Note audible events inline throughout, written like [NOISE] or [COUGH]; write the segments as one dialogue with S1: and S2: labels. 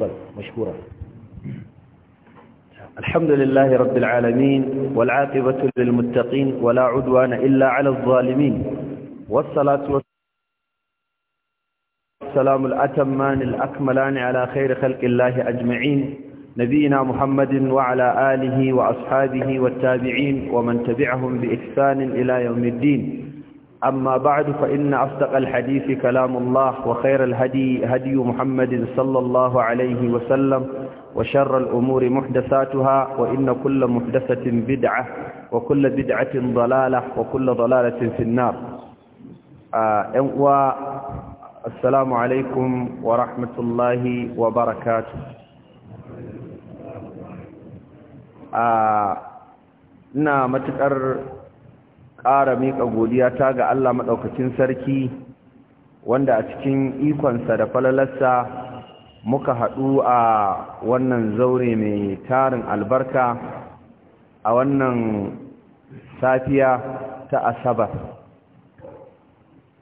S1: طيب الحمد لله رب العالمين والعاقبة للمتقين ولا عدوان إلا على الظالمين والصلاة والسلام الأتمان الأكملان على خير خلق الله أجمعين نبينا محمد وعلى آله وأصحابه والتابعين ومن تبعهم بإحسان إلى يوم الدين أما بعد فإن أصدق الحديث كلام الله وخير الهدي هدي محمد صلى الله عليه وسلم وشر الأمور محدثاتها وإن كل محدثة بدعة وكل بدعة ضلالة وكل ضلالة في النار آه السلام عليكم ورحمة الله وبركاته آه نعم متكر ƙara miƙa godiya ta ga Allah maɗaukacin sarki wanda a cikin ikonsa da falalarsa muka haɗu a wannan zaure mai tarin albarka a wannan safiya ta asabar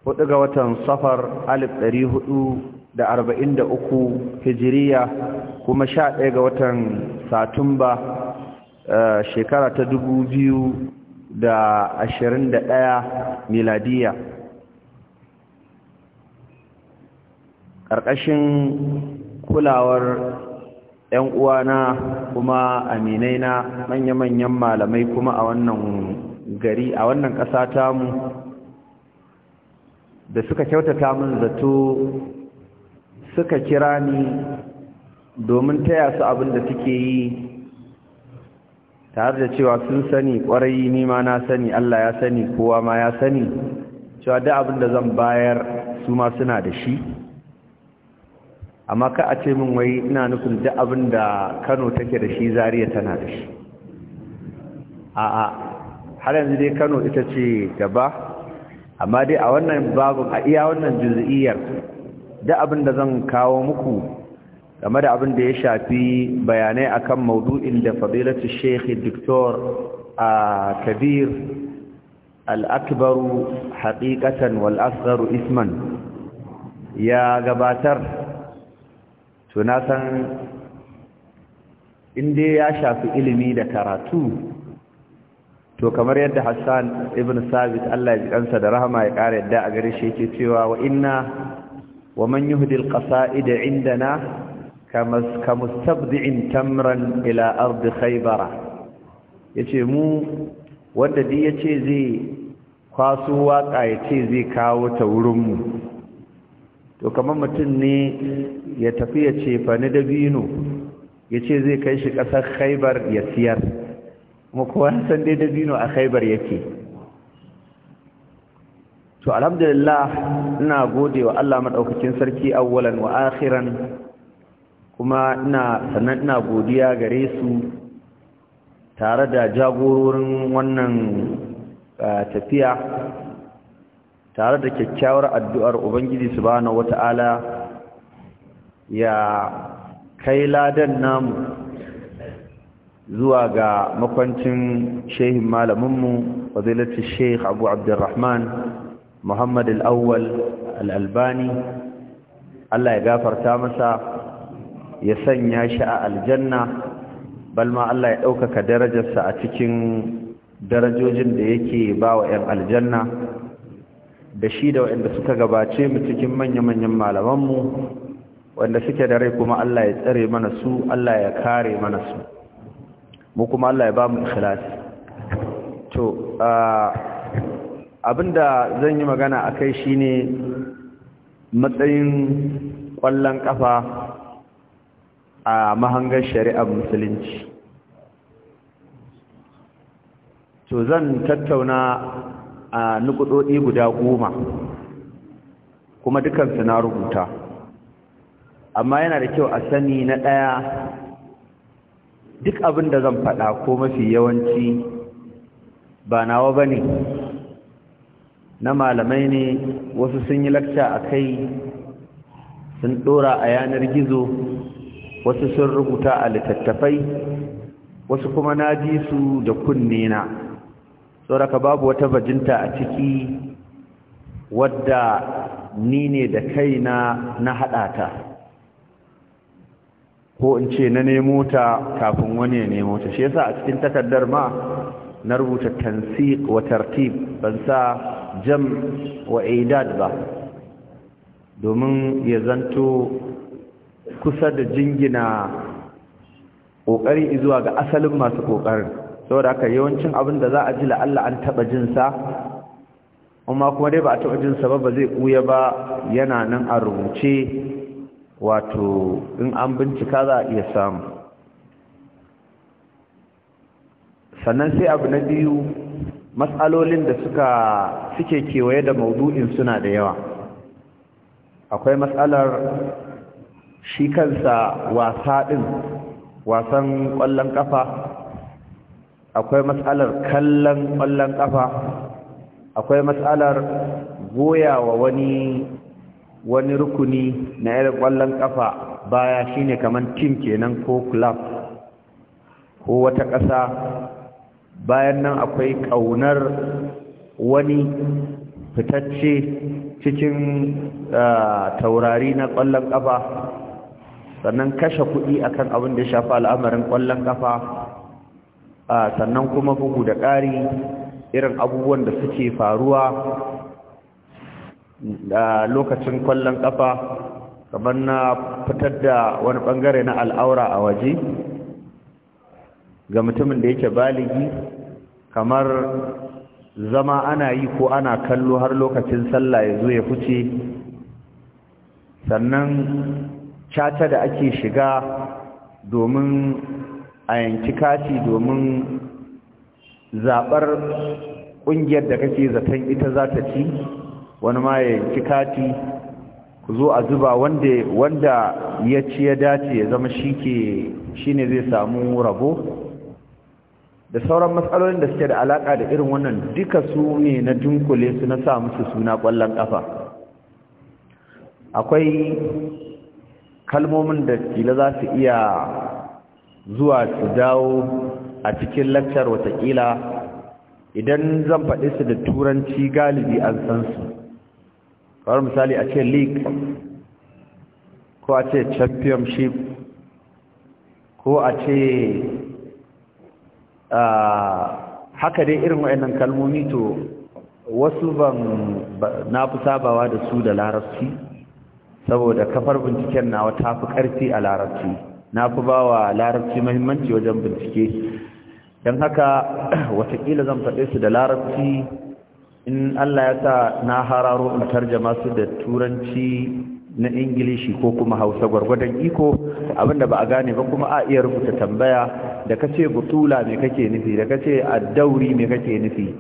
S1: hudu ga watan safar alif ɗari hudu da arba'in da uku hijiriya kuma sha ɗaya ga watan satumba eh, shekara ta dubu biyu da ashirin da ɗaya miladiya ƙarƙashin kulawar 'yan uwana kuma aminai na manya-manyan malamai kuma a wannan gari a wannan ƙasa tamu da suka kyautata min zato suka kira ni domin taya su abin da suke yi tare da cewa sun sani kwarai ni ma na sani Allah ya sani kowa ma ya sani cewa duk abin da zan bayar su ma suna da shi amma ka a ce min wai ina nufin duk abin da Kano take da shi Zaria tana da shi a'a har yanzu dai Kano ita ce gaba amma dai a wannan babu a iya wannan juz'iyyar duk abin da zan kawo muku game da abin da ya shafi bayanai akan maudu'in da fadilatu shekhi diktor a kabir al'akbaru haƙiƙatan wal'asgaru isman ya gabatar tuna san inda ya shafi ilimi da karatu to kamar yadda hassan ibn sabit allah ya jikansa da rahama ya ƙara yadda a gare shi yake cewa wa inna wa man al qasa'id indana kamustabdi'in tamran ila ardi khaybara yace mu wanda duk yace zai kwaso waka yace zai kawo ta wurin mu to kamar mutum ne ya tafi ya ce fani dabino yace zai kai shi kasar khaybar ya siyar kuma kowa san dai dabino a khaybar yake to alhamdulillah ina gode wa Allah madaukakin sarki awwalan wa akhiran kuma ina sannan ina godiya gare su tare da jagororin wannan tafiya tare da kyakkyawar addu'ar ubangiji su ba na wata'ala ya kai ladan namu zuwa ga makwancin shehin malaminmu fadilatun sheikh abu abdurrahman muhammadu al'awwal al'albani allah ya gafarta masa ya sanya shi a aljanna balma Allah ya ɗaukaka darajarsa a cikin darajojin da yake ba wa ‘yan aljanna da shi da waɗanda suka gabace mu cikin manya-manyan malamanmu wanda suke da rai kuma Allah ya tsare mana su Allah ya kare mana su mu kuma Allah ya ba mu ikhlasi to abinda zan yi magana a kai shine matsayin ƙwallon ƙafa a mahangar shari'ar musulunci to zan tattauna a nukudodi guda goma kuma dukansu na rubuta amma yana da kyau a sani na ɗaya duk abin da zan faɗa ko mafi yawanci ba nawa ba ne na malamai ne wasu sun yi lakca a kai sun ɗora a yanar gizo wasu sun rubuta a littattafai wasu kuma na ji su da kunne na sauraka babu wata bajinta a ciki wadda ni ne da kaina na haɗa ta ko in ce na nemo ta kafin wani ya nemo ta shi yasa a cikin takardar ma na rubuta tansiq wa tartib ban sa jam wa idad ba domin ya zanto kusa da jingina ƙoƙari zuwa ga asalin masu ƙoƙarin saboda aka yawancin abin da za a ji la'alla an taɓa jinsa amma kuma dai ba a taɓa jinsa ba ba zai ɓuya ba yana nan a rubuce wato in an bincika za a iya samu sannan sai abu na biyu matsalolin da suka suke kewaye da maudu'in suna da yawa akwai matsalar shi kansa wasa ɗin wasan ƙwallon ƙafa akwai matsalar kallon ƙwallon ƙafa akwai matsalar goya wa wani wani rukuni na irin ƙwallon ƙafa baya shine kamar tim kenan ko club ko wata ƙasa bayan nan akwai ƙaunar wani fitacce cikin eh, taurari na ƙwallon ƙafa sannan kashe kuɗi akan abin da ya shafi al'amarin ƙwallon ƙafa sannan kuma bugu da ƙari irin abubuwan da suke faruwa da lokacin ƙwallon ƙafa kamar na fitar da wani ɓangare na al'aura a waje ga mutumin da yake baligi kamar zama ana yi ko ana kallo har lokacin sallah ya zo ya fice sannan cata da ake shiga domin a yanki kati domin zaɓar ƙungiyar da kake zaton ita za ta ci wani ma ya yanki kati ku zo a zuba wanda ya ci ya dace ya zama shi ne zai samu rabo da sauran matsalolin da suke da alaƙa da irin wannan duka su ne na dunkule su na sa musu suna ƙwallon ƙafa. akwai kalmomin da kila za su iya zuwa su dawo a cikin lakcar watakila idan zan faɗi su da turanci galibi an san su kawar misali a ce league ko a ce championship ko a ce haka dai irin wa'annan kalmomi to wasu ban na fi sabawa da su da larabci saboda kafar binciken na ta fi ƙarfi a larabci na fi ba wa larabci mahimmanci wajen bincike don haka [CLEARS THROAT] watakila zan faɗe su da larabci in Allah ya sa na hararo in tarjama su da turanci na ingilishi ko kuma hausa gwargwadon iko abinda ba a gane ba kuma a iya rubuta tambaya da kace butula me kake nufi da kace addauri me kake nufi [CLEARS THROAT]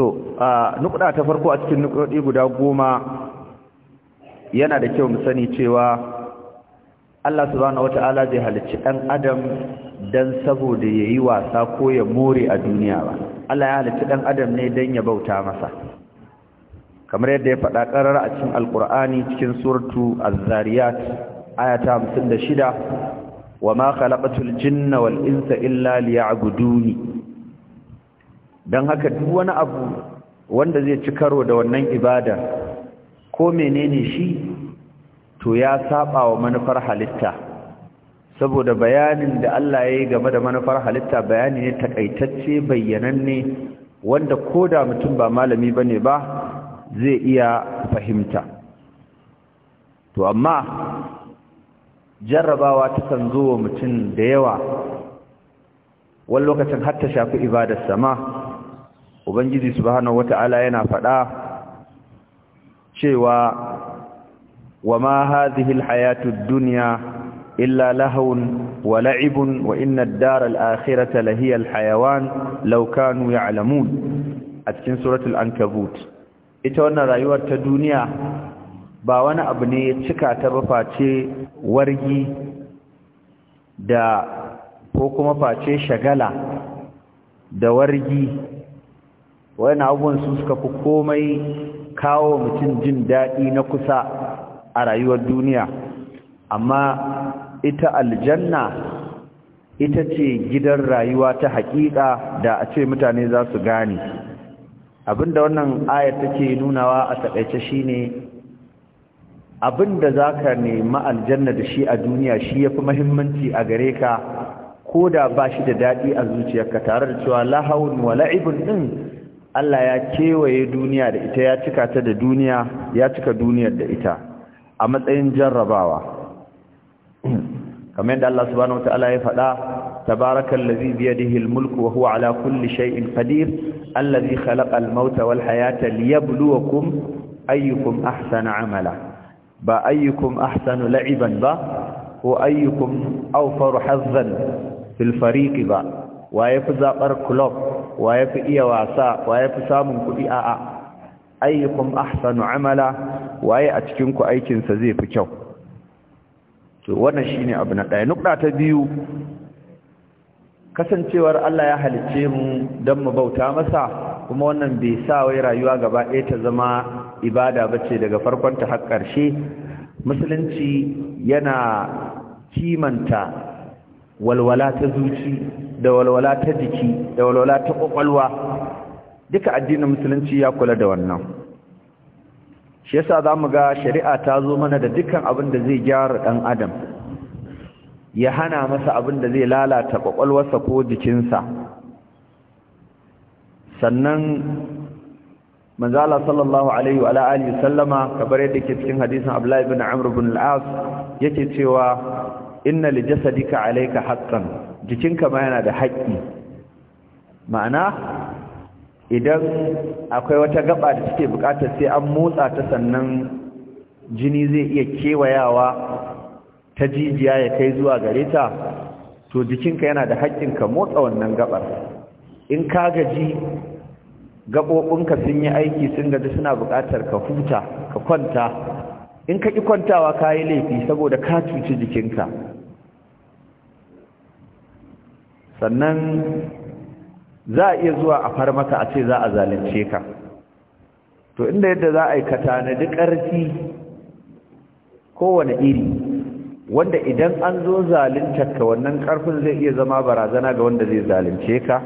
S1: to a nukuda ta farko a cikin nukudi guda goma yana da kyau mu sani cewa Allah subhanahu wata'ala zai halicci ɗan adam dan saboda yayi wasa ko ya more a duniya ba Allah ya halicci ɗan adam ne dan ya bauta masa kamar yadda ya faɗa ƙarar a cikin alƙur'ani cikin suratu az-zariyat ayata shida, wa ma khalaqatul jinna wal insa illa liya'buduni don haka duk wani abu wanda zai ci karo da wannan ibada ko menene shi to ya saba wa manufar halitta saboda bayanin da Allah ya yi game da manufar halitta bayani ne takaitacce bayyananne wanda ko da mutum ba malami ba ne ba zai iya fahimta to amma jarrabawa ta san zo wa mutum da yawa wani lokacin har ta shafi ibadar sama ubangiji subhanahu wata'ala yana faɗa cewa wa ma hadhihi alhayatud dunya illa lahawun wa la'ibun wa inna ad-dara al-akhirata lahiya al-hayawan law kanu ya'lamun a cikin suratul ankabut ita wannan rayuwar ta duniya ba wani abu ne ya cika ta ba face wargi da ko kuma face shagala da wargi na abun su suka fi komai kawo mutum jin daɗi na kusa a rayuwar duniya amma ita aljanna ita ce gidan rayuwa ta haƙiƙa da a ce mutane za su gane abinda wannan ayar take nunawa a taƙaice shine abinda za ka nemi aljanna da shi a duniya shi ya fi mahimmanci a gare ka ko da ba shi da daɗi a zuciyarka tare da cewa lahawun wa la'ibun ɗin Allah ya kewaye duniya da ita ya cika ta da duniya ya cika duniyar da ita a matsayin jarrabawa kamar yadda Allah subhanahu wataala ya faɗa tabarakallazi biyadihi almulku wa huwa ala kulli shay'in qadir allazi khalaqa almauta wal hayata liyabluwakum ayyukum ahsana amala ba ayyukum ahsanu la'iban ba ko ayyukum awfaru hazzan fil fariqi ba wa yafi zabar club wa ya fi iya wasa wa ya fi samun kuɗi a ayyukum ahsanu amala waye a cikinku aikinsa zai fi kyau to wannan shine abu na ɗaya nukta ta biyu kasancewar Allah ya halicce mu don mu bauta masa kuma wannan bai sa wai rayuwa gaba ɗaya ta zama ibada ba ce daga farkonta ta har ƙarshe musulunci yana kimanta walwala ta zuci da walwala ta jiki da walwala ta kwakwalwa duka addinin musulunci ya kula da wannan shi yasa za mu ga shari'a ta zo mana da dukkan abin da zai gyara ɗan adam ya hana masa abin da zai lalata kwakwalwarsa ko jikinsa sannan manzala sallallahu alaihi wa alihi sallama kabar yadda ke cikin hadisin abdullahi ibn amr ibn al-as yake cewa inna li jasadika alayka haqqan jikinka ma yana da haƙƙi ma'ana idan akwai wata gaba da take buƙatar sai an motsa ta sannan jini zai iya kewayawa ta jijiya ya kai zuwa gare ta to jikinka yana da haƙƙin ka motsa wannan gabar in ka gaji gabobinka sun yi aiki sun gaji suna buƙatar ka huta ka kwanta in ka ƙi kwantawa ka yi laifi saboda ka cuci jikinka sannan za a iya zuwa a far maka a ce za a zalunce ka to inda yadda za a yi ka tanadi ƙarfi kowane iri wanda idan an zo zaluntar ka wannan ƙarfin zai iya zama barazana ga wanda zai zalunce ka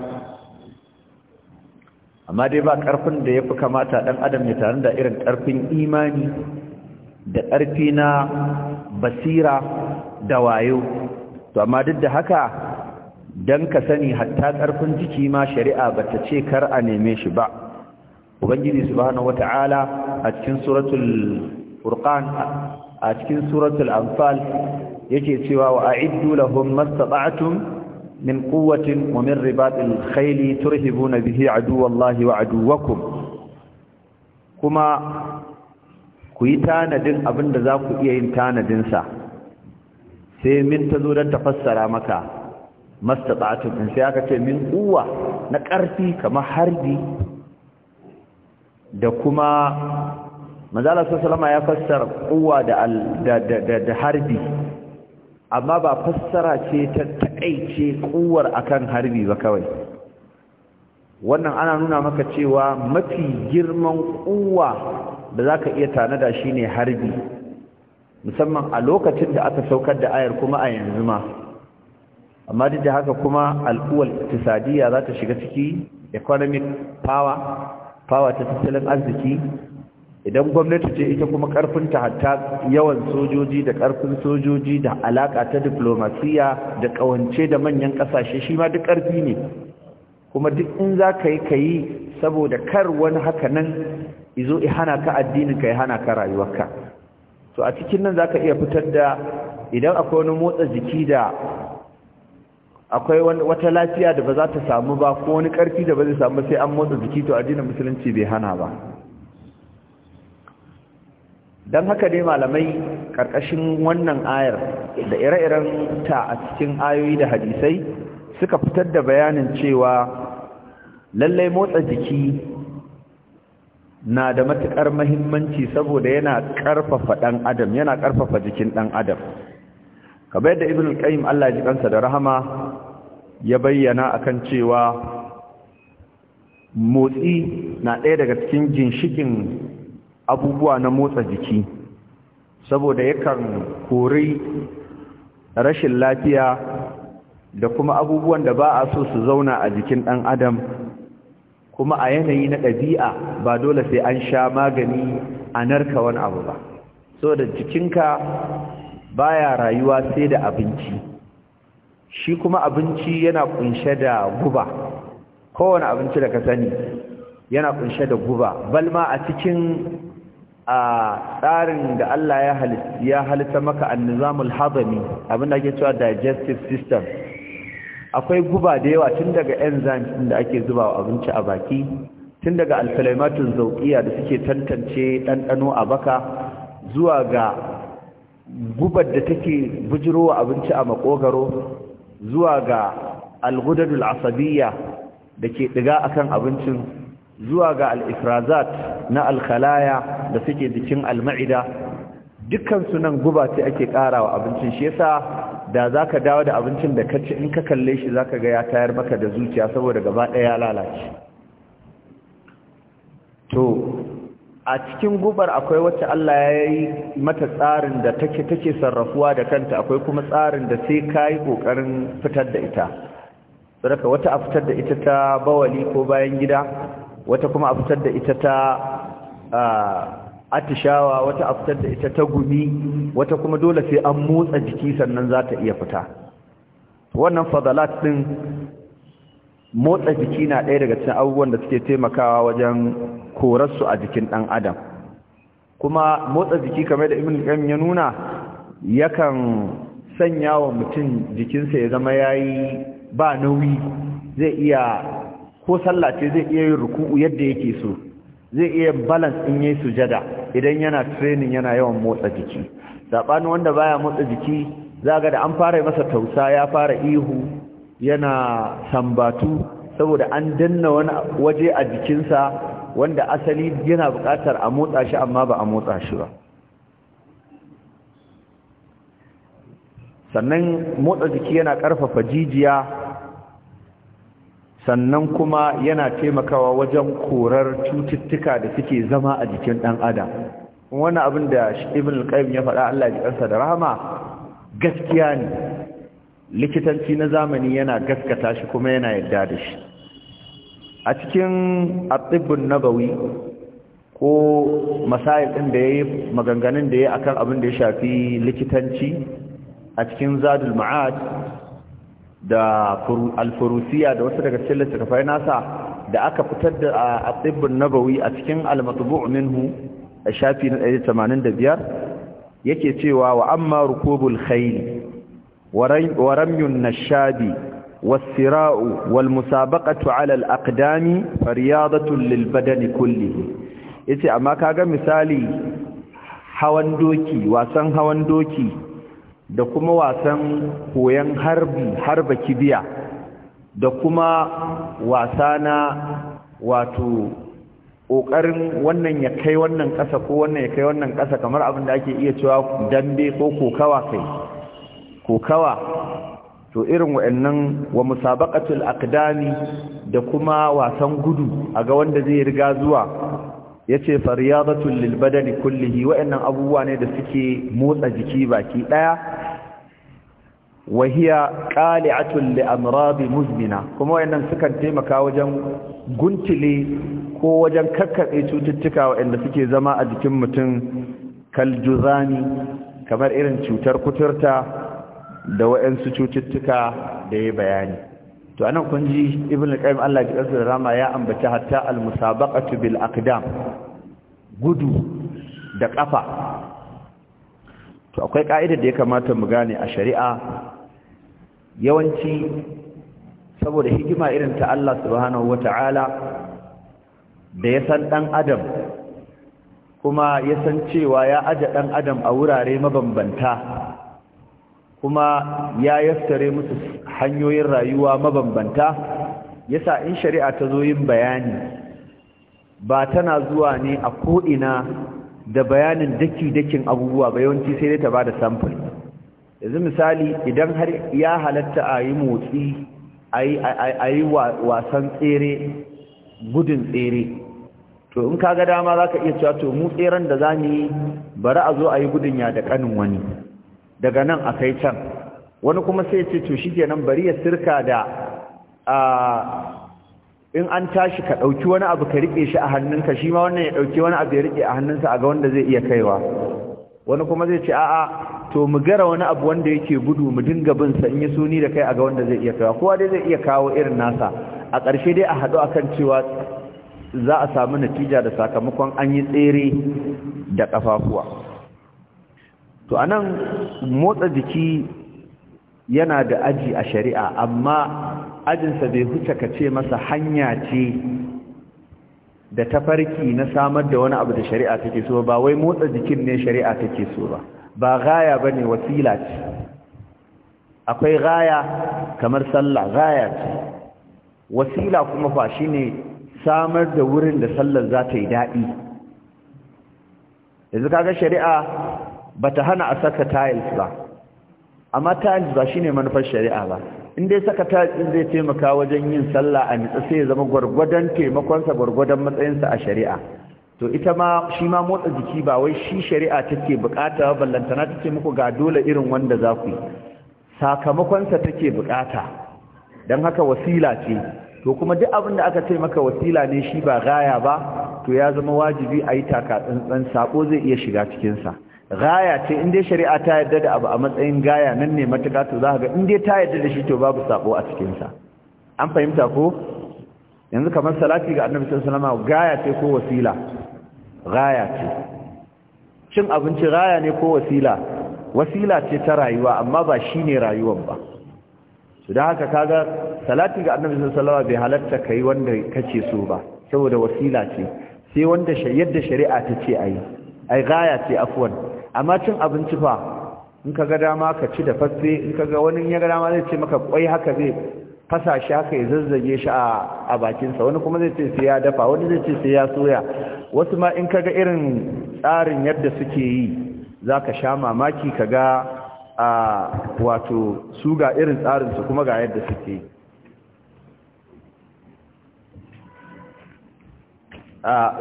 S1: amma dai ba ƙarfin da ya fi kamata ɗan adam ya tare da irin ƙarfin imani da ƙarfi na basira da wayo to amma duk da haka don ka sani hatta ƙarfin jiki ma shari'a ba ta ce kar a neme shi ba ubangiji subhanahu wata'ala a cikin suratul furqan a cikin suratul anfal yake cewa wa a'iddu lahum mastata'tum min quwwatin wa min ribatil khayli turhibuna bihi aduwallahi wa aduwwakum kuma ku yi tanadin abin da za ku iya yin tanadinsa sai min ta zo don ta fassara maka mastata'atun in sai aka ce min uwa na ƙarfi kamar harbi da kuma manzala sallama ya fassara kuwa da da harbi amma ba fassara ce ta taƙaice kuwar akan harbi ba kawai wannan ana nuna maka cewa mafi girman kuwa da zaka iya tanada shine harbi musamman a lokacin da aka saukar da ayar kuma a yanzu ma amma duk da haka kuma al'uwal iktisadiyya za ta shiga ciki economic power power ta tattalin arziki idan gwamnati ce ita kuma karfinta hatta yawan sojoji da karfin sojoji da alaka ta diplomasiya da kawance da manyan kasashe shi ma duk karfi ne kuma duk in za ka yi ka yi saboda kar wani haka nan izo i hana ka addinin ka ya hana ka rayuwarka to a cikin nan za ka iya fitar da idan akwai wani motsa jiki da akwai wata lafiya da ba za ta samu ba ko wani ƙarfi da ba zai samu sai an motsa jiki to addinin musulunci bai hana ba don haka dai malamai ƙarƙashin wannan ayar da ire-iren ta a cikin ayoyi da hadisai suka fitar da bayanin cewa lallai motsa jiki na da matukar mahimmanci saboda yana ƙarfafa ɗan adam yana ƙarfafa jikin ɗan adam kaba yadda ibn al-qayyim Allah ya ji da rahama ya bayyana akan cewa motsi na ɗaya daga cikin ginshikin abubuwa na motsa jiki saboda yakan kori rashin lafiya da kuma abubuwan da ba a so su zauna a jikin ɗan adam kuma a yanayi na ɗabi'a ba dole sai an sha magani a narka wani abu ba so da jikinka baya rayuwa sai da abinci shi kuma abinci yana kunshe da guba kowane abinci da ka sani yana kunshe da guba balma a cikin a tsarin da Allah ya halitta maka annizamul abin abinda ake cewa digestive system akwai guba da yawa tun daga enzymes din da ake zubawa abinci a baki tun daga alkalaimatun zauqiya da suke tantance dandano a baka zuwa ga gubar da take bujirowa abinci a makogaro zuwa ga algudadul asabiyya da ke diga akan abincin zuwa ga al'ifrazat na alkalaya da suke jikin alma'ida dukkan nan guba ce ake karawa abincin shi yasa da za ka dawo da abincin da ka ci in ka kalle shi za ka ga ya tayar maka da zuciya saboda gaba ɗaya ya lalace to a cikin gubar akwai wacce Allah ya yi mata tsarin da take take sarrafuwa da kanta akwai kuma tsarin da sai ka yi ƙoƙarin fitar da ita saboda wata a fitar da ita ta bawali ko bayan gida wata kuma a fitar da ita ta atishawa wata a fitar da ita ta gumi wata kuma dole sai an motsa jiki sannan za ta iya fita wannan fadalat din motsa jiki na ɗaya daga cikin abubuwan da suke taimakawa wajen korarsu a jikin ɗan adam kuma motsa jiki kamar da ibn qayyim ya nuna yakan sanya wa mutum jikinsa ya zama yayi ba nauyi zai iya ko sallah ce zai iya yin ruku'u yadda yake so zai iya balance in yayi sujada idan yana training yana yawan motsa jiki sabanin wanda baya motsa jiki zaga da an fara masa tausa ya fara ihu yana sambatu saboda an danna wani waje a jikinsa wanda asali yana buƙatar a motsa shi amma ba a motsa shi ba sannan motsa jiki yana ƙarfafa jijiya sannan kuma yana taimakawa wajen korar cututtuka da suke zama a jikin ɗan adam wani abin da ibn al ya faɗa Allah ya ƙarsa da rahama gaskiya ne likitanci na zamani yana gaskata shi kuma yana yadda da shi a cikin atibbun nabawi ko masayi ɗin da ya yi maganganun da ya yi a kan abin da ya shafi likitanci a cikin zadul ma'ad da alfurusiya da wasu daga cikin littattafai nasa da aka fitar da atibbun nabawi a cikin almatubu minhu a shafi na 185 yake cewa wa amma rukubul khairi ورمي النشاب والسراء والمسابقة على الأقدام فرياضة للبدن كله yace amma kaga misali hawan doki wasan hawan doki da kuma wasan koyan harbi harba kibiya da kuma wasa na wato ƙoƙarin wannan ya kai wannan ƙasa ko wannan ya kai wannan ƙasa kamar abin da ake iya cewa dambe ko kokawa kai kokawa to irin wa'annan wa musabaqatul aqdami da kuma wasan gudu a ga wanda zai riga zuwa yace fariyadatul lil badani kullihi wa'annan abubuwa ne da suke motsa jiki baki daya wahiya qali'atul li Amurabi muzmina kuma wa'annan sukan taimaka wajen guntile ko wajen kakkabe cututtuka wa'anda suke zama a jikin mutum kaljuzani kamar irin cutar kuturta da waɗansu cututtuka da ya bayani to anan kun ji ibn al-qayyim Allah ya da rama ya ambaci hatta al-musabaqatu bil aqdam gudu da ƙafa. to akwai ka'idar da ya kamata mu gane a shari'a yawanci saboda hikima irin ta Allah subhanahu wata'ala da ya san dan adam kuma ya san cewa ya aje ɗan adam a wurare mabambanta kuma ya yaftare musu hanyoyin rayuwa mabambanta yasa in shari'a ta zo yin bayani ba tana zuwa ne a ko'ina da bayanin daki-dakin abubuwa ba yawanci sai dai ta ba da samfuri yanzu misali idan har ya halatta a yi motsi a yi wasan tsere gudun tsere to in ka ga dama za ka iya cewa to mu tseren da za mu yi bari a zo a yi gudun ya da kanin wani daga nan a kai can wani kuma sai ce to shikenan bari ya sirka da in an tashi ka ɗauki wani abu ka riƙe shi a hannunka shi ma wannan ya ɗauki wani abu ya riƙe a hannunsa a ga wanda zai iya kaiwa wani kuma zai ce a'a to mu gara wani abu wanda yake gudu mu dinga bin sa in ya suni da kai a ga wanda zai iya kaiwa kowa dai zai iya kawo irin nasa a ƙarshe dai a haɗu akan cewa za a samu natija da sakamakon an yi tsere da ƙafafuwa to anan motsa jiki yana da aji a shari'a amma ajinsa bai huce ka ce masa hanya ce da ta farki na samar da wani abu da shari'a take so ba wai motsa jikin ne shari'a take so ba ba gaya ba ne wasila ce akwai gaya kamar sallah gaya ce wasila kuma fa shi ne samar da wurin da sallar za ta yi daɗi yanzu kaga shari'a bata hana a saka tiles ba amma tiles ba shine manufar shari'a ba in dai saka tiles din zai taimaka wajen yin sallah a nitsa sai ya zama gwargwadon taimakon sa gwargwadon matsayin sa a shari'a to ita ma shi ma motsa jiki ba wai shi shari'a take bukata ballantana take muku ga dole irin wanda za ku yi sakamakon sa take bukata dan haka wasila ce to kuma duk abin da aka ce maka wasila ne shi ba gaya ba to ya zama wajibi a yi taka tsantsan sako zai iya shiga cikinsa gaya ce in dai shari'a ta yarda da abu a matsayin gaya nan ne matuƙa to za ga in dai ta yarda da shi to babu sako a cikinsa an fahimta ko yanzu kamar salati ga annabi sallallahu alaihi wasallam gaya ce ko wasila gaya ce cin abinci gaya ne ko wasila wasila ce ta rayuwa amma ba shi ne rayuwar ba to dan haka kaga salati ga annabi sallallahu alaihi wasallam bai halatta kai wanda kace so ba saboda wasila ce sai wanda yadda shari'a ta ce ayi ai gaya ce afwan amma cin abinci fa in ka ga dama ka ci da fasse in ka ga wani ya ga dama zai ce maka kwai haka zai fasa shi haka ya zazzage shi a bakinsa wani kuma zai ce sai ya dafa wani zai ce sai ya soya wasu ma in ka ga irin tsarin yadda suke yi za ka sha mamaki ka ga a wato su ga irin tsarinsu kuma ga yadda suke yi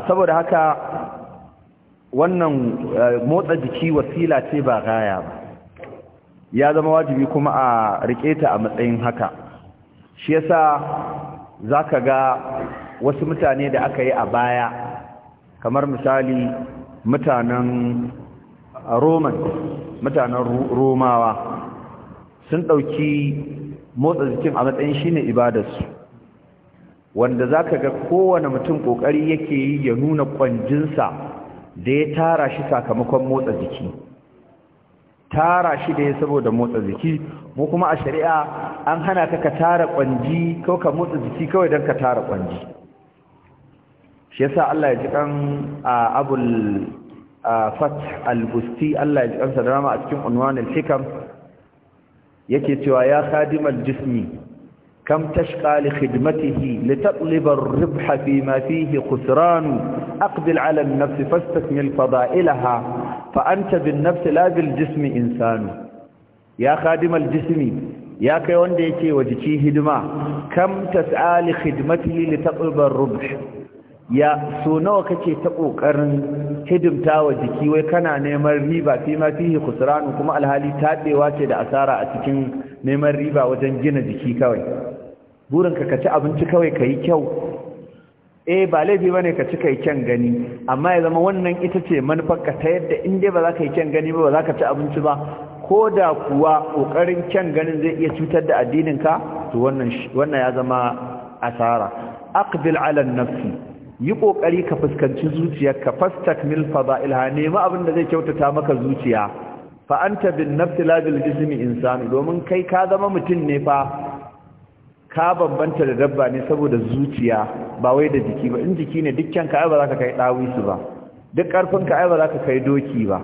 S1: saboda haka wannan eh, motsa jiki wasila ce ba gaya ba ya zama wajibi kuma a rike ta a matsayin haka shi yasa zaka ga wasu mutane da aka yi a baya kamar misali mutanen roman mutanen romawa sun ɗauki motsa jikin a matsayin shine ibadarsu wanda zaka ga kowane mutum ƙoƙari yake yi ya nuna ƙwanjinsa da ya tara shi sakamakon motsa jiki tara shi da ya saboda motsa jiki mu kuma a shari'a an hana ka ka tara kwanji ko ka motsa jiki kawai don ka tara kwanji shi yasa Allah ya ji kan abul fat al-busti Allah ya ji kansa da rama a cikin unwanin al-hikam yake cewa ya khadimal jismi كم تشقى لخدمته لتطلب الربح فيما فيه خسران أقبل على النفس فاستكمل فضائلها فأنت بالنفس لا بالجسم إنسان يا خادم الجسم يا كيوان ديكي وجيكي هدما كم تسعى لخدمته لتطلب الربح يا so nawa تقو ta هدم تاو wa ويكنا نيمر ريبا فيما فيه خسران وكما الهالي khusran kuma alhali tadewa ce da asara a cikin burinka ka ci abinci kawai ka yi kyau eh ba laifi bane ka ci kai kyan gani amma ya zama wannan ita ce manufarka ta yadda in dai ba za ka yi kyan gani ba ba za ka ci abinci ba ko da kuwa ƙoƙarin kyan ganin zai iya cutar da addininka to wannan ya zama asara aqbil ala nafsi yi ƙoƙari ka fuskanci zuciyarka fada'il ha nemi abin da zai kyautata maka zuciya fa anta bin nafsi la bil jismi insani domin kai ka zama mutum ne fa ka bambanta da dabba ne saboda zuciya ba wai da jiki ba in jiki ne dukkan ka ai ba za ka kai su ba duk karfin ka ai ba za ka kai doki ba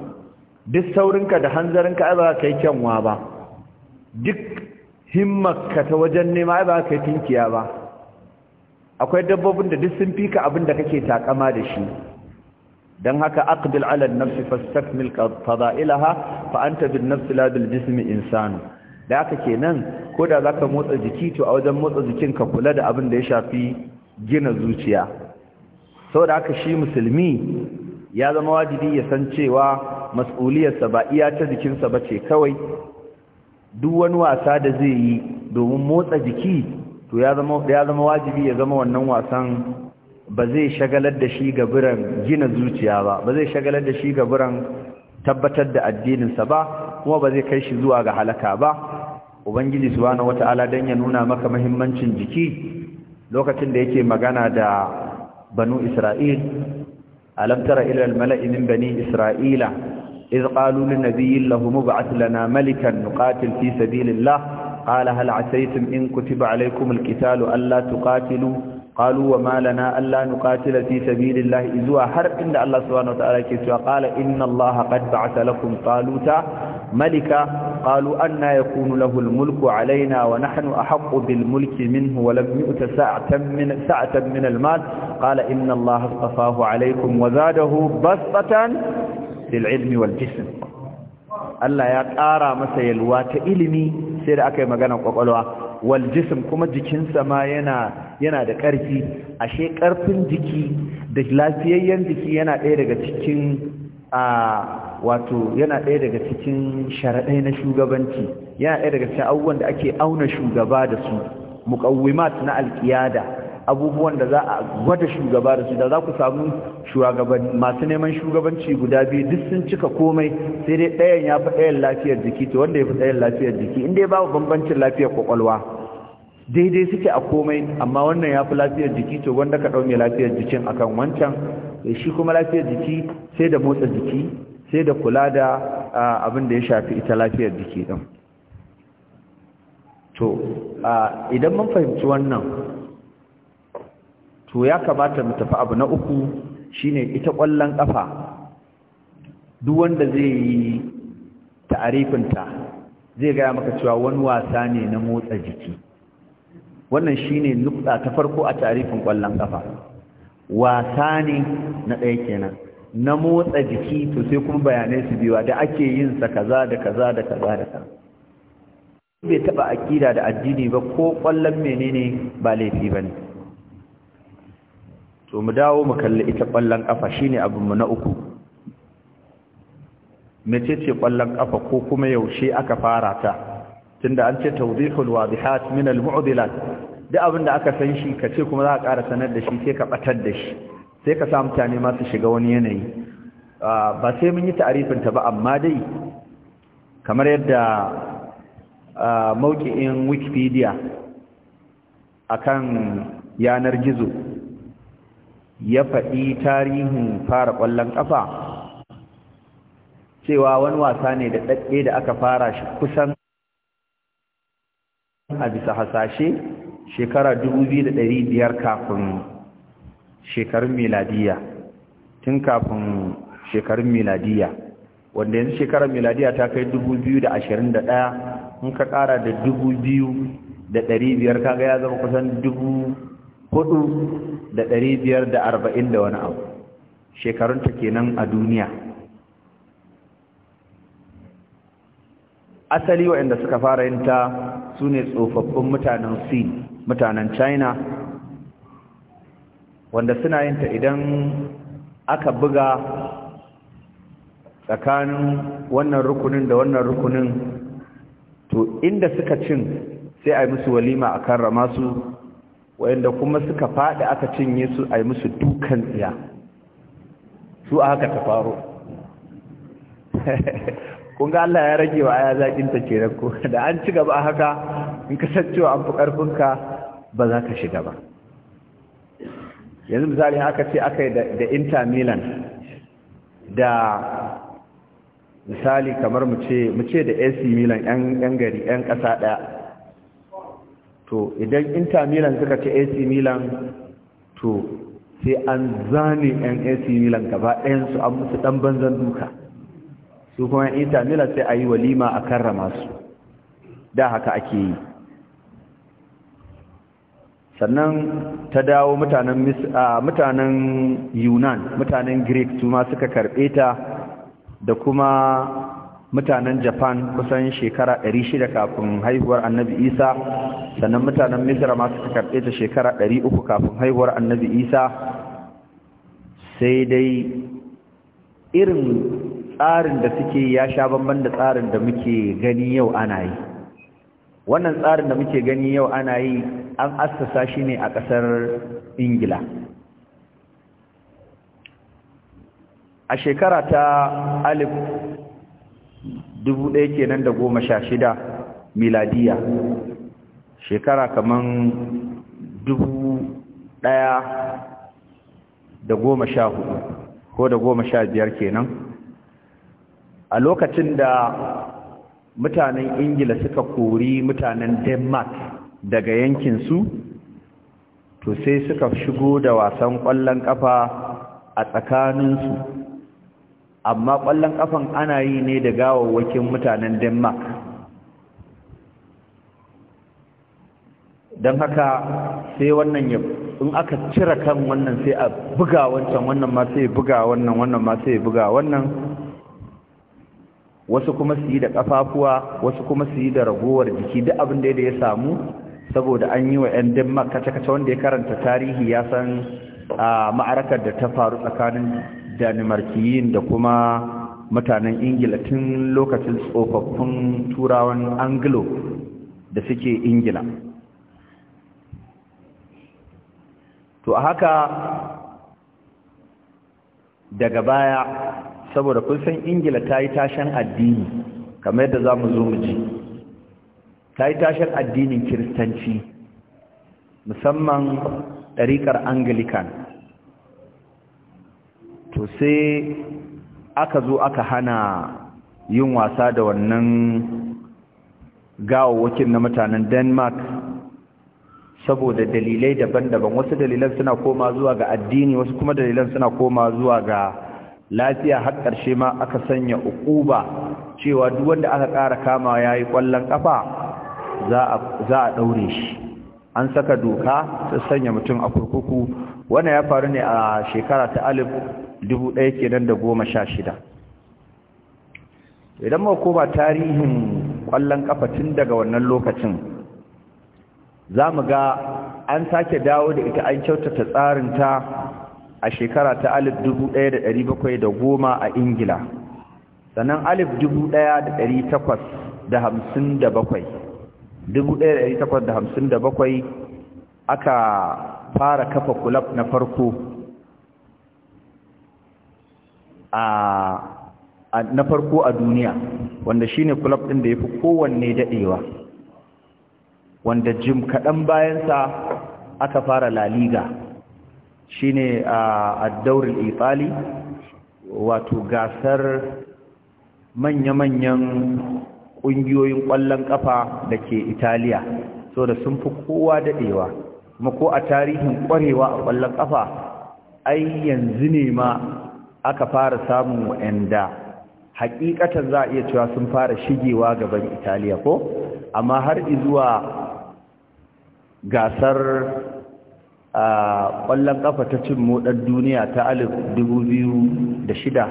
S1: duk saurinka da hanzarinka ai ba za ka kai kyanwa ba duk ka ta wajen nema ai ba za ka kai tinkiya ba akwai dabbobin da duk sun fika abin da kake takama da shi dan haka aqdil ala an-nafs fastakmil fada'ilaha fa anta bin nafs la bil jismi insanu da haka nan, ko da zaka motsa jiki to a wajen motsa jikin ka kula da abin da ya shafi gina zuciya Sau da haka shi musulmi ya zama wajibi ya san cewa mas'uliyarsa ba iya ta jikinsa ba ce kawai duk wani wasa da zai yi domin motsa jiki to ya zama wajibi ya zama wannan wasan ba zai shagalar da shi gaburan gina zuciya ba ba zai shagalar da shi gaburan tabbatar da addininsa ba kuma ba zai kai shi zuwa ga halaka ba ubangiji subhanahu wataala dan ya nuna maka muhimmancin jiki lokacin da yake magana da banu isra'il alam tara ila almala'i min bani isra'ila iz qalu lin nabiyyin lahum ib'ath lana malikan nuqatil fi sabilillah qala hal 'asaytum in kutiba alaykum alqitalu alla tuqatilu قالوا وما لنا ألا نقاتل في سبيل الله إذوا هر إن الله سبحانه وتعالى كيسوا قال إن الله قد بعث لكم طالوت ملكا قالوا أن يكون له الملك علينا ونحن أحق بالملك منه ولم يؤت ساعة من, ساعة من المال قال إن الله اصطفاه عليكم وزاده بسطة في العلم والجسم Allah ya ƙara masa yalwa ta ilimi sai da aka yi magana ƙwaƙwalwa wal jisim kuma jikinsa ma yana yana da ƙarfi ashe ƙarfin jiki da lafiyayyen jiki yana ɗaya daga cikin a wato yana ɗaya daga cikin sharaɗai na shugabanci yana ɗaya daga cikin abubuwan da ake auna shugaba da su muƙawwimat na alƙiyada abubuwan da za a gwada shugaba da su da za ku samu masu neman shugabanci guda biyu duk sun cika komai sai dai ɗayan ya fi ɗayan lafiyar jiki to wanda ya fi ɗayan lafiyar jiki inda ya babu bambancin lafiyar kwakwalwa daidai suke a komai amma wannan ya fi lafiyar jiki to wanda ka ɗau mai lafiyar jikin a kan wancan eh, shi kuma lafiyar jiki sai da motsa jiki sai da kula da abin da ya shafi ita lafiyar jiki ɗin to idan mun fahimci wannan to ya kamata mu tafi abu na uku shine ita ƙwallon ƙafa duk wanda zai yi ta'arifinta zai gaya maka cewa wani wasa ne na motsa jiki wannan shine nukta ta farko a tarifin kwallon ƙafa. wasa ne na ɗaya kenan na motsa jiki to sai kuma bayanai su biwa da ake yin sa kaza da kaza da kaza da kaza bai taba akida da addini ba ko kwallon menene ba laifi bane to mu dawo mu kalli ita kwallon kafa shine abin mu na uku mecece ƙwallon kafa ko kuma yaushe aka fara ta tunda an ce tawdihul wadihat min al-mu'dilat duk abin da aka san shi kace kuma za ka ƙara sanar da shi sai ka batar da shi sai ka sa mutane ma su shiga wani yanayi ba sai mun yi ta'arifin ta ba amma dai kamar yadda mauki'in wikipedia akan yanar gizo ya faɗi tarihin fara ƙwallon ƙafa cewa wani wasa ne da ɗaɗɗe da aka fara shi kusan a bisa hasashe shekara 2500 kafin shekarun miladiya tun kafin shekarun miladiya wanda yanzu shekarar miladiya ta kai 2021 in ka kara da 2500 kaga ya zama kusan 4540 da wani abu shekarunta kenan a duniya asali waɗanda suka fara yin ta su ne tsofaffin mutanen sin mutanen china wanda suna yin ta idan aka buga tsakanin wannan rukunin da wannan rukunin to inda suka cin sai a yi musu walima a karrama su wayanda kuma suka faɗi aka cinye su a yi musu dukan tsiya su a haka ta faro [LAUGHS] kun ga Allah ya rage wa aya zaƙin ta kenan ko [LAUGHS] da an ci gaba haka in kasancewa an fi ƙarfinka ba za ka shiga ba yanzu misali haka ce aka yi da Inter Milan da misali kamar mu ce da AC Milan yan gari yan ƙasa ɗaya to idan Inter Milan suka ce AC Milan to sai an zane yan AC Milan gaba ɗayan su an musu dan banzan duka su kuma yan isa mila sai a yi walima a karrama su da haka ake yi sannan ta dawo mutanen yunan mutanen greek su ma suka karbe ta da kuma mutanen japan kusan shekara 600 kafin haihuwar annabi isa sannan mutanen misra ma suka karbe ta shekara 300 kafin haihuwar annabi isa sai dai irin tsarin da suke ya sha bamban da tsarin da muke gani yau ana yi wannan tsarin da muke gani yau ana yi an assasa shi ne a ƙasar ingila a shekara ta alif dubu ɗaya kenan da goma sha shida miladiya shekara kaman dubu ɗaya da goma sha hudu ko da goma sha biyar kenan a lokacin da mutanen ingila suka kori mutanen denmark daga yankinsu to sai suka shigo da wasan ƙwallon ƙafa a tsakaninsu amma ƙwallon ƙafan ana yi ne da gawawwakin mutanen denmark don haka sai wannan ya in aka cire kan wannan sai a buga wancan wannan ma sai buga wannan wannan ma sai buga wannan wasu kuma su yi da ƙafafuwa, wasu kuma su yi da ragowar jiki duk abin da ya samu saboda an yi wa 'yan denmark kace-kace wanda ya karanta tarihi ya san ma'arakar da ta faru tsakanin danimarkiyin da kuma mutanen ingila tun lokacin tsofaffin turawan anglo da suke ingila to a haka daga baya saboda kun san ingila ta yi tashen addini kamar yadda za mu zo mu ji ta yi tashen addinin kiristanci musamman ɗariƙar anglican to sai aka zo aka hana yin wasa da wannan wakil na mutanen denmark saboda dalilai daban-daban wasu dalilan suna koma zuwa ga addini wasu kuma dalilan suna koma zuwa ga lafiya har ƙarshe ma aka sanya uquba cewa duk wanda aka ƙara kama yayi ƙwallon kafa za a za a daure shi an saka doka ta sanya mutum a kurkuku wannan ya faru ne a shekara ta 1000 kenan da 16 idan mu koma tarihin ƙwallon ƙafa tun daga wannan lokacin za mu ga an sake dawo da ita an kyautata tsarin ta. a shekara ta alif dubu ɗaya da ɗari bakwai da goma a ingila sannan alif dubu ɗaya da ɗari takwas da hamsin da bakwai dubu ɗaya da ɗari takwas da hamsin da bakwai aka fara kafa kulab na farko a na farko a duniya wanda shine club ɗin da ya fi kowanne daɗewa wanda jim kaɗan bayansa aka fara laliga. Liga Shi ne a daurin itali wato gasar manya-manyan ƙungiyoyin ƙwallon ƙafa da ke italiya so da sun fi kowa daɗewa Ma ko a tarihin ƙwarewa a ƙwallon ƙafa ai yanzu ne ma aka fara samun wa'anda hakikatan za a iya cewa sun fara shigewa gaban italiya ko amma har zuwa gasar a ƙwallon ƙafa ta cin moɗar duniya ta alif da shida,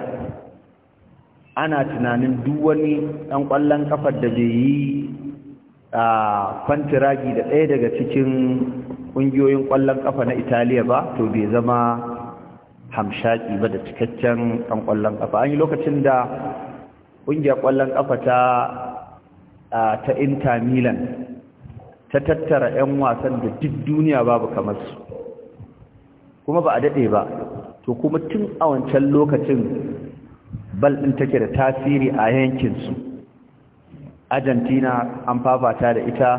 S1: ana tunanin duk wani ɗan ƙwallon ƙafar da bai yi a kwantiragi da ɗaya daga cikin ƙungiyoyin ƙwallon ƙafa na italiya ba to bai zama hamshaki ba da cikakken ɗan ƙwallon ƙafa an yi lokacin da ƙungiyar ƙwallon ƙafa ta ta inter milan ta tattara 'yan wasan da duk duniya babu kamar su kuma ba a daɗe ba to kuma tun a wancan lokacin bal ɗin take da tasiri a yankinsu argentina an fafata da ita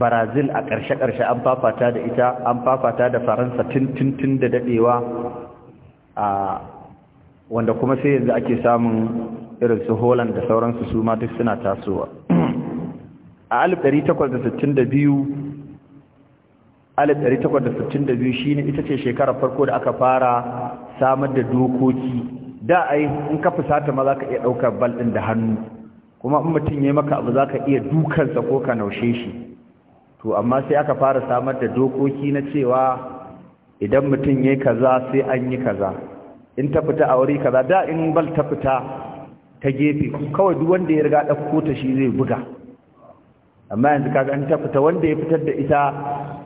S1: brazil a ƙarshe-ƙarshe an fafata da ita an fafata da faransa tun da daɗewa a wanda kuma sai yanzu ake samun irin su holland da sauransu su ma duk suna tasowa [CLEARS THROAT] a 1862 1862 shine ita ce shekarar farko da aka fara samar da dokoki da ai in ka fusata ma zaka iya bal ɗin da hannu kuma in mutun yayi maka abu ka iya dukansa ko ka naushe shi to amma sai aka fara samar da dokoki na cewa idan mutun yayi kaza sai an yi kaza in ta fita a wuri kaza da in bal ta fita ta gefe kawai duk wanda ya riga dauko ta shi zai buga amma yanzu kaga an ta fita wanda ya fitar da ita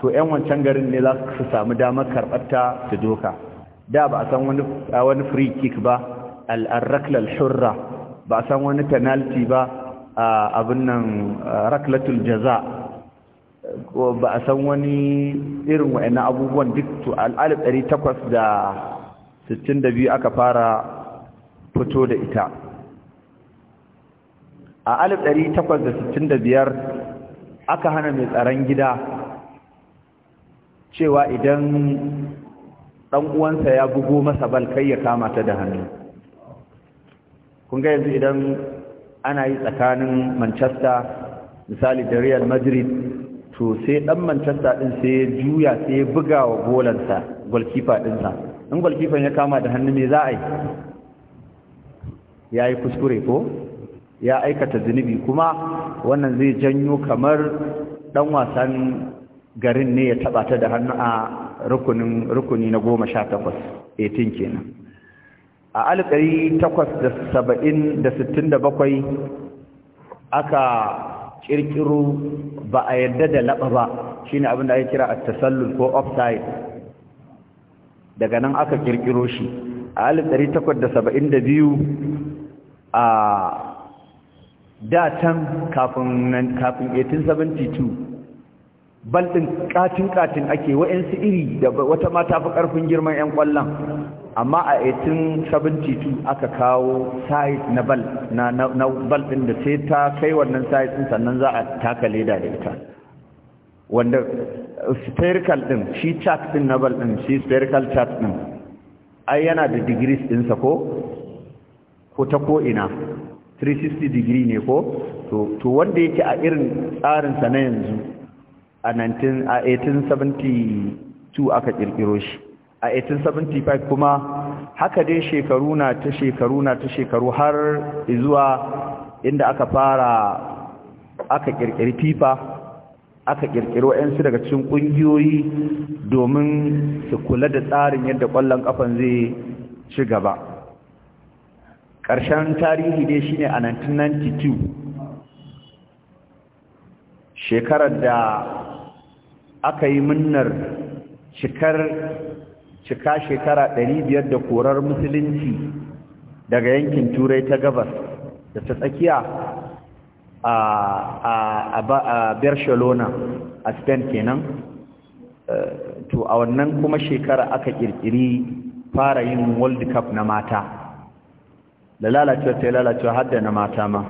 S1: to 'yan wancan garin ne za su samu damar karɓar ta su doka da ba a san wani wani free kick ba al-rakl hurra ba a san wani penalty ba a abin nan raklatul jaza ba a san wani irin wa'annan abubuwan duk to al-alif biyu aka fara fito da ita a 1865 aka hana mai tsaron gida cewa idan ɗan uwansa ya bugo masa bal kai ya kama ta da hannu kun ga yanzu idan ana yi tsakanin manchester misali da real madrid to sai ɗan manchester ɗin sai ya juya sai ya buga wa golansa golkifa ɗinsa in golkifan ya kama da hannu ne za a ya yi kuskure ko ya aikata zunubi kuma wannan zai janyo kamar dan wasan garin ne ya taba ta da hannu a rukunin rukuni na 18 18 kenan a 1867 aka kirkiro ba a yadda da laba ba shine abin da ake kira at-tasallul ko offside daga nan aka kirkiro shi a 1872 a da can kafin 1872 baldin katin-katin ake wa'yansu iri da wata mata fi ƙarfin girman 'yan ƙwallon amma a 1872 aka kawo sa'id na bal na, na, da sai ta kai wannan sa'id din sannan za a taka leda da ita wanda uh, spherical ɗin shi chart ɗin na bal ɗin shi spherical chart ɗin ai yana da degrees ɗinsa ko ko ta ko'ina 360 degree ne ko to wanda yake a irin tsarinsa na yanzu a 1872 aka kirkiro shi a 1875 kuma haka dai shekaru na ta shekaru na ta shekaru har zuwa inda aka fara aka kirkiri fifa aka kirkiro yansu daga cikin kungiyoyi domin su kula da tsarin yadda kwallon kafan zai ci gaba ƙarshen tarihi dai shine a 1992 shekarar da aka yi munnar cikar cika shekara 500 da korar musulunci daga yankin turai ta gabas da ta tsakiya a barcelona a spain kenan eh, to a wannan kuma shekara aka kirkiri fara yin world cup na mata da lalacewa ta lalacewa har da na mata ma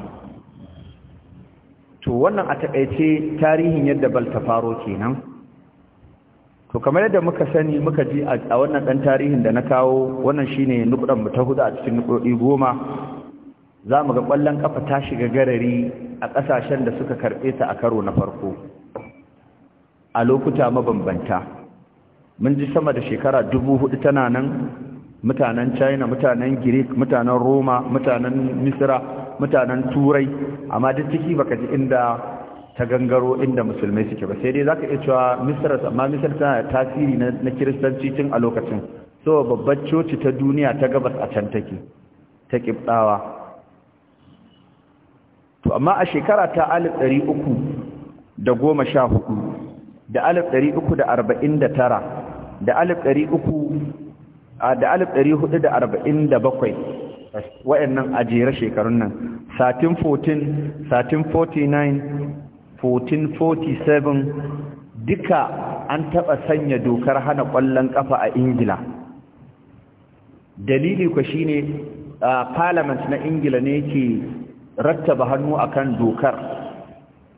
S1: to wannan a takaice tarihin yadda bal faro kenan to kamar yadda muka sani muka ji a wannan dan tarihin da na kawo wannan shine nukudan mu ta hudu a cikin nukudi goma za mu ga ƙwallon ƙafa ta shiga garari a ƙasashen da suka karɓe ta a karo na farko a lokuta mabambanta mun ji sama da shekara dubu hudu tana nan mutanen china mutanen greek mutanen roma mutanen Misira, mutanen turai amma duk ciki baka ji inda ta gangaro inda musulmai suke ba sai dai zaka iya cewa misira amma misira tana da tasiri na kiristanci tun a lokacin so babbar coci ta duniya ta gabas a can take ta kibdawa to amma a shekara ta uku da goma sha hudu, da alif alif uku da da da arba'in tara, uku. da alif ɗari hudu da arba'in da bakwai wa'annan a jere shekarun nan satin satin 49, 1447 duka an taɓa sanya dokar hana ƙwallon ƙafa a ingila dalili ku shi ne parliament na ingila ne ke rattaba hannu a kan dokar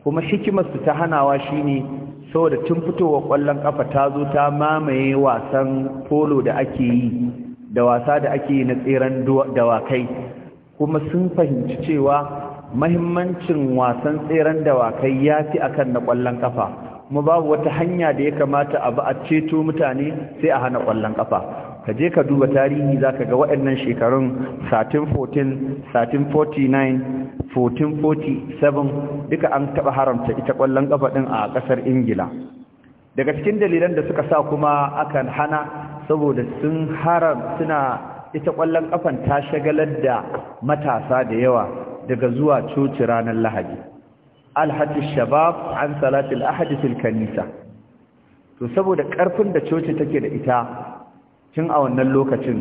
S1: kuma kimasta ta hanawa shi ne saboda tun fitowa ƙwallon ƙafa ta zo ta mamaye wasan polo da ake yi da wasa da ake yi na tseren dawakai kuma sun fahimci cewa mahimmancin wasan tseren dawakai ya fi akan na ƙwallon ƙafa kuma babu wata hanya da ya kamata a ba a ceto mutane sai a hana ƙwallon ƙafa ka je ka duba tarihi za ka ga waɗannan shekarun 1314 1349 1447 duka an taɓa haramta ita ƙwallon ƙafa ɗin a ƙasar ingila daga cikin dalilan da suka sa kuma akan hana saboda sun haram suna ita ƙwallon ƙafan ta shagalar da matasa da yawa daga zuwa coci ranar lahadi alhaji shabab an salatul ahadi fil kanisa to saboda ƙarfin da coci take da ita tun a wannan lokacin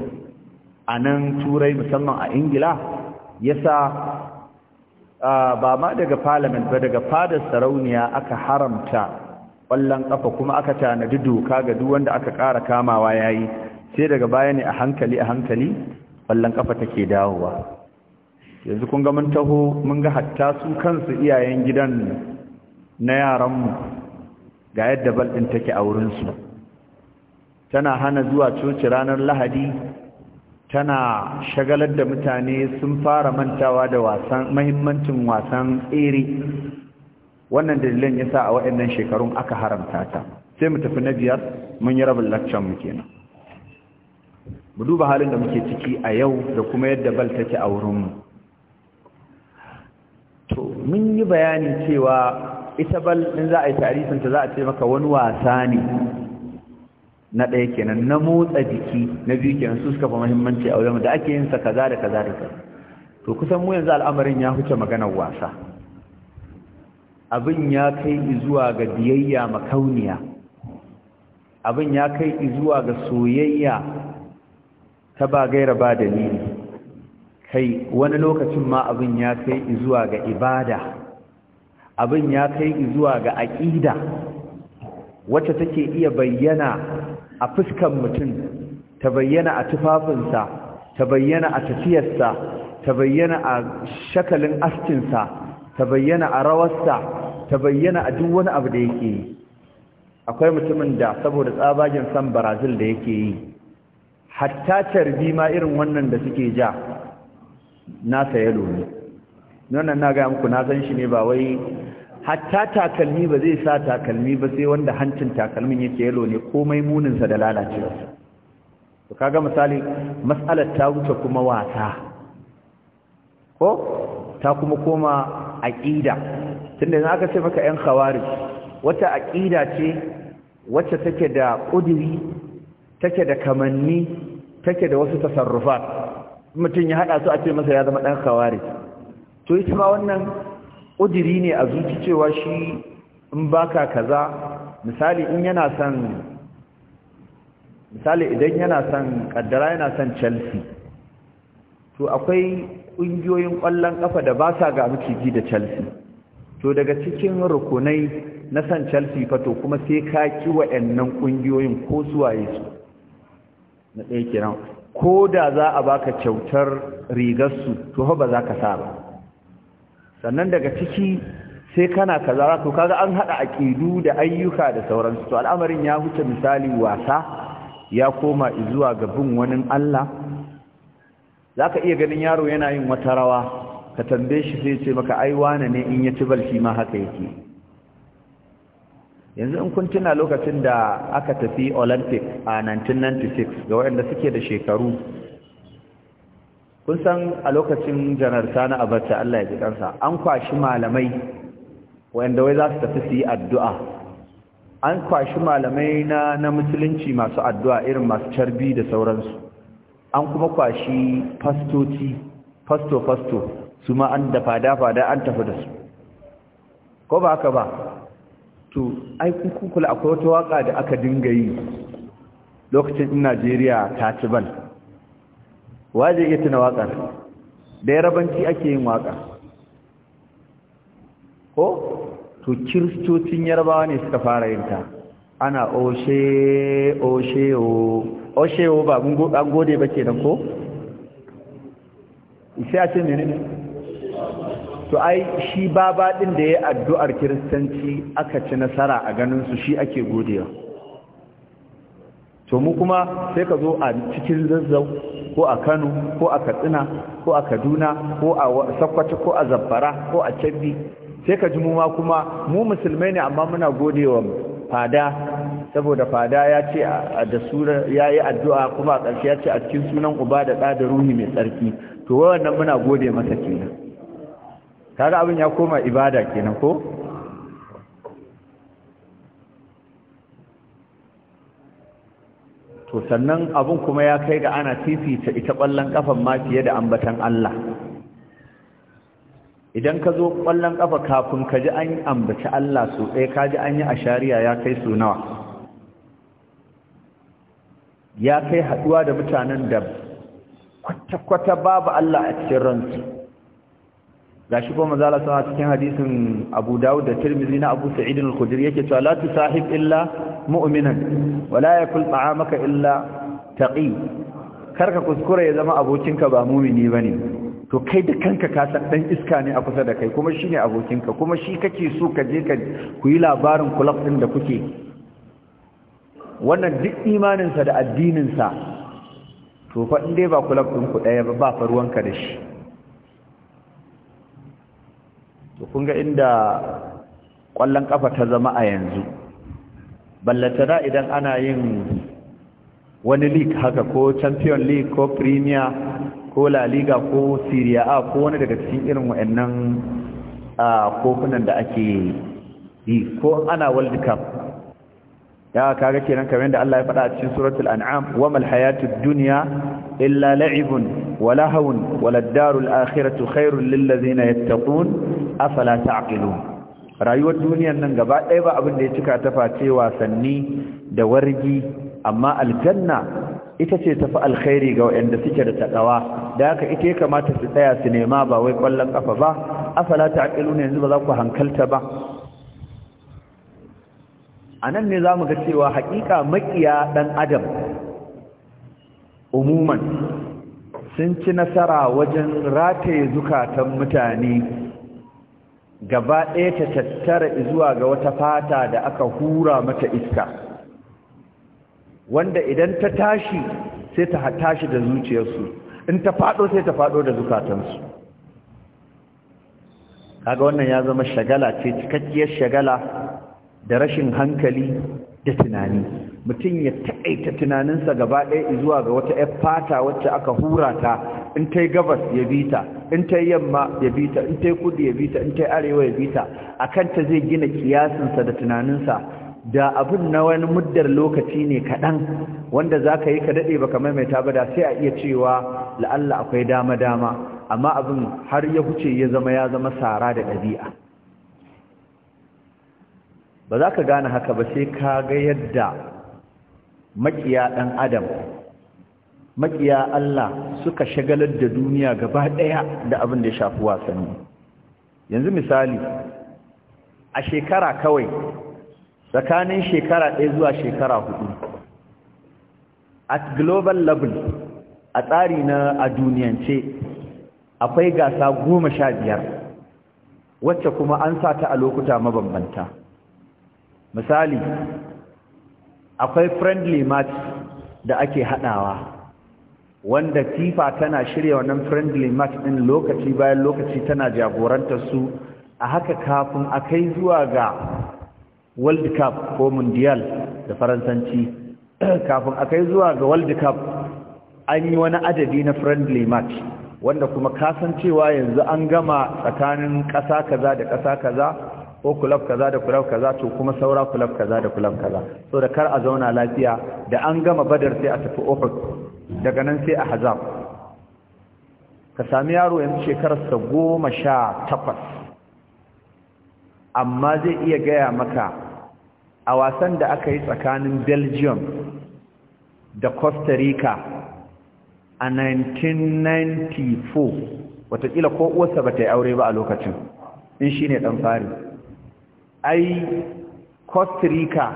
S1: a nan turai musamman a ingila ya sa ba ma daga parliament ba daga fadar sarauniya aka haramta ƙwallon ƙafa kuma aka tanadi doka ga duk wanda aka ƙara kamawa ya yi sai daga baya ne a hankali a hankali ƙwallon ƙafa take dawowa yanzu kun ga mun taho mun ga hatta su kansu iyayen gidan na yaranmu ga yadda bal ɗin take a wurinsu tana hana zuwa coci ranar lahadi tana shagalar da mutane sun fara mantawa da wasan mahimmancin wasan tsere wannan dalilan ya sa a waɗannan shekarun aka haramta ta sai mu tafi na biyar mun yi rabin lakcan mu kenan mu duba halin da muke ciki a yau da kuma yadda bal take a wurinmu to mun yi bayani cewa ita bal in za a yi tarifinta za a ce maka wani wasa ne na ɗaya kenan na motsa jiki na biyu kenan su suka fi muhimmanci a wajen da ake yin sa kaza da kaza da kaza to kusan mu yanzu al'amarin ya huce maganar wasa abin ya kai zuwa ga biyayya makauniya abin ya kai zuwa ga soyayya ta ba gaira ba dalili kai wani lokacin ma abin ya kai zuwa ga ibada abin ya kai zuwa ga aƙida wacce take iya bayyana a fuskan mutum ta bayyana a tufafinsa ta bayyana a tafiyarsa ta bayyana a shakalin askinsa, ta bayyana a rawarsa ta bayyana a duk wani abu da yake yi akwai mutumin da saboda tsabagen san barazil da yake yi hatta carbi ma irin wannan da suke ja nasa ya ne wannan na gaya muku na san shi ne ba wai hatta takalmi ba zai sa takalmi ba sai wanda hancin takalmin yake yalo ne komai muninsa da lalacewa to kaga misali mas'alar ta wuce kuma wasa ko ta kuma koma aqida tunda yanzu aka ce maka 'yan khawarij wata aqida ce wacce take da kudiri take da kamanni take da wasu tasarrufa. mutum ya haɗa su a ce masa ya zama ɗan khawarij to ita ma wannan ƙudiri ne a zuci cewa shi in baka kaza misali in yana son misali idan yana son kaddara yana son chelsea to akwai ƙungiyoyin ƙwallon ƙafa da ba sa ga mukiji da chelsea to daga cikin rukunai na san chelsea fato kuma sai ka ki wa'annan ƙungiyoyin ko suwaye su na ɗaya kiran ko da za a baka kyautar rigarsu to ba za ka sa ba sannan daga ciki sai kana kaza to kaga an hada aƙidu da ayyuka da sauransu to al'amarin ya huce misali wasa ya koma zuwa ga bin wani Allah zaka iya ganin yaro yana yin wata rawa ka tambaye shi sai ce maka ai wane ne in ya tibal shi ma haka yake yanzu in kun tuna lokacin da aka tafi olympic a 1996 ga waɗanda suke da shekaru kun san a lokacin janar sani abarta Allah ya ji kansa an kwashi malamai wanda wai za su tafi su yi addu'a an kwashi malamai na musulunci masu addu'a irin masu carbi da sauransu an kuma kwashi fastoci fasto-fasto su ma an dafa-dafa an tafi da su ko ba haka ba to ai kukula akwai wata waka da aka dinga yi lokacin in najeriya ta ci bal waje iya tuna waƙar da yarabanci ake yin waƙa ko to kiristocin yarbawa ne suka fara yin ta ana oshe oshe o oshe o ba an gode ba ke nan ko? sai a ce menene to ai shi baba din da ya addu'ar kiristanci aka ci nasara a ganin su shi ake godewa to mu kuma sai ka zo a cikin zazzau ko a kano ko a katsina ko a kaduna ko a Sokoto ko a zamfara ko a cabbi sai ka ji mu ma kuma mu musulmai ne amma muna godewa fada saboda fada ya ce da sura ya yi addu'a kuma a ƙarshe ya ce a cikin sunan uba da ɗa da ruhi mai tsarki to wannan muna gode masa kenan kaga abin ya koma ibada kenan ko to sannan abun kuma ya kai ga ana fifita ita ƙwallon ƙafan ma fiye da ambatan Allah idan ka zo ƙwallon ƙafa kafin ka ji an ambaci Allah so ɗaya ka ji an yi a shari'a ya kai so nawa ya kai haɗuwa da mutanen da kwata-kwata babu Allah a cikin ransu gashi kuma manzo Allah sallallahu cikin hadisin Abu Dawud da Tirmidhi na Abu Sa'id al-Khudri yake cewa la tusahib illa mu'minan wala la yakul ta'amaka illa taqi karka kuskure ya zama abokinka ba mu'mini bane to kai da kanka ka san dan iska ne a kusa da kai kuma shine abokinka kuma shi kake so ka je ka yi labarin kulab din da kuke wannan duk imaninsa da addininsa to fa dai ba kulab din ku daya ba ba faruwanka da shi to kun ga inda kwallon kafa ta zama a yanzu ballatana idan ana yin wani league haka ko champion league ko premier ko la liga ko serie a ko wani daga cikin irin wa'annan kofunan da ake yi ko ana world cup ya kaga kenan kamar yadda Allah ya faɗa a cikin suratul an'am wa mal hayatud dunya illa la'ibun wala haun wala darul akhiratu khairul lillazina yattaqun afala rayuwar duniyar nan gaba ɗaya ba abin da ya cika ta face wasanni da wargi amma aljanna ita ce tafi alkhairi ga waɗanda suke da taɗawa da haka ita ya kamata su tsaya su nema ba wai ƙwallon ƙafa ba afala ne yanzu ba za ku hankalta ba a nan ne za mu ga cewa haƙiƙa maƙiya ɗan adam umuman sun ci nasara wajen rataye zukatan mutane gaba ɗaya ta tattara zuwa ga wata fata da aka hura mata iska wanda idan ta tashi sai ta tashi da zuciyarsu in ta faɗo sai ta faɗo da zukatansu kaga wannan ya zama shagala ce cikakkiyar shagala da rashin hankali da tunani mutum ya taƙaita tunaninsa gaba ɗaya zuwa ga wata ‘yar fata wacce aka hura ta in ta gabas ya bi in ta yamma ya bita, ta in ta kudu ya bita, in ta arewa ya bi ta a kanta zai gina kiyasinsa da tunaninsa da abin na wani muddar lokaci ne kaɗan wanda za ka yi ka daɗe ba ka maimaita ba da sai a iya cewa la'alla akwai dama-dama amma abin har ya huce ya zama ya zama sara da ɗabi'a ba za ka gane haka ba sai ka ga yadda makiya ɗan adam makiya Allah suka shagalar da duniya gaba ɗaya da abin da ya shafi wasanni yanzu misali a shekara kawai tsakanin shekara ɗaya zuwa shekara hudu at global level a tsari na a duniyance akwai gasa goma sha biyar wacce kuma an sa ta a lokuta mabambanta misali akwai friendly match da ake hadawa wanda FIFA tana shirya wannan friendly match din lokaci bayan lokaci tana jagorantar su a haka kafin a zuwa ga world cup ko mundial da faransanci [CLEARS THROAT] kafin akai zuwa ga world cup an yi wani adadi na friendly match wanda kuma kasancewa yanzu an gama tsakanin ƙasa kaza da ƙasa kaza ko kulab kaza da kulab kaza to kuma saura kulab kaza da kulab kaza so da kar a zauna lafiya da an gama badar sai a tafi uhud daga nan sai a hazab ka sami yaro yanzu shekararsa goma sha takwas amma zai iya gaya maka a wasan da aka yi tsakanin belgium da costa rica a 1994 watakila ko uwarsa ba ta yi aure ba a lokacin in shi ne ɗan fari ai costa rica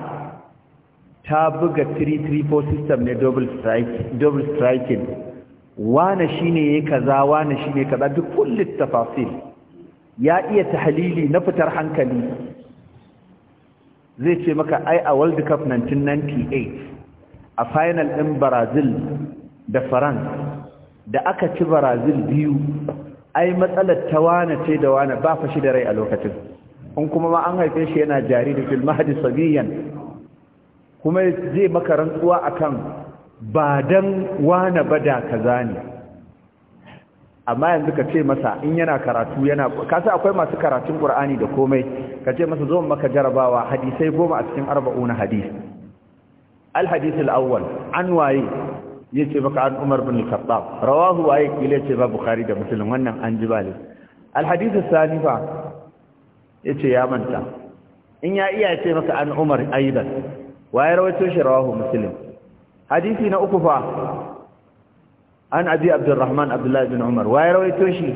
S1: ta buga 3-3-4 system ne double striking wane shi ne kaza wane shi kaza duk kullu tafasil ya iya tahlili na fitar hankali zai ce maka ai a world cup 1998 a final ɗin brazil da france da aka ci brazil biyu ai matsalar ta wane ce da wane ba shi da rai a lokacin in kuma ma an haife shi yana jariri fil mahdi sabiyan kuma zai maka rantsuwa akan ba dan wani bada kaza ne amma yanzu ka ce masa in yana karatu yana kasa akwai masu karatun qur'ani da komai ka ce masa zo maka jarabawa hadisai goma a cikin arba'una hadisi al hadis al awwal an waye yace maka an umar bin khattab rawahu waye kile ce ba bukhari da muslim wannan an jibali al hadith al sanifa ya ce ya manta in ya iya ce maka an umar aidan waye rawaito shi rawahu muslim hadisi na uku fa an abi abdurrahman abdullahi bin umar waye rawaito shi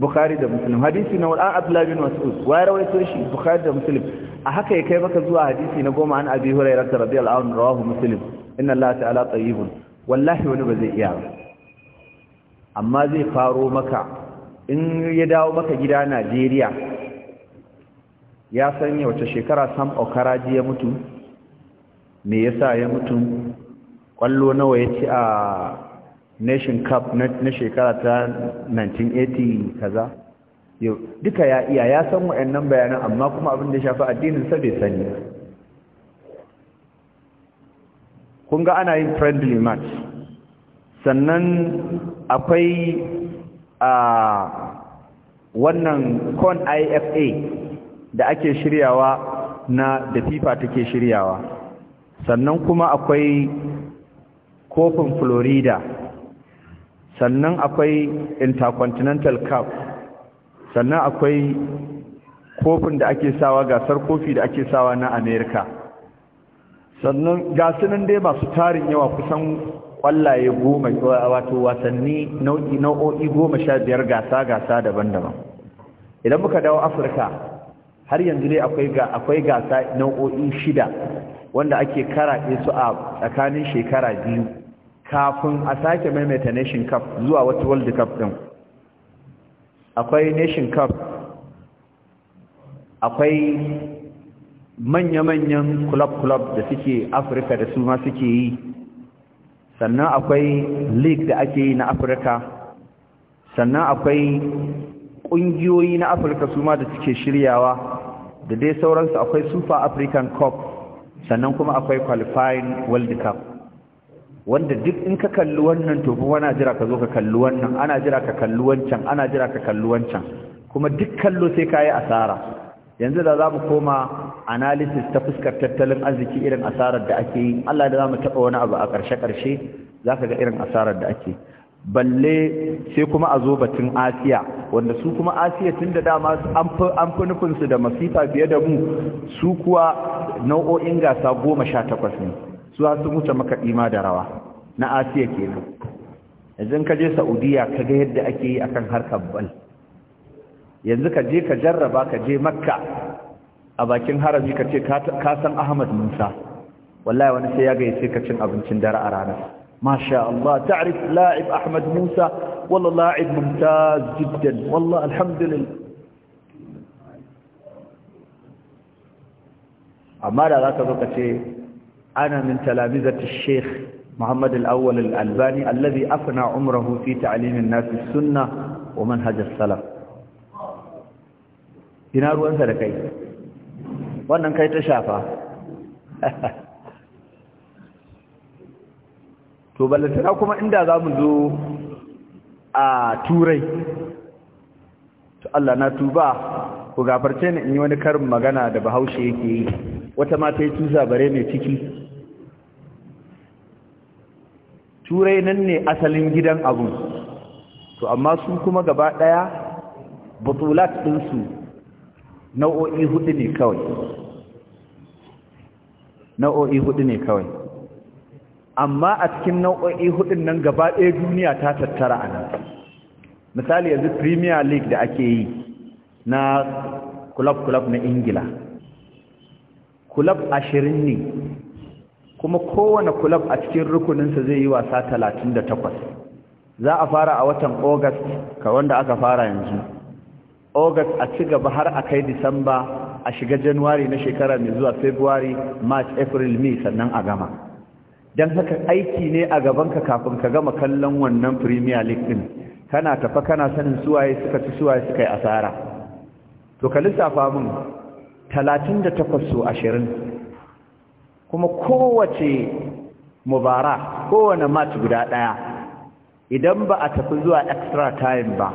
S1: bukhari da muslim hadisi na an abdullahi bin mas'ud waye rawaito shi bukhari da muslim a haka ya kai maka zuwa hadisi na goma an abi hurairah radiyallahu anhu rawahu muslim inna allaha ta'ala tayyibun wallahi wani ba zai iya ba amma zai faro maka in ya dawo maka gida Najeriya ya sanya wace shekara sam okaraji ya mutu me yasa ya mutu kwallo nawa ya ci a nation cup na shekara ta 1980 kaza duka ya iya ya san wa'annan bayanan amma kuma abin da ya shafi addinin sa bai sani kun ga ana yin friendly match sannan akwai a wannan con ifa da ake shiryawa na da fifa take shiryawa sannan kuma akwai kofin florida sannan akwai intercontinental cup sannan akwai kofin da ake sawa gasar kofi da ake sawa na Amerika. sannan gasunan dai masu tarin yawa kusan kwallaye goma wato wasanni nau'o'i goma sha biyar gasa gasa daban-daban idan muka dawo afirka har yanzu ne akwai gasa nau'o'i shida wanda ake karaɗe su a tsakanin shekara biyu kafin a sake maimaita nation cup zuwa wata world cup din akwai nation cup akwai manya-manyan club-club da suke afirka da su ma suke yi sannan akwai league da ake yi na afirka sannan akwai ƙungiyoyi na afirka su ma da suke shiryawa da dai sauransu akwai super african cup sannan kuma akwai qualifying world cup wanda duk in ka kalli wannan to kuma jira ka zo ka kalli wannan ana jira ka kalli wancan ana jira ka kalli wancan kuma duk kallo sai ka yi asara yanzu da za mu koma analysis ta fuskar tattalin arziki irin asarar da ake yi allah da za mu taɓa wani abu a ƙarshe-ƙarshe za ka ga irin asarar da ake yi balle sai kuma a zo tun asiya wanda su kuma asiya tun da dama an fi nufinsu da masifa fiye da mu su kuwa nau'o'in gasa goma sha takwas ne su hasu wuce makaɗi ma da rawa na asiya ke yanzu ka je sa'udiyya ka ga yadda ake yi akan harkar bal yanzu ka je ka jarraba ka je makka a bakin harami ka ce ka ahmad musa wallahi wani sai ya ga ya ka cin abincin dare a ranar ما شاء الله تعرف لاعب أحمد موسى والله لاعب ممتاز جدا والله الحمد لله أمالا لا شيء أنا من تلامذة الشيخ محمد الأول الألباني الذي أفنى عمره في تعليم الناس السنة ومنهج السلف دينار وانسى لكي وانا كي تشافى [LAUGHS] to ballantana kuma inda za mu zo a turai to Allah na tuba ku gafarce ni in yi wani karin magana da bahaushe yake yi wata mata yi tuza bare mai ciki turai nan ne asalin gidan abu to amma su kuma gaba ɗaya butulat ɗinsu nau'o'i hudu ne kawai nau'o'i hudu ne kawai amma a cikin nau'o'i hudun nan gaba ɗaya duniya ta tattara a nan misali yanzu premier league da ake yi na club-club na ingila club ashirin ne kuma kowane club a cikin rukuninsa zai yi wasa talatin da takwas za a fara a watan august ka wanda aka fara yanzu august a ci gaba har a kai disamba a shiga january na shekara mai zuwa february march april may sannan a gama don haka aiki ne a gabanka kafin ka gama kallon wannan premier league din kana tafa kana sanin suwaye suka ci suwaye suka yi asara to ka lissafa min 38 so 20 kuma kowace mubara kowane match guda daya idan ba a tafi zuwa extra time ba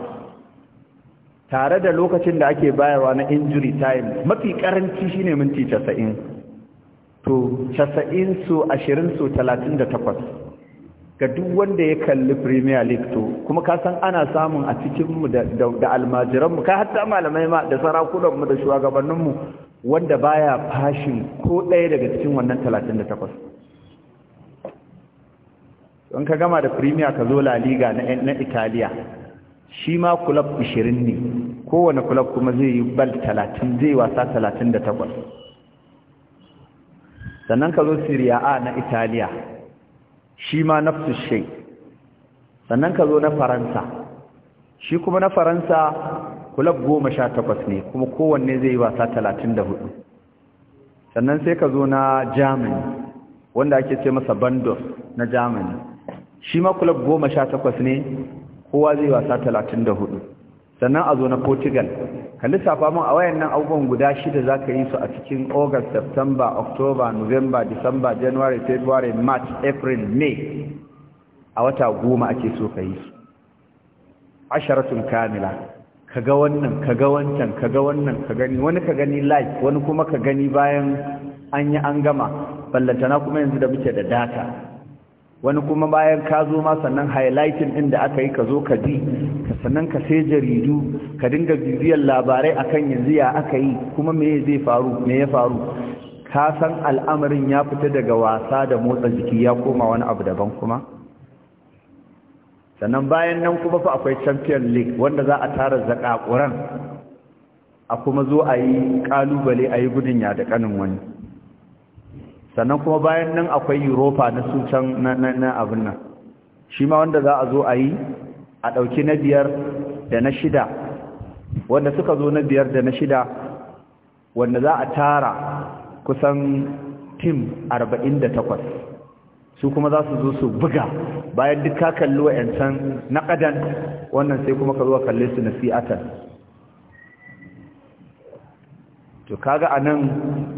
S1: tare da lokacin da ake bayarwa na injury time mafi karanci shine minti 90 to 90 su 20 da 38 ga duk wanda ya kalli premier league to kuma ka san ana samun a cikinmu da, da, almajiranmu ka hatta malamai ma da sarakunanmu da shugabanninmu wanda baya fashin ko ɗaya daga cikin wannan 38 don ka gama da premier ka zo la liga na, na italiya shi ma kulab 20 ne kowane kulab kuma zai yi bal 30 zai wasa 38 sannan ka zo Serie A na Italiya shi ma nafsu shay sannan ka zo na Faransa shi kuma na Faransa kulab takwas ne kuma kowanne zai yi wasa talatin da hudu, sannan sai ka zo na Germany wanda ake ce masa Bandos na Germany shi ma kulab takwas ne kowa zai wasa talatin da hudu. sannan a zo na portugal ka lissafa mun a wayannan abubuwan guda shida za ka yi su a cikin august september october november december january february march april may a wata goma ake so ka yi su asharatun kamila ka ga wannan ka ga wancan ka ga wannan ka gani wani ka gani live wani kuma ka gani bayan an yi an gama ballantana kuma yanzu da muke da data wani kuma bayan ka zo ma sannan highlighting din da aka yi ka zo ka ji sannan ka sai jaridu ka dinga bibiyar labarai akan yanzu ya aka yi kuma me zai faru me ya faru ka san al'amarin ya fita daga wasa da motsa jiki ya koma wani abu daban kuma sannan bayan nan kuma fa akwai champion league wanda za a tara zakakuran a kuma zo a yi kalubale a yi gudun ya da kanin wani sannan kuma bayan nan akwai europa na su can na abin nan shi ma wanda za a zo a yi a ɗauki na biyar da na shida wanda suka zo na biyar da na shida wanda za a tara kusan tim 48 su kuma za su zo su buga bayan duk ka kalli wa'yancan na ƙadan wannan sai kuma ka zo kalli su na siyatan to kaga a nan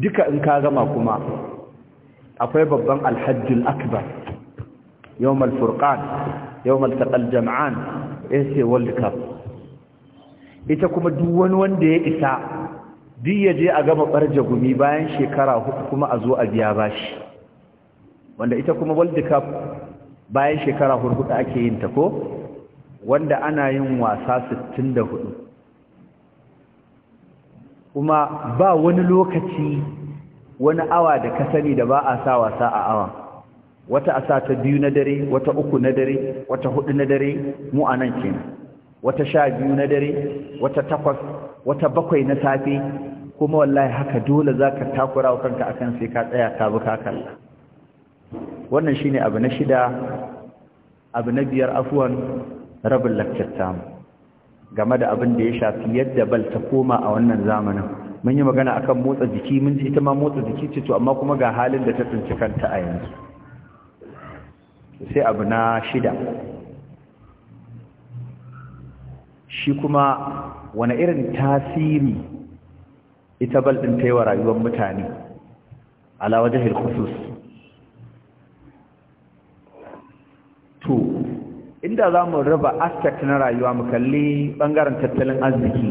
S1: duka in ka gama kuma akwai babban alhajjul akbar yawmal furqan yawmal taqal jam'an sai world cup ita kuma duk wani wanda ya isa duk ya je a gama barja gumi bayan shekara huku kuma a zo a biya bashi wanda ita kuma world cup bayan shekara hudu ake yin ta ko wanda ana yin wasa 64 kuma ba wani lokaci wani awa da ka sani da ba a sa wasa a awa wata a sa ta biyu na dare wata uku na dare wata hudu na dare mu a nan kenan wata sha biyu na dare wata takwas wata bakwai na safe kuma wallahi haka dole za ka takura kanka a kan sai ka tsaya ka bi ka kalla wannan shine abu na shida abu na biyar afuwan rabin lakcattamu game da abin da ya shafi yadda bal ta koma a wannan zamanin mun yi magana akan motsa jiki mun ji ita ma motsa jiki ce to amma kuma ga halin da ta tsinci kanta a yanzu sai abu na shida shi kuma wani irin tasiri ita bal ɗin ta yi wa rayuwar mutane ala wajen hirkusus to inda za mu raba aspect na rayuwa mu kalli ɓangaren tattalin arziki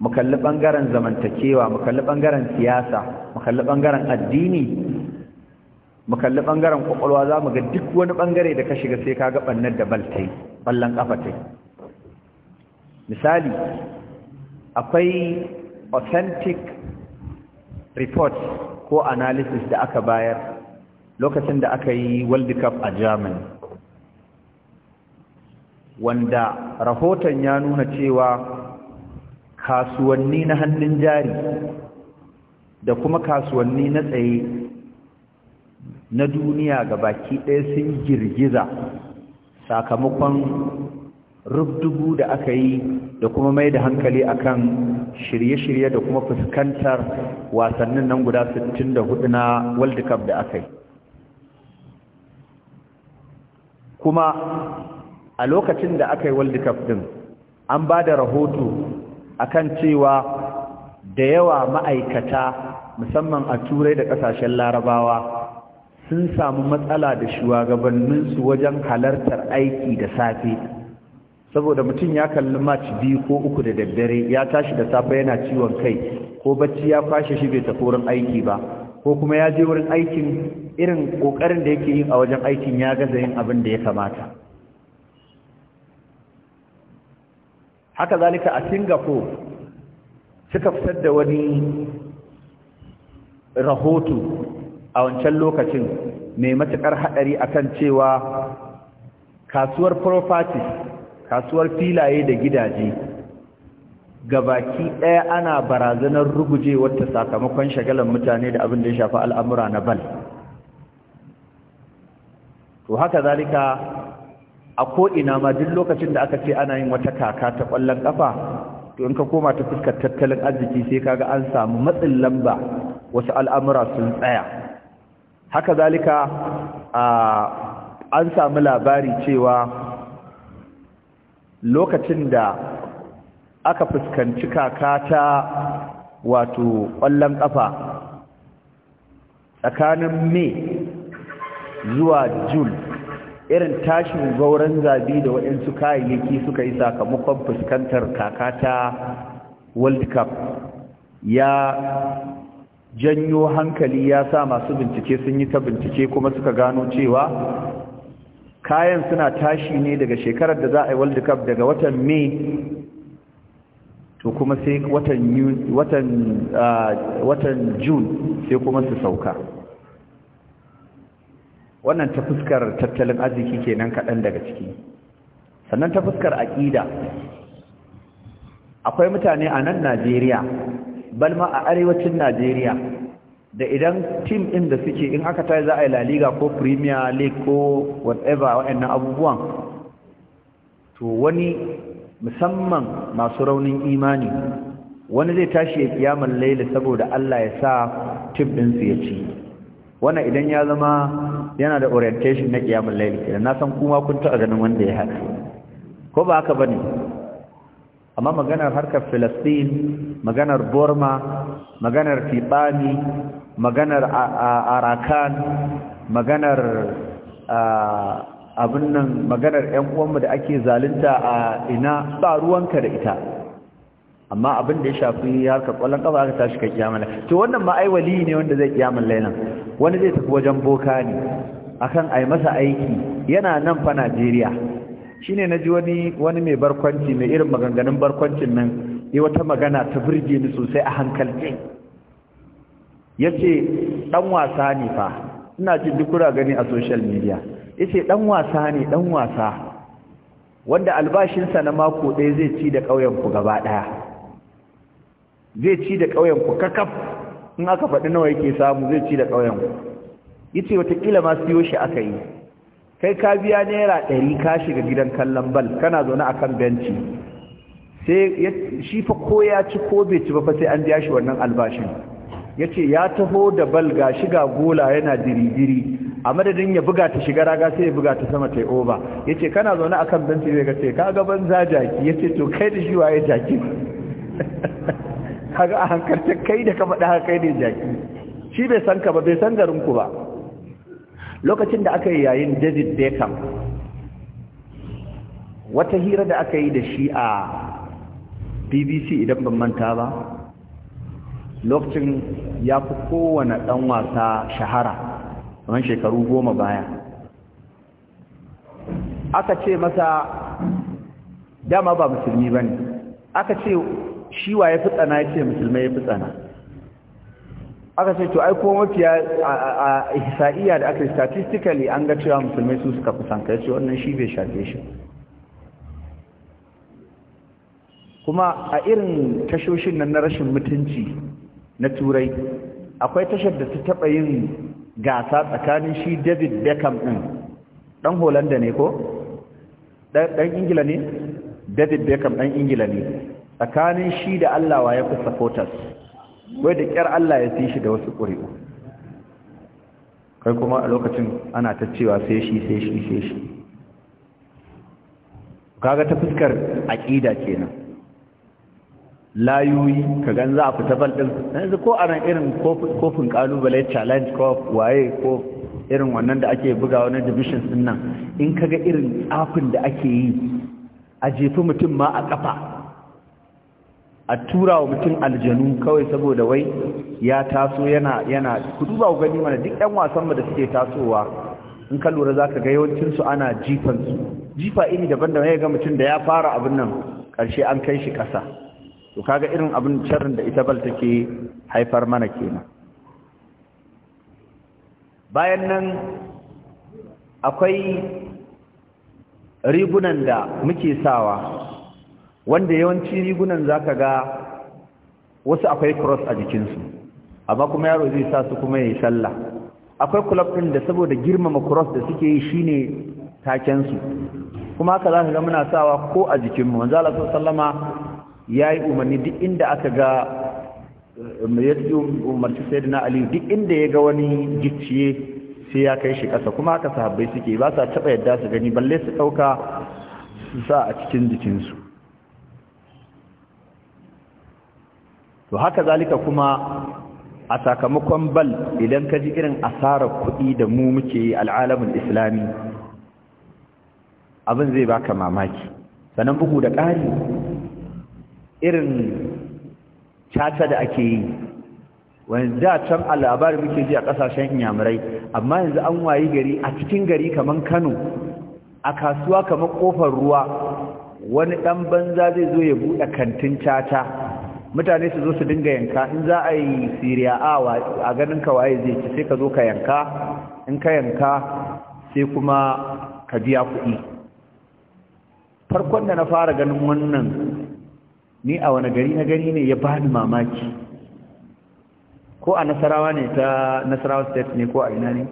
S1: mu kalli ɓangaren zamantakewa mu kalli ɓangaren siyasa mu kalli ɓangaren addini mu kalli ɓangaren ƙwaƙwalwa za mu ga duk wani ɓangare da ka shiga sai ka ga ɓannar da baltai ɓallon ƙafatai misali akwai authentic report ko analysis da aka bayar lokacin da aka yi world cup a germany wanda rahoton ya nuna cewa kasuwanni na hannun jari da kuma kasuwanni na tsaye na duniya ga baki ɗaya sun girgiza sakamakon rubdubu da aka yi da kuma mai da hankali akan shirye-shirye da kuma fuskantar wasannin nan guda 64 na world cup da aka yi kuma a lokacin da aka yi world cup din an ba da rahoto akan cewa da yawa ma'aikata musamman a turai da kasashen larabawa sun samu matsala da shugabanninsu wajen halartar aiki da safe saboda mutum ya kalli match biyu ko uku da daddare ya tashi da safe yana ciwon kai ko bacci ya kwashe shi bai tafi wurin aiki ba ko kuma ya je wurin aikin irin ƙoƙarin da yake yi a wajen aikin ya gaza yin abin da ya kamata haka zalika a singapore suka fitar da wani rahoto a wancan lokacin mai matuƙar haɗari akan cewa kasuwar properties kasuwar filaye da gidaje gabaki ɗaya ana barazanar ruguje wata sakamakon shagalan mutane da abin da ya shafi al'amura na bal to haka zalika a ko'ina ma duk lokacin da aka ce ana yin wata kaka ta ƙwallon ƙafa to in ka koma ta fuskar tattalin arziki sai kaga an samu matsin lamba wasu al'amura sun tsaya haka zalika a an samu labari cewa lokacin da aka fuskanci kaka ta wato ƙwallon ƙafa tsakanin Mai zuwa jul irin tashin gauran zabi da waɗansu kayayyaki suka yi sakamakon fuskantar kakata world cup ya janyo hankali ya sa masu bincike sun yi ta bincike kuma suka gano cewa kayan suna tashi ne daga shekarar da za a yi world cup daga watan may to kuma sai watan ah, june sai kuma su sauka wannan ta fuskar tattalin arziki nan kaɗan daga ciki sannan ta fuskar aƙida akwai mutane a nan najeriya balma a arewacin najeriya da idan tim ɗin da suke in aka tayi za a yi laliga ko premier league ko whatever waɗannan abubuwan to wani musamman masu raunin imani wani zai tashi ya kiyaman laili saboda Allah ya sa tim ɗinsu ya ci wannan idan ya zama yana da orientation na kiyamun laili kenan na san kuma kun taɓa ganin wanda ya haɗa ko ba haka bane amma maganar harkar Filistin maganar Burma maganar Tibani maganar Arakan maganar abin nan maganar ƴan uwanmu da ake zalunta a ina ba ruwanka da ita amma abin da ya shafi ya ka kwallon kafa aka tashi kai kiyama to wannan ma ai wali ne wanda zai kiyama lailan wani zai tafi wajen boka ne akan ai masa aiki yana nan fa Najeriya shine naji wani wani mai barkwanci mai irin maganganun barkwancin nan yi wata magana ta burge ni sosai a hankalce yace dan wasa ne fa ina jin duk kura gani a social media yace dan wasa ne dan wasa wanda albashinsa na mako ɗaya zai ci da ƙauyenku gaba ɗaya zai ci da ƙauyen ku kakaf in aka faɗi nawa yake samu zai ci da ƙauyen ku yace watakila ma siyo shi aka yi kai ka biya naira ɗari ka shiga gidan kallon bal kana zaune a kan benci sai shi fa ko ya ci ko bai ci ba fa sai an biya shi wannan albashin ya ce ya taho da bal ga shiga gola yana diri a madadin ya buga ta shiga raga sai ya buga ta sama ta oba yace kana zaune a kan benci zai ga ce ka gaban za jaki yace ce to kai da shi waye jaki [LAUGHS] kaga a hankalta kai da ka faɗa haka kai ne jaki shi bai san ka ba bai san garinku ba lokacin da aka yi yayin david beckham wata hira da aka yi da shi a bbc idan ban manta ba lokacin ya fi kowane ɗan wasa shahara kamar shekaru goma baya aka ce masa dama ba musulmi ba aka ce shi wa ya fi tsana ce musulmai ya fi tsana aka ce to aiko mafiya a isa'iya da aka statistically an ga cewa musulmai su suka fi kai ce wannan shi bai shafe shi kuma a irin tashoshin nan na rashin mutunci na turai akwai tashar da ta taɓa yin gasa tsakanin shi david beckham ɗin ɗan holanda ne ko ɗan ingila ne david beckham ɗan ingila ne tsakanin shi da Allah wa ya fi supporters wai da kyar Allah ya fi shi da wasu ƙuri'u kai kuma a lokacin ana ta cewa sai shi sai shi sai shi kaga ta fuskar aƙida kenan layoyi ka gan za a fita bal ɗin yanzu ko a irin kofin ƙalubale challenge ko waye ko irin wannan da ake buga wani division din nan in kaga irin tsafin da ake yi a jefi mutum ma a kafa a tura wa mutum aljanu kawai saboda wai ya taso yana yana ku duba ku gani mana duk ɗan wasan da suke tasowa in ka lura zaka ga yawancin su ana jifan su jifa iri daban-daban ya ga mutum da ya fara abin nan karshe an kai shi ƙasa to kaga irin abin sharrin da ita bal take haifar mana kenan bayan nan akwai rigunan da muke sawa wanda yawanci rigunan zaka ga wasu akwai cross a jikinsu amma kuma yaro zai sa su kuma ya yi sallah akwai club din da saboda girmama cross da suke yi shine taken su kuma haka ka ga muna sawa ko a jikinmu. wanzu ala Allah sallama yi umarni duk inda aka ga eh, ya umarci da na'ali duk inda ya ga wani gicciye sai ya kai shi kasa kuma haka sahabbai suke ba sa taba yadda su gani balle su ɗauka su sa a cikin jikinsu to haka zalika kuma a sakamakon bal idan ka ji irin asarar kuɗi da mu muke yi al'alamin islami abin zai baka mamaki sannan bugu da ƙari irin caca da ake yi wani da can alabari labarin muke ji a ƙasashen inyamurai amma yanzu an wayi gari a cikin gari kamar kano a kasuwa kamar ƙofar ruwa wani ɗan banza zai zo ya buɗe kantin caca mutane su zo su dinga yanka in za a yi siriya awa a ganin waye zai ci sai ka zo ka yanka in ka yanka sai kuma ka biya kuɗi farkon da na fara ganin wannan ni a wani gari na gari ne ya bani mamaki ko a nasarawa ne ta nasarawa state ne ko a ina ne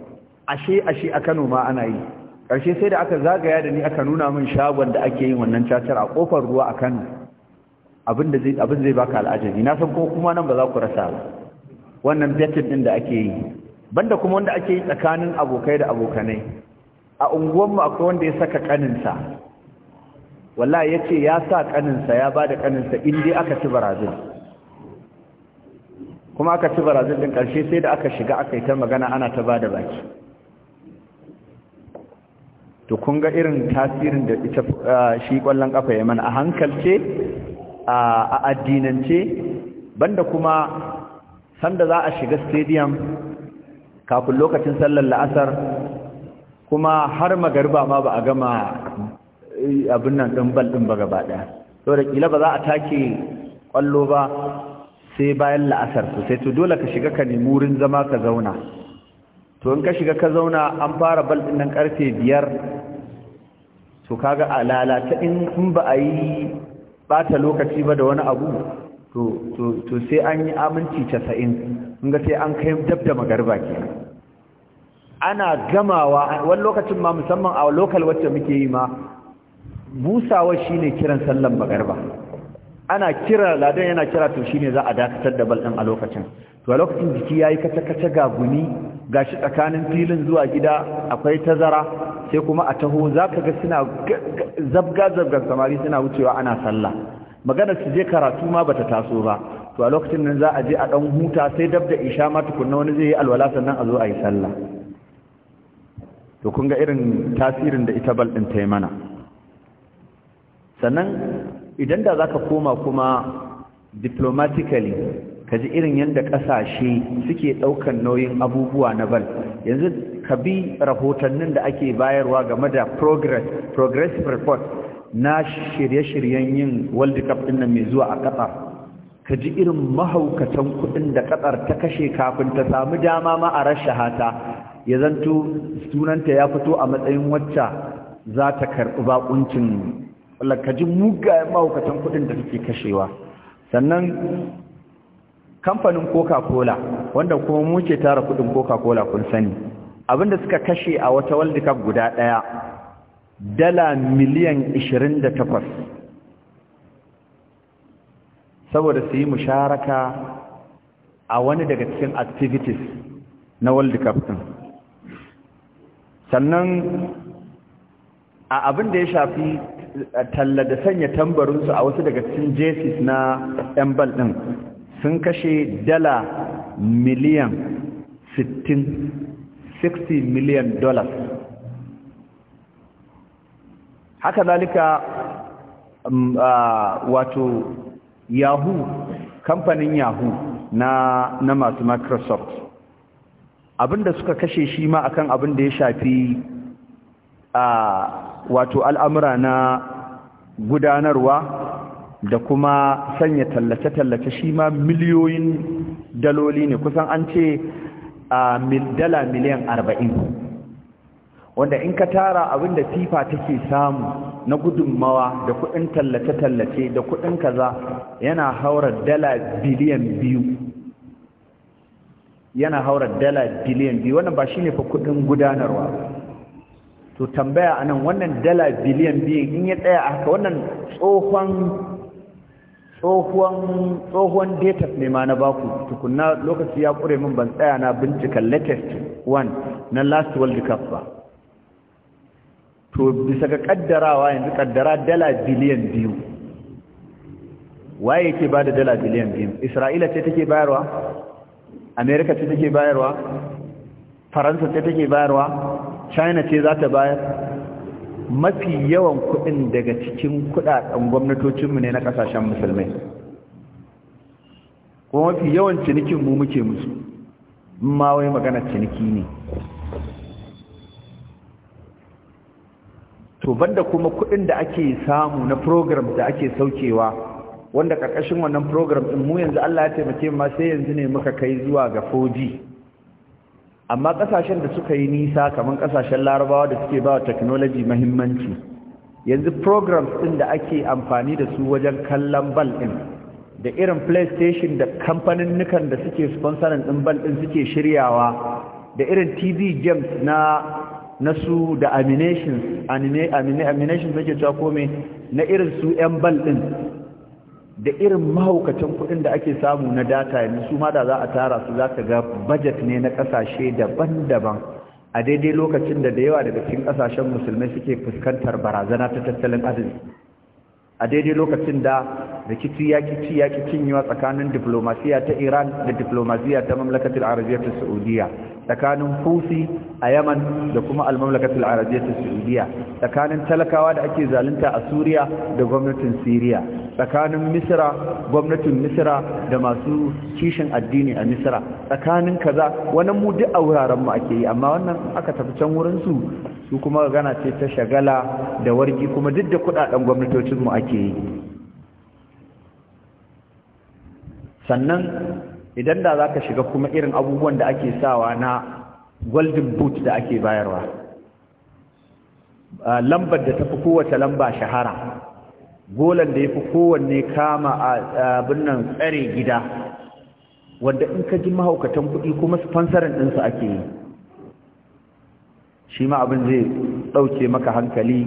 S1: ashe ashe a kano ma ana yi ƙarshe sai da aka zagaya da ni aka nuna min shagon da ake yin wannan cacar a ƙofar ruwa a kano abin zai abin zai baka al'ajabi na san ko kuma nan ba za ku rasa ba wannan betting din da ake yi banda kuma wanda ake yi tsakanin abokai da abokanai a unguwar akwai wanda ya saka kaninsa wallahi yace ya sa kaninsa ya bada kaninsa in aka ci barazin kuma aka ci barazil din karshe sai da aka shiga aka yi ta magana ana ta bada baki to kun ga irin tasirin da ita ah, shi kwallon kafa ya mana a hankalce a addinance banda kuma sanda za a shiga stadium kafin lokacin sallar la'asar kuma har magarba ma ba a gama e, abin nan ɗin bal ɗin ba gaba ɗaya to da ƙila ba za a take ƙwallo ba sai bayan la'asar su sai to dole ka shiga ka nemi wurin zama ka zauna to in ka shiga ka zauna an fara bal ɗin nan ƙarfe biyar to kaga a lalata in ba a yi bata lokaci ba da wani abu to sai an yi aminci casa'in ga sai an kai dab magarba ke ana gamawa wani lokacin ma musamman a lokal wacce muke yi ma busawa shine kiran sallan magarba ana kira ladan yana kira to shine za a dakatar da bal din a lokacin to a lokacin jiki yayi kace-kace ga guni ga shi tsakanin filin zuwa gida akwai tazara sai kuma a taho ka ga suna zabga zabga samari suna wucewa ana sallah maganar su je karatu ma bata taso ba to a lokacin nan za a je a dan huta sai dab da isha ma tukunna wani zai yi alwala sannan a zo a yi sallah to kun ga irin tasirin da ita bal din ta yi mana sannan idan da zaka koma kuma diplomatically ka ji irin yadda ƙasashe suke ɗaukan nauyin abubuwa na bal yanzu ka bi rahotannin da ake bayarwa game da progress progressive report na shirye-shiryen yin world cup ɗin nan mai zuwa a ƙasar ka ji irin mahaukatan kuɗin da ƙasar ta kashe kafin ta sami dama ma a hata ya zanto sunanta ya fito a matsayin wacce za ta karɓi baƙuncin ka ji mugayen mahaukatan kuɗin da suke kashewa sannan kamfanin coca-cola wanda kuma mu tara kudin coca-cola kun sani abinda suka kashe a wata world cup guda daya dala miliyan 28 saboda su yi musharaka a wani daga cikin activities na world cup din sannan a abin da ya shafi eh, talla da sanya tambarinsu a wasu daga cikin jerseys na 'yan ɗin sun kashe dala miliyan 60 60 miliyan dollars haka zalika mm, wato yahoo kamfanin yahoo na, na masu microsoft abinda suka kashe shi ma akan abinda ya shafi wato al'amura na gudanarwa da kuma sanya tallace-tallace shi ma miliyoyin daloli ne kusan an ce a dala miliyan arba'in wanda in ka tara abin da fifa take samu na gudunmawa da kudin tallace-tallace da kudin kaza yana haura dala biliyan biyu yana haura dala biliyan biyu wannan ba shi ne fa kudin gudanarwa to tambaya anan wannan dala biliyan biyu in ya tsaya haka wannan tsohon tsohuwan data ne ma na baku tukunna lokaci ya ƙure min ban tsaya na bincika latest one na last world cup ba to bisa ga kaddarawa yanzu kaddara dala biliyan biyu waye ke bada dala biliyan biyu isra'ila ce take bayarwa america ce take bayarwa faransa ce take bayarwa china ce za ta bayar mafi yawan kuɗin daga cikin kuɗaɗen gwamnatocinmu ne na ƙasashen musulmai kuma mafi yawan cinikin mu muke musu ma wai magana ciniki ne to banda kuma kuɗin da ake samu na program da ake saukewa wanda ƙarƙashin wannan program ɗin mu yanzu Allah ya taimake mu ma sai yanzu ne muka kai zuwa ga 4G amma kasashen da suka yi nisa kamar kasashen larabawa da suke ba wa technology mahimmanci yanzu programs din da ake amfani da su wajen kallon ball din da irin playstation da kamfanin nukan da suke sponsorin din bal din suke shiryawa da irin tv games na na su da animations animations ke cewa kome na irin su 'yan bal din da irin mahaukacin kuɗin da ake samu na data yanzu su ma da za a tara su za ka ga budget ne na kasashe daban-daban a daidai lokacin da da yawa daga cikin kasashen musulmai suke fuskantar barazana ta tattalin arziki a daidai lokacin da rikici ya kici ya kici yiwa tsakanin diplomasiya ta iran da diplomasiya ta Mamlakatar arabiya ta saudiya tsakanin Fusi a yaman da kuma al-Mamlakatul Arabiyyah saudiya tsakanin talakawa da ake zalunta a suriya da gwamnatin Syria tsakanin misra gwamnatin misra da masu kishin addini a misra tsakanin kaza wannan mu duk a wuraren mu ake yi amma wannan aka tafi can wurin su su kuma gana ce ta shagala da wargi kuma duk da kudaden gwamnatocin mu ake yi sannan idan da za ka shiga kuma irin abubuwan da ake sawa na golden boot da ake bayarwa lambar da ta fi kowace lamba shahara golan da ya fi kowanne kama abin nan tsare gida wanda in ka ji mahaukatan kuɗi kuma sponsorin ɗinsu ake yi shi ma abin zai ɗauke maka hankali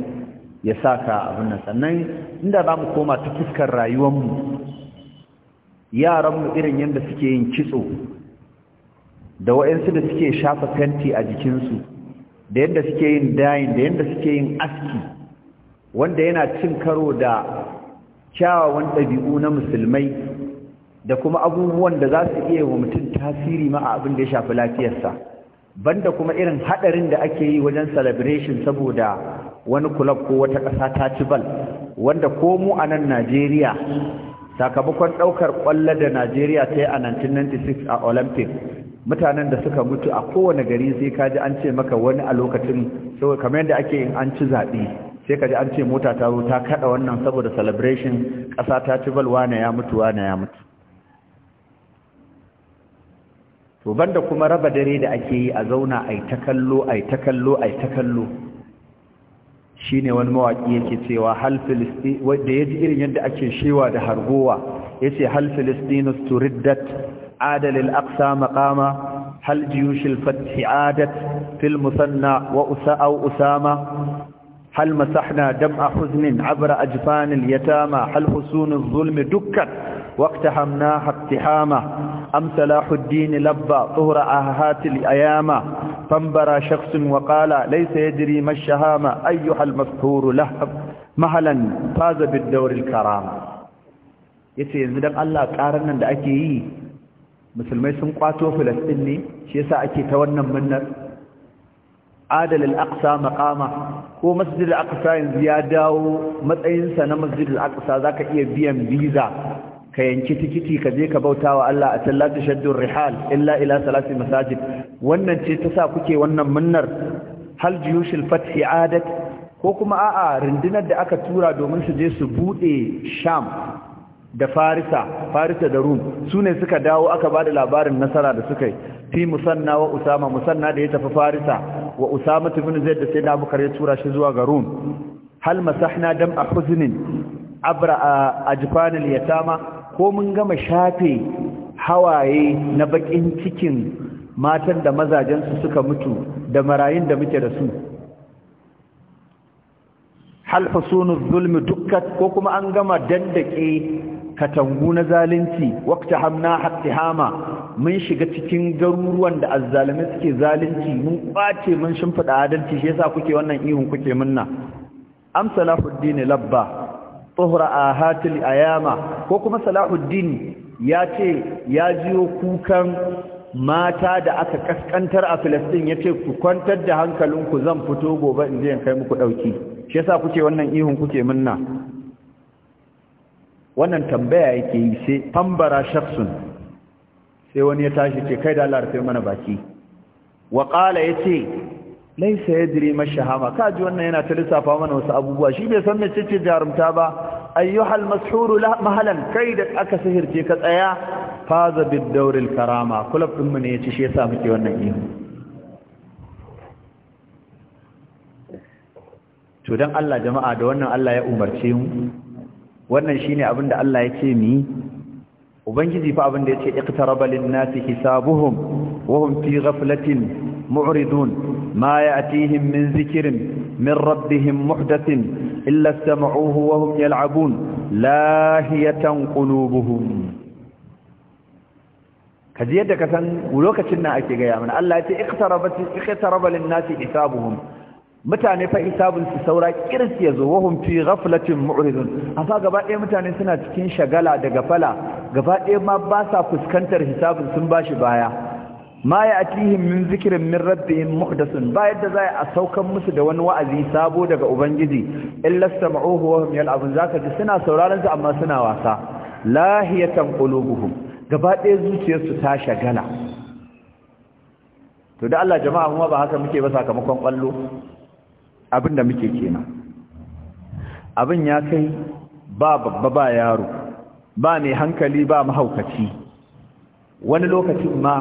S1: ya sa ka abin nan sannan inda za mu koma ta fuskar rayuwarmu yaranmu irin yadda suke yin kitso da waɗansu da suke shafa fenti a jikinsu da yadda suke yin dayin da yadda suke yin aski wanda yana cin karo da kyawawan ɗabi'u na musulmai da kuma abubuwan da za su iya wa mutum tasiri ma a abin da ya shafi lafiyarsa banda kuma irin haɗarin da ake yi wajen celebration saboda wani kulab ko wata ƙasa ta ci bal wanda ko mu a nan najeriya sakamakon ɗaukar ƙwallo da najeriya ta yi a 1996 a olympic mutanen da suka mutu a kowane gari sai ka ji an ce maka wani a lokacin saboda kamar yadda ake in an ci zaɓe sai ka ji an ce mota ta zo ta kaɗa wannan saboda celebration ƙasa ta ci bal na ya mutu wa na ya mutu to banda kuma raba dare da ake yi a zauna ai ta kallo ai ta kallo ai ta kallo shine wani mawaƙi yake cewa halfilisti wadda ya ji irin yadda ake shewa da harguwa ya ce halfilistinus to riddat adalil aqsa maqama hal jiyushil fathi adat fil musanna wa usa usama hal masahna dam'a huznin abra ajfanil yatama hal husunin zulmi dukkan واقتحمناها اقتحامه أم صلاح الدين لبى طهر أهات الأيام فانبرى شخص وقال ليس يدري ما الشهامة أيها المسحور لهب مهلا فاز بالدور الكرام يسي يزدق الله كارنا اكي مثل ما يسمى قاتوا فلسطيني شي ساعكي تونا منك عادل الأقصى مقامة هو مسجد الأقصى زيادة ومتأينسة مسجد الأقصى ذاك إيه بي ام بيزا ka yanki tikiti ka je ka bauta wa Allah a tallata shaddun rihal illa ila salati masajid wannan ce ta sa kuke wannan munnar hal jiyushil fathi adat ko kuma a'a rundunar da aka tura domin su je su bude sham da farisa farisa da rum su ne suka dawo aka bada labarin nasara da suka yi fi musanna wa usama musanna da ya tafi farisa wa usama tufin zai da sai da abokar ya tura shi zuwa ga rum hal masahna dam a huznin abra a jifanin yatama ko mun gama shafe hawaye na bakin cikin matan da mazajensu suka mutu da marayun da muke da su hal husunuz zulmi dukkat ko kuma an gama dandake katangu na zalunci wakta hamna hattihama mun shiga cikin garuruwan da azzalimi suke zalunci mun ɓace mun shimfida adalci shi yasa kuke wannan ihun kuke munna amsalahuddin labba tsohura a hatil ayama ko kuma salahuddin ya ce ya jiyo kukan mata da aka kaskantar a filistin ya ce ku kwantar da hankalinku zan fito gobe in je kai muku ɗauki shi yasa kuke wannan ihun kuke minna wannan tambaya yake yi sai tambara Shafsun sai wani ya tashi ce kai da Allah rufe mana baki wa qala yace laisa yadri mashahama kaji wannan yana ta lissafa mana wasu abubuwa shi bai san mece ce jarumta ba ayyuhal mashuru la mahalan kai da aka sihirce ka tsaya faza bid dawril karama kulab din mu ne yace shi yasa muke wannan ihu to dan Allah jama'a da wannan Allah ya umarce mu wannan shine abin Allah ya ce ubangiji fa abin da yace iqtaraba lin nasi hisabuhum wa hum fi ghaflatin معرضون ما يأتيهم من ذكر من ربهم محدث إلا استمعوه وهم يلعبون لاهية قلوبهم kaji yadda ka san lokacin nan ake gaya mana Allah ya ce iqtaraba lin-nasi hisabuhum mutane fa hisabun su saura kirs yazo wahum fi ghaflatin mu'ridun asa gaba ɗaya mutane suna cikin shagala daga fala gaba ɗaya ma basa fuskantar hisabun sun bashi baya ma ya atihim min zikirin min rabbihim muhdasun ba yadda za a saukan musu da wani wa'azi sabo daga ubangiji illa sam'uhu wa hum yal'abun zaka ji suna sauraron su amma suna wasa lahiyatan qulubuhum gaba ɗaya zuciyarsu ta shagala to da Allah jama'a kuma ba haka muke ba sakamakon kwallo abinda muke kenan abin ya kai ba babba ba yaro ba mai hankali ba mahaukaci wani lokacin ma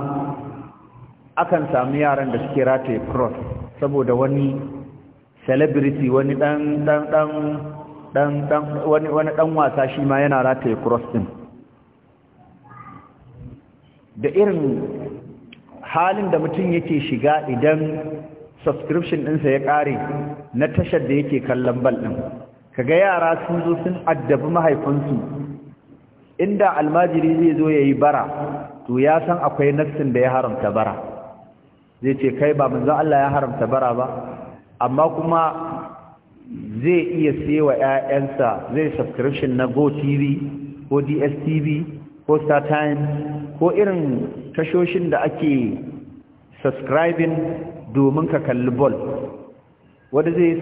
S1: akan sami yaran da suke rataye cross saboda wani celebrity wani dan dan dan dan dan wani wani dan wasa shi ma yana rataye cross din da irin halin da mutum yake shiga idan subscription ɗinsa ya ƙare na tashar da yake kallon bal ɗin kaga yara sun zo sun addabi mahaifinsu inda almajiri zai zo ya yi bara to ya san akwai nassin da ya haramta bara zai ce kai ba manzo Allah ya haramta bara ba amma kuma zai iya siyewa ƴaƴansa zai subscription na Go TV ko DSTV ko Star time ko irin tashoshin da ake subscribing domin ka kalli ball wanda zai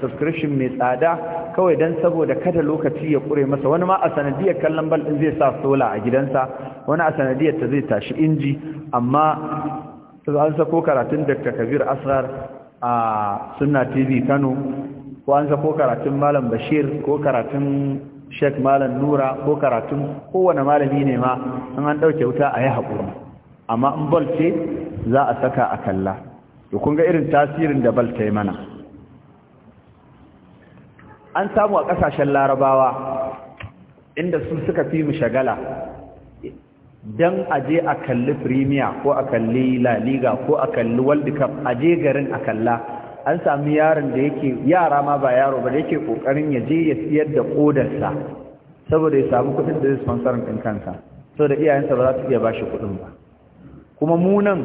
S1: subscription mai tsada kawai dan saboda kada lokaci ya kure masa wani ma a sanadiyar kallon bal din zai sa sola a gidansa wani a sanadiyar ta zai tashi inji amma su an sako karatun dr kabir asrar a sunna tv kano ko an ko karatun malam bashir ko karatun sheik malam nura ko karatun kowane malami ne ma an an ɗauke wuta a yi haƙuri amma in bal za a saka a kalla to kun ga irin tasirin da bal ta yi mana an samu a ƙasashen larabawa inda su suka fi mu shagala don a je a kalli premier ko a kalli la liga ko a kalli world cup a je garin a kalla an sami yaron da yake yara ma ba yaro ba da yake kokarin ya je ya siyar da kodarsa saboda ya samu kudin da zai sponsorin din kansa saboda iyayensa ba za su iya bashi kudin ba kuma munan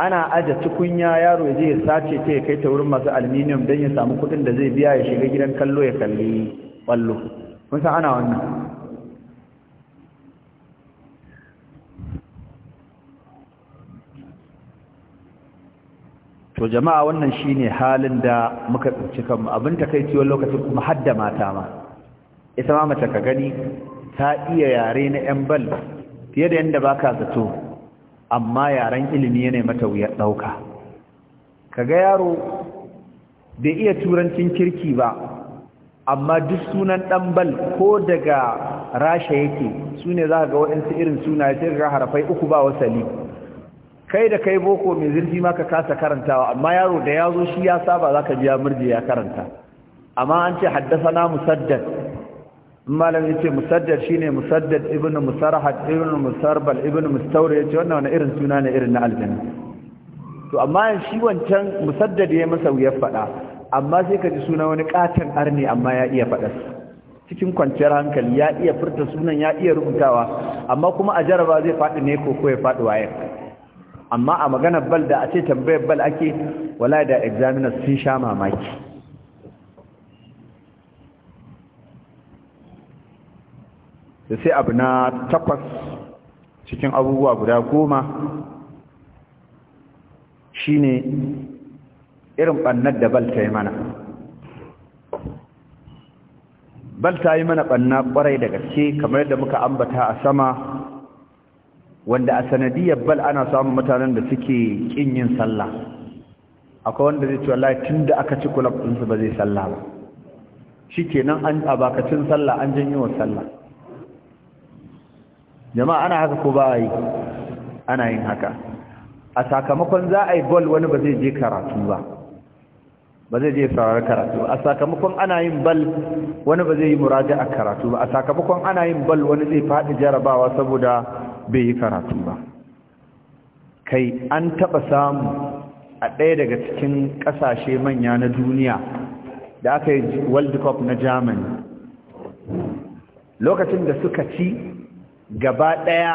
S1: ana aje tukunya yaro ya je ya sace ta ya kai ta wurin masu aluminium don ya samu kudin da zai biya ya shiga gidan kallo ya kalli kwallo kun san ana wannan to jama'a wannan shine halin da muka tsinci kanmu abin takeici wani lokacin kuma hadda mata ma ita ma mace ka gani ta iya yare na yan bal fiye da yanda baka zato amma yaren ilimi yana mata wuyar dauka kaga yaro bai iya turancin kirki ba amma duk sunan dan bal ko daga rasha yake sune zaka ga waɗansu irin sunaye sai ga harafai uku ba wasali kai da kai boko mai zurfi ma ka kasa karantawa amma yaro da ya zo shi ya saba za ka biya ya ya karanta amma an ce haddasa na musaddad malam ya ce musaddad shi ne musaddad ibn musarhad ibn musarbal ibn mustaure ya ce wannan wani irin suna ne irin na aljanna to amma shi wancan musaddad ya masa wuya faɗa amma sai ka ji suna wani katon arni amma ya iya faɗarsa cikin kwanciyar hankali ya iya furta sunan ya iya rubutawa amma kuma a jaraba zai faɗi ne ko ko ya faɗi wayar amma a maganar bal da a ce tambayar bal ake wala da examiner sun sha mamaki da sai abu na takwas cikin abubuwa guda goma shine irin ɓannar da bal ta yi mana bal ta yi mana ɓanna ƙwarai da gaske kamar yadda muka ambata a sama wanda a sanadiyar bal ana samun mutanen da suke kin yin sallah akwai wanda zai ce wallahi da aka ci kulab din su ba zai sallah ba shikenan an abakacin sallah an janyo wa sallah jama'a ana haka ko ba yi ana yin haka a sakamakon za a yi bol wani ba zai je karatu ba ba zai je farar karatu ba a sakamakon ana yin bal wani ba zai yi muraja a karatu ba a sakamakon ana yin bal wani zai faɗi jarabawa saboda bai yi karatu ba kai an taɓa samu a ɗaya daga cikin ƙasashe manya na duniya da aka yi world cup na germany lokacin da suka ci gaba ɗaya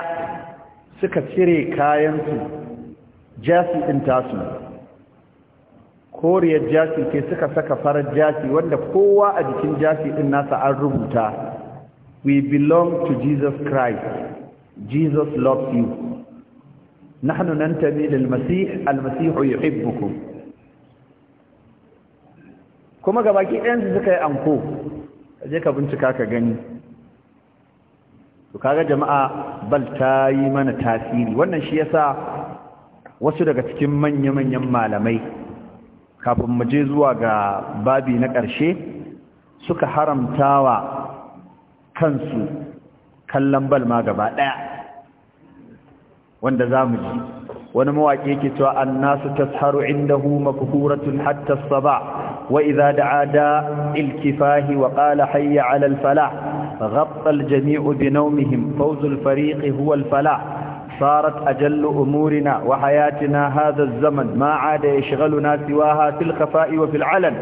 S1: suka cire kayansu jasi ɗin tasu koriyar jasi ke suka saka farar jasi wanda kowa a jikin jasi ɗin nasa an rubuta we belong to jesus christ Jesus loves you نحن ننتمي للمسيح المسيح يحبكم kuma gabaki su suka yi anko je ka bincika ka gani to kaga jama'a bal ta yi mana tasiri wannan shi yasa wasu daga cikin manya-manyan malamai kafin mu je zuwa ga babi na ƙarshe suka haramtawa kansu kallon bal ma gaba daya wanda zamu ji wani mawaki yake cewa annasu tasharu indahu makhuratun hatta as-sabah wa idza da'a da ilkifahi wa qala hayya 'ala al-falah ghatta al-jami'u bi nawmihim fawz al fariq huwa al-falah صارت أجل أمورنا وحياتنا هذا الزمن ما عاد يشغلنا سواها في الخفاء وفي العلن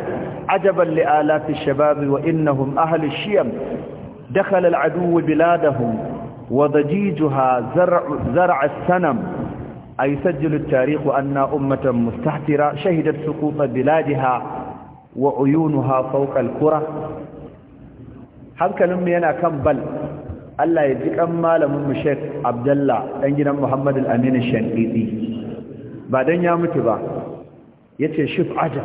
S1: عجبا لآلاف الشباب وإنهم أهل الشيم دخل العدو بلادهم وضجيجها زرع, زرع السنم أي سجل التاريخ أن أمة مستحترة شهدت سقوط بلادها وعيونها فوق الكرة هكذا لم ينا كم بل ألا يجيك أما لم المشيك عبد الله أنجنا محمد الأمين الشنئيدي بعدين يا متبع يتشف عجب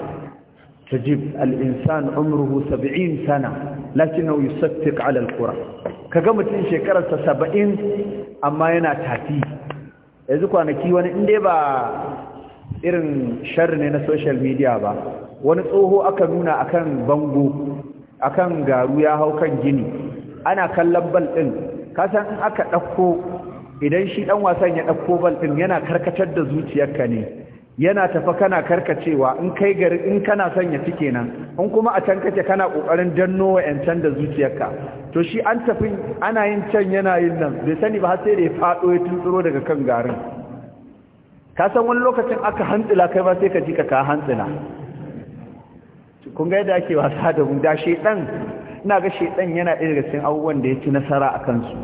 S1: تجيب الإنسان عمره سبعين سنة لكنه يصدق على القرى كقمت إن شكرة سبعين أما ينا تاتي yanzu kwanaki wani inda ba irin shar ne na social midiya ba wani tsoho aka nuna akan bango akan garu ya hau kan gini ana kallon bal ɗin kasan in aka ɗauko idan shi ɗan wasan ya ɗauko bal ɗin yana karkatar da zuciyarka ne yana tafa kana karkacewa in kai gari in kana son ya fi kenan in kuma a can kake kana kokarin danno wa'ancan da zuciyarka to shi an tafi ana yin can yana yin nan bai sani ba har sai da ya fado ya tuntsuro daga kan garin ka san wani lokacin aka hantsila kai ba sai ka ji ka ka hantsila kun ga yadda ake wasa da mun da shedan ina ga shedan yana ɗaya daga cikin abubuwan da ya ci nasara a kansu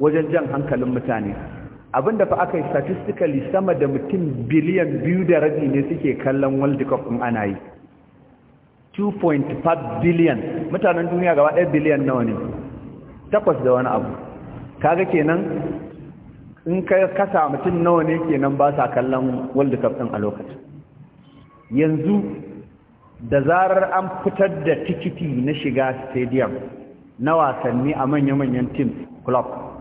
S1: wajen jan hankalin mutane abinda fa aka yi statistically sama da mutum biliyan biyu da rabi ne suke kallon world cup in ana yi 2.5 billion. mutanen duniya gaba ɗaya biliyan nawa ne takwas da wani abu kaga kenan in ka kasa mutum nawa ne kenan ba sa kallon world cup in a lokacin yanzu da zarar an fitar da tikiti na shiga stadium na wasanni a manya-manyan team club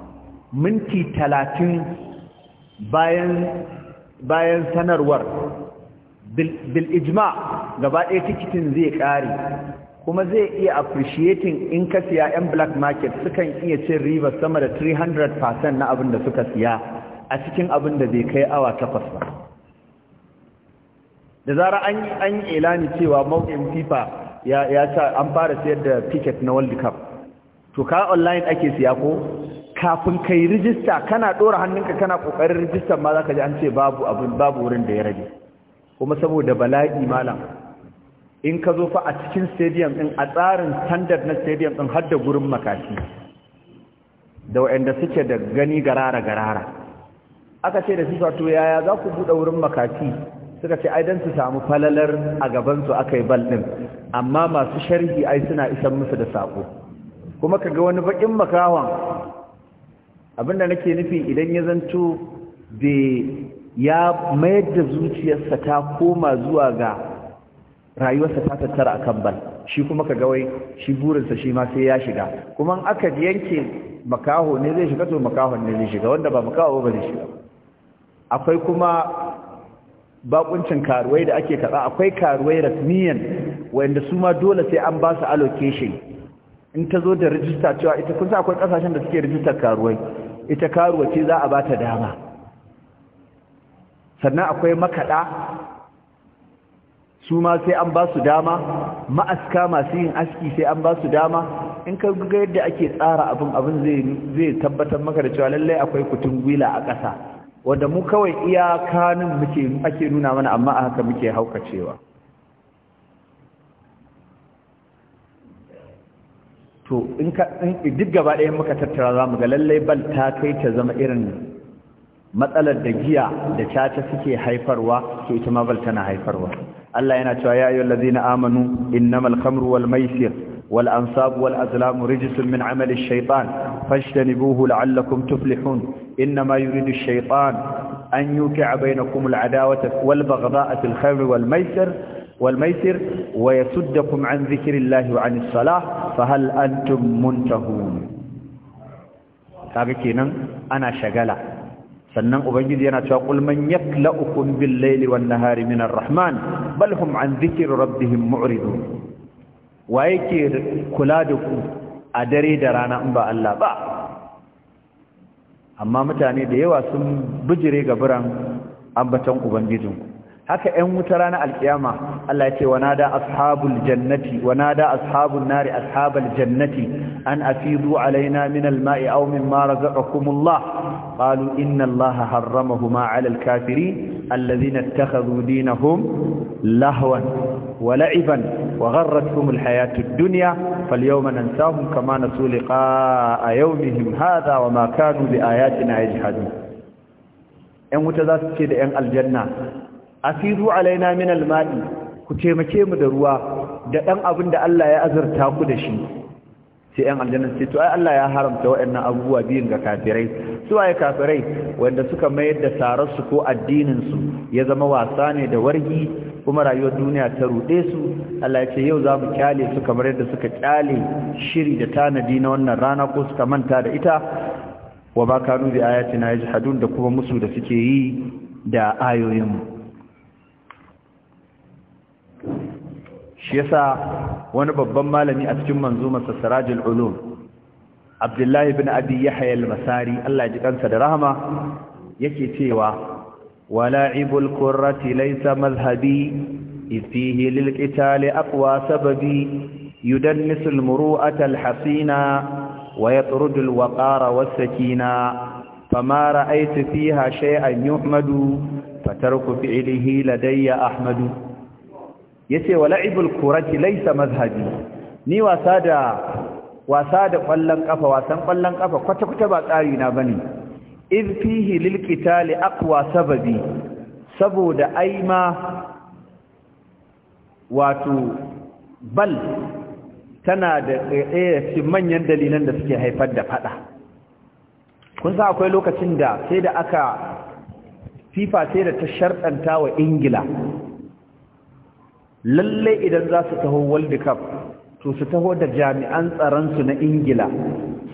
S1: minti talatin bayan bayan sanarwar bil ijma gaba ɗaya tikitin zai ƙare kuma zai iya appreciating in ka siya 'yan black market sukan iya cin riba sama da 300% na abin da suka siya a cikin abin da zai kai awa takwas ba da zara an yi ilani cewa mawuyin fifa ya ta an fara sayar da ticket na world cup to ka online ake siya ko kafin ka yi rijista kana ɗora hannunka kana ƙoƙarin rijistar ma za ka ji an ce babu abin babu wurin da ya rage kuma saboda bala'i malam in ka zo fa a cikin stadium ɗin a tsarin standard na stadium ɗin har da gurin makashi da waɗanda suke da gani garara-garara aka ce da su sato yaya za ku buɗe wurin makashi suka ce ai don su samu falalar a gabansu aka yi bal ɗin amma masu sharhi ai suna isan musu da saƙo kuma ka ga wani baƙin makawan abinda nake nufi idan ya zanto da ya mayar da zuciyarsa ta koma zuwa ga rayuwarsa ta tattara a kan bal shi kuma ka gawai shi burinsa shi ma sai ya shiga kuma aka yanke makaho ne zai shiga to makaho ne zai shiga wanda ba makaho ba zai shiga akwai kuma bakuncin karuwai da ake kaɗa, akwai karuwai rasmiyan wanda su ma dole sai an ba su allocation in ta zo da rijista cewa ita kun sa akwai kasashen da suke rijistar karuwai ita karuwa ce za a ba ta dama sannan akwai makaɗa su ma sai an ba su dama ma'aska masu yin aski sai an ba su dama in ka ga yadda ake tsara abin abin zai tabbatar maka da cewa lallai akwai kutun gwila a ƙasa wanda mu kawai iyakanin muke ake nuna mana amma a haka muke haukacewa to in ka duk gaba ɗaya muka tattara za mu ga lallai bal ta kai ta zama irin matsalar da giya da caca suke haifarwa to ita ma bal tana haifarwa Allah yana cewa ya ayyuhal ladzina amanu innamal khamru wal maisir wal ansab wal azlam rijsun min amali ash-shaytan fajtanibuhu la'allakum tuflihun innama yuridu ash-shaytan an yuqi'a bainakum al-adawata wal baghdha'a fil khamri wal maisir والميسر ويسدكم عن ذكر الله وعن الصلاة فهل أنتم منتهون kaga kenan ana shagala sannan ubangiji yana cewa qul man yaklaukum bil layli wan nahari min rahman bal hum an dhikri rabbihim mu'ridun wa yake kula da ku a dare da rana in ba Allah ba amma mutane da yawa sun bijire gaburan ambaton ubangijinku haka ‘yan wuta ranar alkiyama Allah ya ce wa nada ashabul jannati wa nada nari ashabal jannati an afidu alaina min alma'i aw mimma razaqakumullah qalu inna allaha harramahuma ala alkafirin alladhina ittakhadhu dinahum lahwan wa la'iban wa gharratuhum alhayatud dunya falyawma nansahum kama nasu liqa'a yawmihim hadha wa ma kanu biayatina yajhadun ‘yan wuta za su ce da ‘yan aljanna asiru alaina min alma'i ku taimake mu da ruwa da dan abin da Allah ya azurta ku da shi sai yan aljanna sai to ai Allah ya haramta waɗannan abubuwa biyun ga kafirai su waye kafirai wanda suka mayar da tsararsu ko addinin su ya zama wasa ne da wargi kuma rayuwar duniya ta rude su Allah ya ce yau za mu kyale su kamar yadda suka kyale shiri da tanadi na wannan rana ko suka manta da ita wa ba kanu bi ayatina yajhadun da kuma musu da suke yi da ayoyin shi yasa wani babban malami a cikin manzumar sarajul ulum abdullahi ibn abi yahya al-masari Allah ya ji kansa da rahama yake cewa wala'ibul qurrati laysa mazhabi fihi lilqitali aqwa sababi yudannisu al-muru'ata al-hasina wa yatrudu al-waqara was-sakina fama ra'aytu fiha shay'an yuhmadu fatarku fi'lihi ladayya ahmadu yace wala'ibul kurati laysa mazhabi ni wasa da wasa da kwallon kafa wasan kwallon kafa kwata kwata ba tsari na bane iz fihi lil qitali aqwa sababi saboda aima wato bal tana da ɗaya manyan dalilan da suke haifar da fada kun sa akwai lokacin da sai da aka fifa sai da ta sharɗanta wa ingila lalle idan za su taho world cup to su taho da jami'an tsaransu na ingila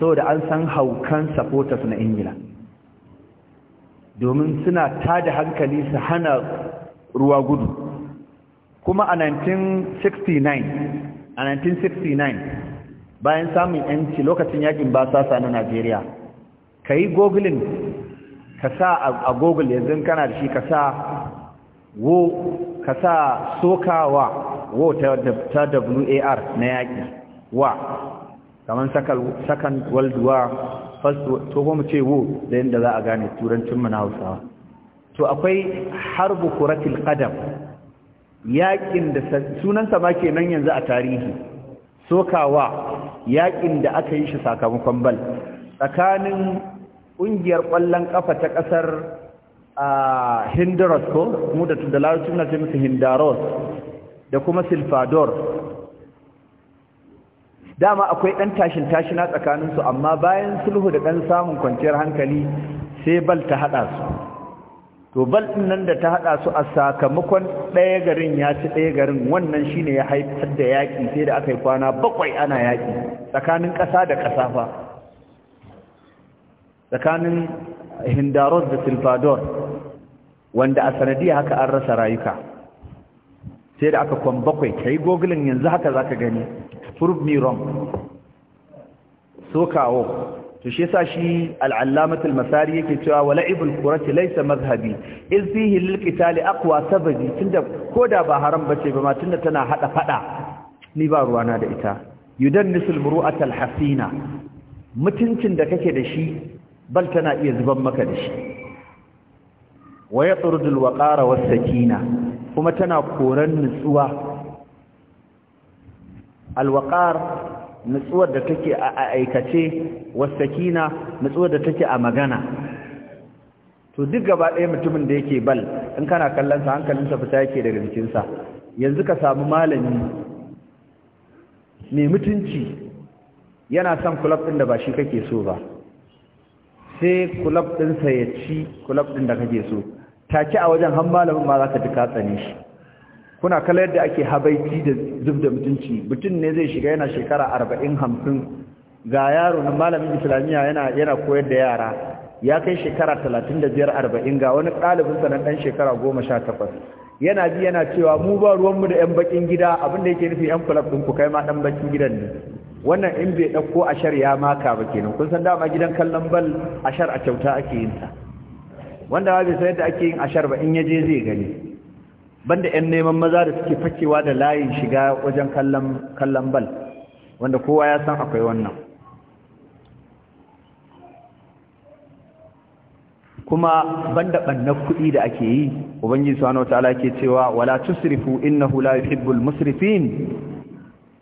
S1: saboda an san haukan supporters na ingila domin suna tada hankali su hana ruwa gudu kuma a 1969 a 1969 bayan samun yanci lokacin yakin basasa na najeriya ka yi googling ka sa a google yanzu kana da shi ka sa wo ka sa sokawa wo ta war na yaƙi wa kamar second world war first to ko mu ce wo da yadda za a gane turancin na hausawa to akwai harbu kuratil qadam yaƙin da sunansa ma kenan yanzu a tarihi sokawa yaƙin da aka yi shi sakamakon bal tsakanin ƙungiyar ƙwallon ƙafa ta ƙasar a ah, hindaros ko mu da da larabci muna ce musu hindaros da kuma silfador dama akwai ɗan tashin tashina tsakaninsu amma bayan sulhu da ɗan samun kwanciyar hankali sai bal ta haɗa su to bal ɗinnan nan da ta haɗa su a sakamakon ɗaya garin ya ci ɗaya garin wannan shine ya haifar da yaki sai da aka yi kwana bakwai ana yaki tsakanin ƙasa da ƙasa fa tsakanin hindaros da Silfador. wanda a sanadiyya haka an rasa rayuka sai da aka kwan bakwai ka yi gogulin yanzu haka za ka gani prove me wrong so kawo to shi yasa shi al'allamatul masari yake cewa wala ibul qurati laysa mazhabi iz fihi lil qitali aqwa sababi tunda koda ba haram bace ba ma tunda tana hada fada ni ba ruwana da ita yudannisul muru'atal hasina mutuncin da kake da shi bal tana iya zuban maka da shi wa ya tsurdul waƙara wasakina kuma tana koran nutsuwa alwaƙar nutsuwar da take a aikace wasakina nutsuwar da take a magana to duk gaba ɗaya mutumin da yake bal in kana kallonsa hankalinsa fita yake daga jikinsa yanzu ka samu malami mai mutunci yana son kulab ɗin da ba shi kake so ba sai kulab ɗinsa ya ci kulab ɗin da kake so take a wajen har malamin ma za ka ji ka tsane shi kuna kala yadda ake habaiti da zub da mutunci mutum ne zai shiga yana shekara arba'in hamsin ga yaro na malamin islamiyya yana yana koyar da yara ya kai shekara talatin da biyar arba'in ga wani ɗalibinsa na ɗan shekara goma sha takwas yana ji yana cewa mu ba ruwan mu da 'yan bakin gida abinda yake nufi 'yan kulab ɗinku kai ma ɗan bakin gidan ne wannan in bai ɗauko ashar ya maka ba kenan kun san dama gidan kallon bal ashar a kyauta ake yin ta wanda wabi sai yadda da ake yin ashar ba in ya je zai gani banda yan neman maza da suke fakewa da layin shiga wajen kallon kallon bal wanda kowa ya san akwai wannan kuma banda bannan kuɗi da ake yi ubangiji subhanahu wataala ke cewa wala tusrifu innahu la yuhibbul musrifin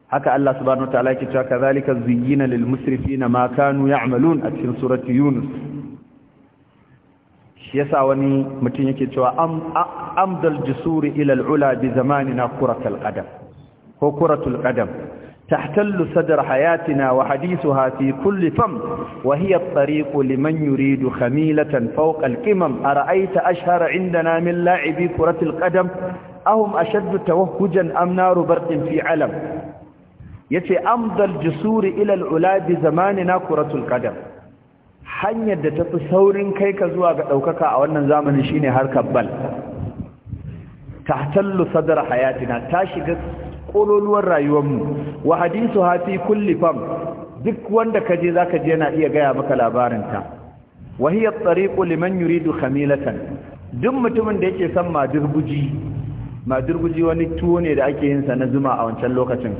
S1: haka Allah subhanahu wataala ke cewa kazalika zuyyina lil musrifina ma kanu ya'malun a cikin surati yunus shi yasa wani mutum yake cewa amdal jusuri ila al'ula bi zamanina kuratul qadam ko kuratul qadam تحتل صدر حياتنا وحديثها في كل فم وهي الطريق لمن يريد خميلة فوق القمم أرأيت أشهر عندنا من لاعبي كرة القدم أهم أشد توهجا أم نار برق في علم يتي أمضى الجسور إلى العلا بزماننا كرة القدم hanyar da ta fi saurin kai ka zuwa ga ɗaukaka a wannan zamanin shine harkar bal tallu sadar hayatina ta shiga ƙololuwar rayuwarmu wa hadisu hafi kulli fam duk wanda ka je zaka je yana iya gaya maka labarinta wa hiya at liman yuridu khamilatan duk mutumin da yake son madurguji madurguji wani tuwo ne da ake yinsa na zuma a wancan lokacin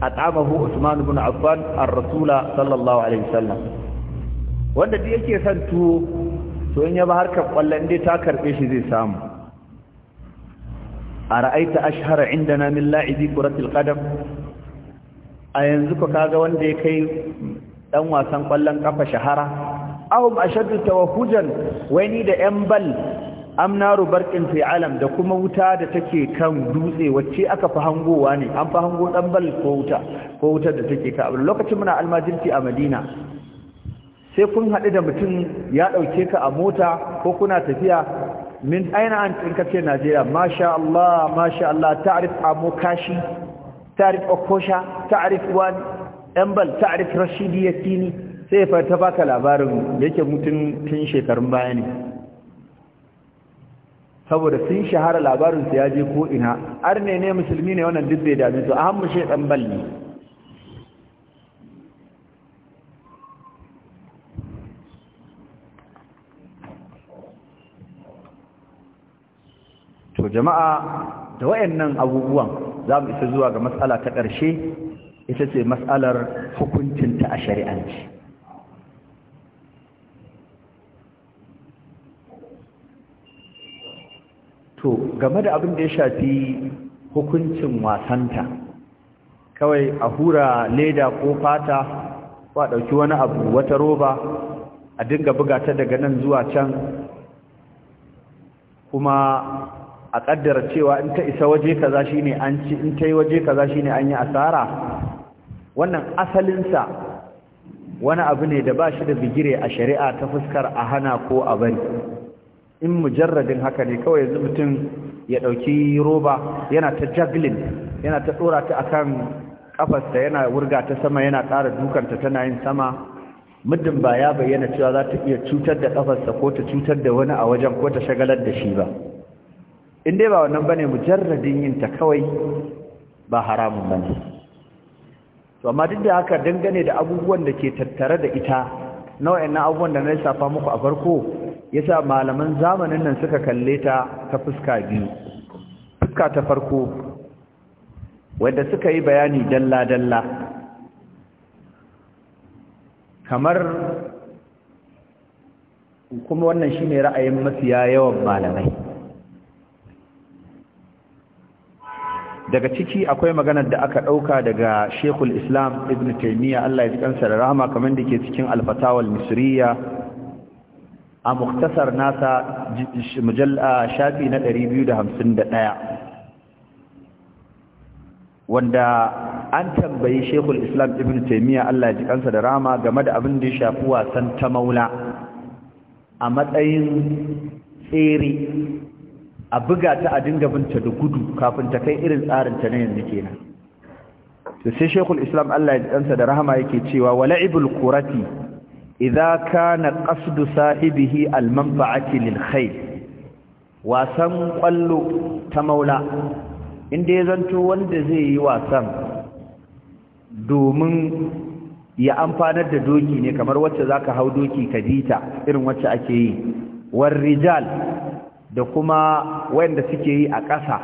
S1: A at'amahu Usman ibn Affan ar-rasula sallallahu alaihi wasallam wanda duk yake son tuwo to in ya ba harkar kwallon dai ta karbe shi zai samu a ra'aita ashhara indana min la'ibi kuratul qadam a yanzu ko kaga wanda ya kai dan wasan kwallon kafa shahara ahum ashaddu tawahujan wani da yan bal amnaru barkin fi alam da kuma wuta da take kan dutse wacce aka fi hangowa ne an fi hango dan bal ko wuta ko wutar da take ka lokacin muna almajirci a Madina sai kun haɗu da mutum ya ɗauke ka a mota ko kuna tafiya min aina an ka ce Najeriya masha Allah masha Allah ta'rif amokashi ta'rif okosha ta'rif wan embal ta'rif rashidi sai fa ta baka labarin yake mutun tun shekarun baya ne saboda sun shahara labarin su ya je ko ina arne ne musulmi ne wannan duk da dame su ahmad bal ne. to jama'a da wayannan abubuwan za mu isa zuwa ga matsala ta ƙarshe ita ce matsalar hukuncinta a shari'anci to game da abin da ya shafi hukuncin wasanta kawai a hura leda ko fata ko a ɗauki wani abu wata roba a dinga buga ta daga nan zuwa can kuma a ƙaddara cewa in ta isa waje kaza shine an ci in ta yi waje kaza shine an yi asara wannan asalinsa wani abu ne da ba shi da bigire a shari'a ta fuskar a hana ko a bari in mujarradin haka ne kawai yanzu mutum ya ɗauki roba yana ta jaglin yana ta ɗora ta akan kafasta yana wurga ta sama yana ƙara dukanta tana yin sama muddin ba ya bayyana cewa za ta iya cutar da kafarsa ko ta cutar da wani a wajen ko ta shagalar da shi ba in dai ba wannan bane mujarradin yin ta kawai ba haramun bane to amma duk da haka dangane da abubuwan da ke tattare da ita na wayannan abubuwan da na lissafa muku a farko yasa malaman zamanin nan suka kalle ta ta fuska biyu fuska ta farko wanda suka yi bayani dalla dalla kamar kuma wannan shine ra'ayin masiya yawan malamai daga ciki akwai maganar da aka ɗauka daga shekul islam ibn taimiyya allah ya ji da rahama kamar da ke cikin alfatawal misriya a muktasar nasa mujalla shafi na 251 wanda an tambayi shekul islam ibn taimiyya allah ya ji da rahama game da abin da ya shafi wasan ta maula a matsayin tsere a buga ta a dinga binta da gudu kafin ta kai irin tsarinta na yanzu kenan to sai shekul islam allah ya ɗansa da rahama yake cewa wala'ibul kurati idza kana qasdu sahibihi almanfa'ati lil khair wasan kwallo ta maula inda ya zanto wanda zai yi wasan domin ya amfanar da doki ne kamar wacce zaka hau doki kadita irin wacce ake yi war rijal da kuma wanda suke yi a ƙasa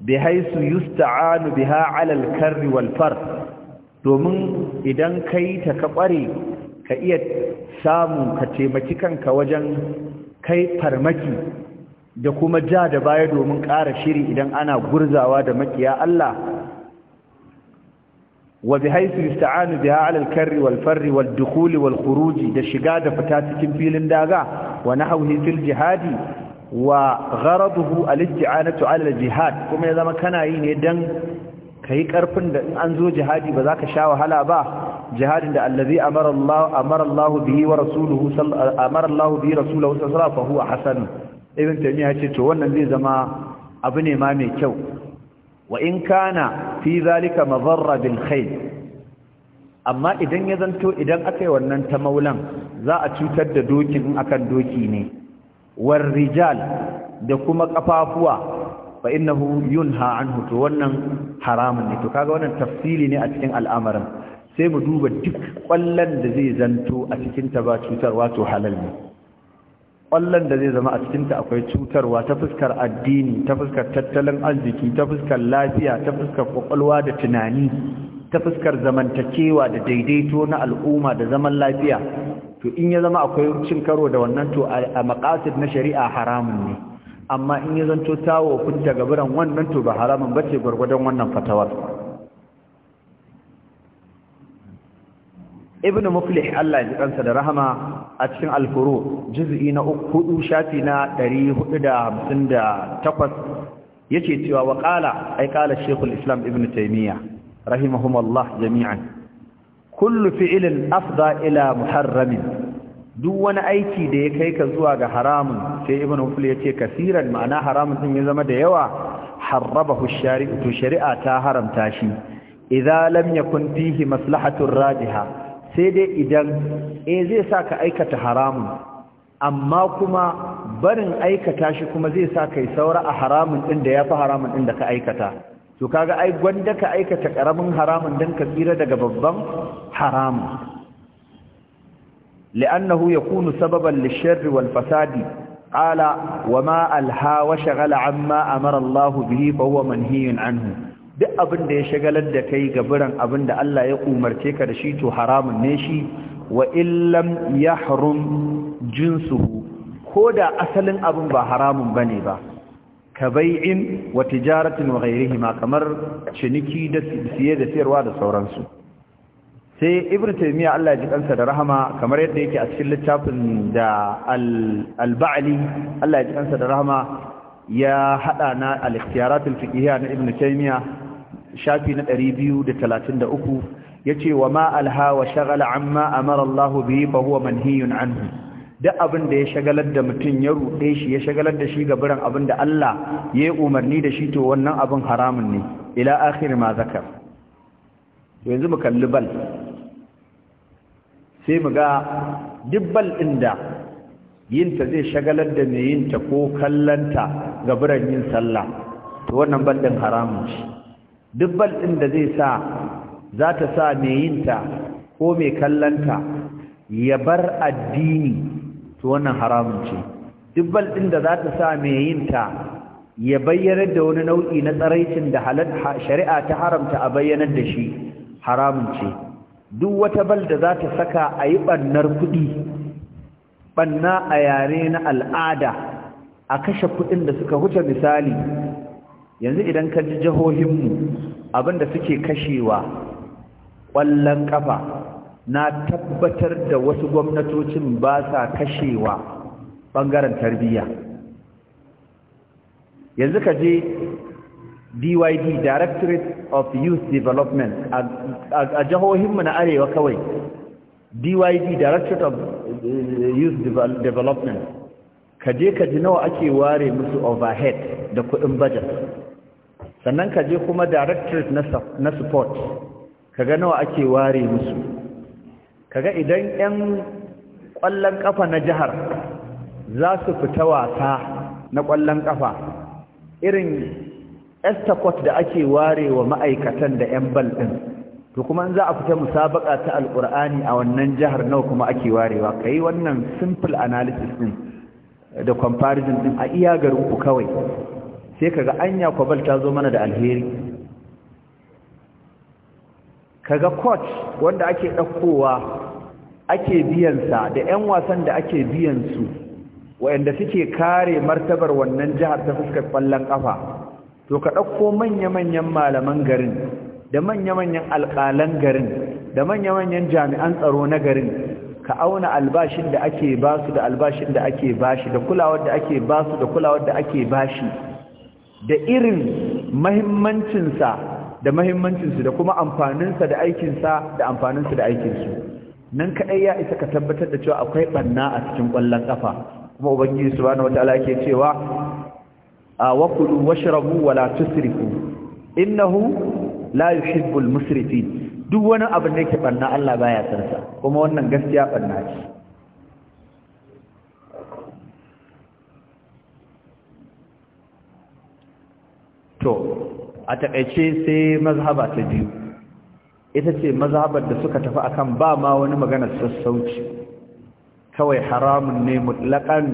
S1: bi haisu yusta'anu biha 'ala al-karri wal far domin idan kai ta ka ƙware ka iya samu ka taimaki kanka wajen kai farmaki da kuma ja da baya domin ƙara shiri idan ana gurzawa da makiya Allah wa bi haisu yusta'anu biha 'ala al-karri wal farri wal dukhuli wal khuruji da shiga da fita cikin filin daga wa nahawhi fil jihadi wa gharaduhu al-isti'anatu 'ala al-jihad kuma ya zama kana yi ne dan kai karfin da an zo jihadi ba za ka sha wahala ba jihadin da allazi amara Allah amara Allah bihi wa rasuluhu amara Allah bihi rasuluhu sallallahu fa huwa hasan ibn ce to wannan zai zama abu ne ma mai kyau wa in kana fi zalika madarra bil khayr amma idan ya zanto idan aka yi wannan ta maulan za a cutar da dokin in akan doki ne war rijal da kuma kafafuwa fa innahu yunha anhu to wannan haramun ne to kaga wannan tafsili ne a cikin al'amarin sai mu duba duk kwallon da zai zanto a cikin ta ba cutarwa to halal ne kwallon da zai zama a cikin ta akwai cutarwa ta fuskar addini ta fuskar tattalin arziki ta fuskar lafiya ta fuskar kwakwalwa da tunani ta fuskar zamantakewa da daidaito na al'umma da zaman lafiya to in ya zama akwai cin karo da wannan to a maqasid na shari'a haramun ne amma in ya zanto tawo kun daga biran wannan to ba haramun bace gurgurdan wannan fatawar ibn muflih Allah ya kansa da rahama a cikin al-furu juz'i na 4 shafi na 458 yace cewa wa qala ay qala shaykhul islam ibn taymiya rahimahumullah jami'an kullu fi'ilin afda ila muharramin duk wani aiki da ya kai ka zuwa ga haramun sai ibn hufl ya ce kasiran ma'ana haramun din ya zama da yawa harrabahu shari'u to shari'a ta haramta shi idza lam yakun fihi maslahatun rajiha sai dai idan eh zai sa ka aikata haramun amma kuma barin aikata shi kuma zai sa kai saura a haramun din da yafi haramun din da ka aikata to kaga ai gwanda ka aikata karamin haramun dan ka tsira daga babban haramun li'annahu kunu sababan lish-sharri fasadi qala wama alha wa shaghala amma amarallahu bihi fa manhiyun anhu duk abin da ya shagalar da kai gaburan abin da Allah ya umarce ka da shi to haramun ne shi wa illam yahrum jinsuhu ko da asalin abin ba haramun bane ba kabai'in wa tijaratin wa ghairihima kamar ciniki da siye da siyarwa da sauransu sai ibnu taymiya Allah ya ji kansa da rahama kamar yadda yake a cikin littafin da al-ba'li Allah ya ji kansa da rahama ya hada na al-ikhtiyarat al-fiqhiyya na ibnu taymiya shafi na 233 yace wa ma alha wa shaghala amma amara Allah bihi fa huwa manhiyun anhu duk abin da ya shagalar da mutum ya ruɗe shi ya shagalar da shi gaburan abin da Allah ya yi umarni da shi to wannan abin haramun ne ila akhir ma zakar yanzu mu kalli bal sai mu ga duk bal ɗin da yinta zai shagalar da mai yinta ko kallanta gaburan yin sallah to wannan bal ɗin haramun shi duk bal ɗin da zai sa za ta sa mai yinta ko mai kallanta ya bar addini to wannan haramun ce duk bal ɗin da za ta sa mai yin ta ya bayyana da wani nau'i na tsaraicin da shari'a ta haramta a bayyanar da shi haramun ce duk wata bal da za ta saka a yi ɓannar kuɗi ɓanna a yare na al'ada a kashe kuɗin da suka huce misali yanzu idan ka ji jihohinmu abinda suke kashewa ƙwallon ƙafa na tabbatar da wasu gwamnatocin ba sa kashewa ɓangaren tarbiyya yanzu ka je dyd directorate of youth development a jihohinmu na arewa kawai dyd directorate of eh, youth development ka je ka ji nawa ake ware musu overhead da kuɗin budget sannan ka je kuma directorate na support ka ga nawa ake ware musu kaga idan 'yan ƙwallon ƙafa na jihar za su fita wasa na ƙwallon ƙafa irin estakot da ake ware wa ma'aikatan da 'yan bal ɗin to kuma za a fita musabaka ta alƙur'ani a wannan jihar nawa kuma ake warewa ka yi wannan simple analysis ɗin da comparison ɗin a iya garin ku kawai sai kaga anya kwabal ta zo mana da alheri kaga coach wanda ake ɗaukowa ake biyansa da 'yan wasan da ake biyansu waɗanda suke kare martabar wannan jihar ta fuskar ƙwallon ƙafa to ka ɗauko manya-manyan malaman garin da manya-manyan alƙalan garin da manya-manyan jami'an tsaro na garin ka auna albashin da ake basu da albashin da ake bashi da kulawar da ake basu da kulawar da ake bashi da irin mahimmancinsa da mahimmancinsu da kuma amfaninsa da aikinsa da amfaninsu da aikinsu nan kaɗai ya isa ka tabbatar da cewa akwai ɓanna a cikin ƙwallon ƙafa kuma ubangiji su bani wata alaƙe cewa a wakulu washirabu wala tusrifu innahu la yuhibbul musrifi duk wani abu da yake ɓanna Allah baya san sa kuma wannan gaskiya ɓanna ce to a takaice sai mazhaba ta biyu ita ce mazhabar da suka tafi akan ba ma wani magana sassauci kawai haramun ne mutlaƙan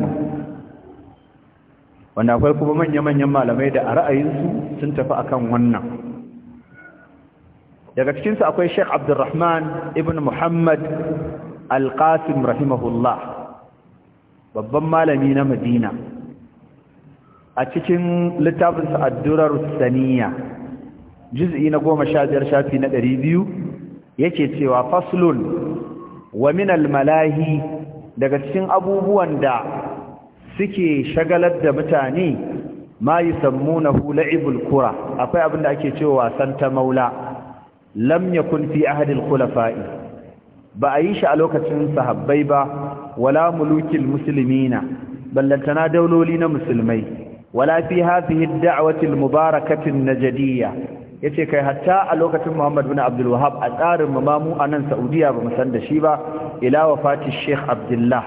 S1: wanda akwai kuma manya-manyan malamai da a ra'ayinsu sun tafi akan wannan daga cikinsu akwai sheikh abdurrahman ibn muhammad al-qasim rahimahullah babban malami na madina a cikin littafin sa'addurar saniya juz'i na goma sha biyar shafi na ɗari biyu yake cewa faslun wa min almalahi daga cikin abubuwan da suke shagalar da mutane ma yi hula ibul kura akwai abin da ake cewa wasan ta maula lam yakun fi ahadil khulafa'i ba a yi shi a lokacin sahabbai ba wala mulukin muslimina ballantana dauloli na musulmai wala fi hadhihi ad-da'wati al-mubarakati an-najdiyya yace kai hatta a lokacin Muhammad bin Abdul Wahhab a tsarin mamu a nan Saudiya ba san da shi ba ila wafati Sheikh Abdullah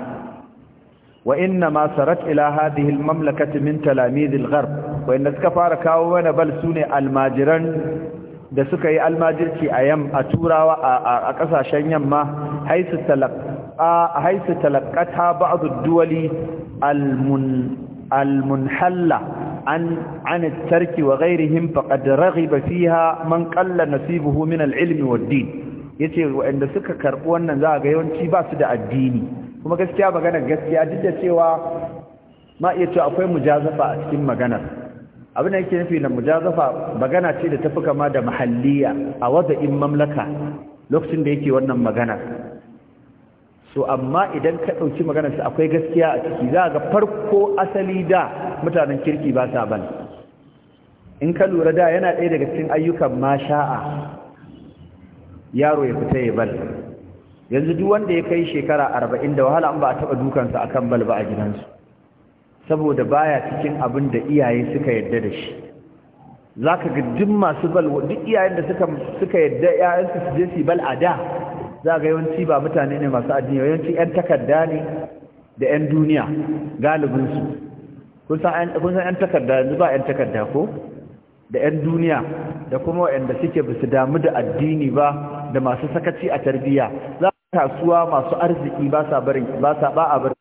S1: wa inna ma sarat ila hadhihi al-mamlakati min talamid al-gharb wa inna suka fara kawo mana bal sune almajiran da suka yi almajirci a yam a turawa a kasashen yamma haisu talaqqa haisu talaqqata ba'd ad-duwali al-mun المنحلة عن عن الترك وغيرهم فقد رغب فيها من قل نصيبه من العلم والدين yace waɗanda suka karɓi wannan za ga yawanci ba su da addini kuma gaskiya magana gaskiya duk da cewa ma iya cewa akwai mujazafa a cikin maganar abin da yake nufi na mujazafa magana ce da tafi kama da mahalliya a waza'in mamlaka lokacin da yake wannan maganar to amma idan ka ɗauki maganarsa akwai gaskiya a ciki za ga farko asali da mutanen kirki ba sa bane in ka lura da yana ɗaya daga cikin ayyukan masha'a yaro ya fita ya bal yanzu duk wanda ya kai shekara arba'in da wahala an ba a taɓa dukansa akan bal ba a gidansu saboda baya cikin abin da iyaye suka yarda da shi za ka ga duk masu bal duk iyayen da suka yarda 'ya'yansu su je su bal a da za ga yawanci ba mutane ne masu addini yawanci 'yan takarda ne da 'yan duniya galibinsu kun san 'yan takarda yanzu ba 'yan takarda ko da 'yan duniya da kuma waɗanda suke bisu damu da addini ba da masu sakaci a tarbiyya za kasuwa masu arziki ba sa barin ba sa ba a barin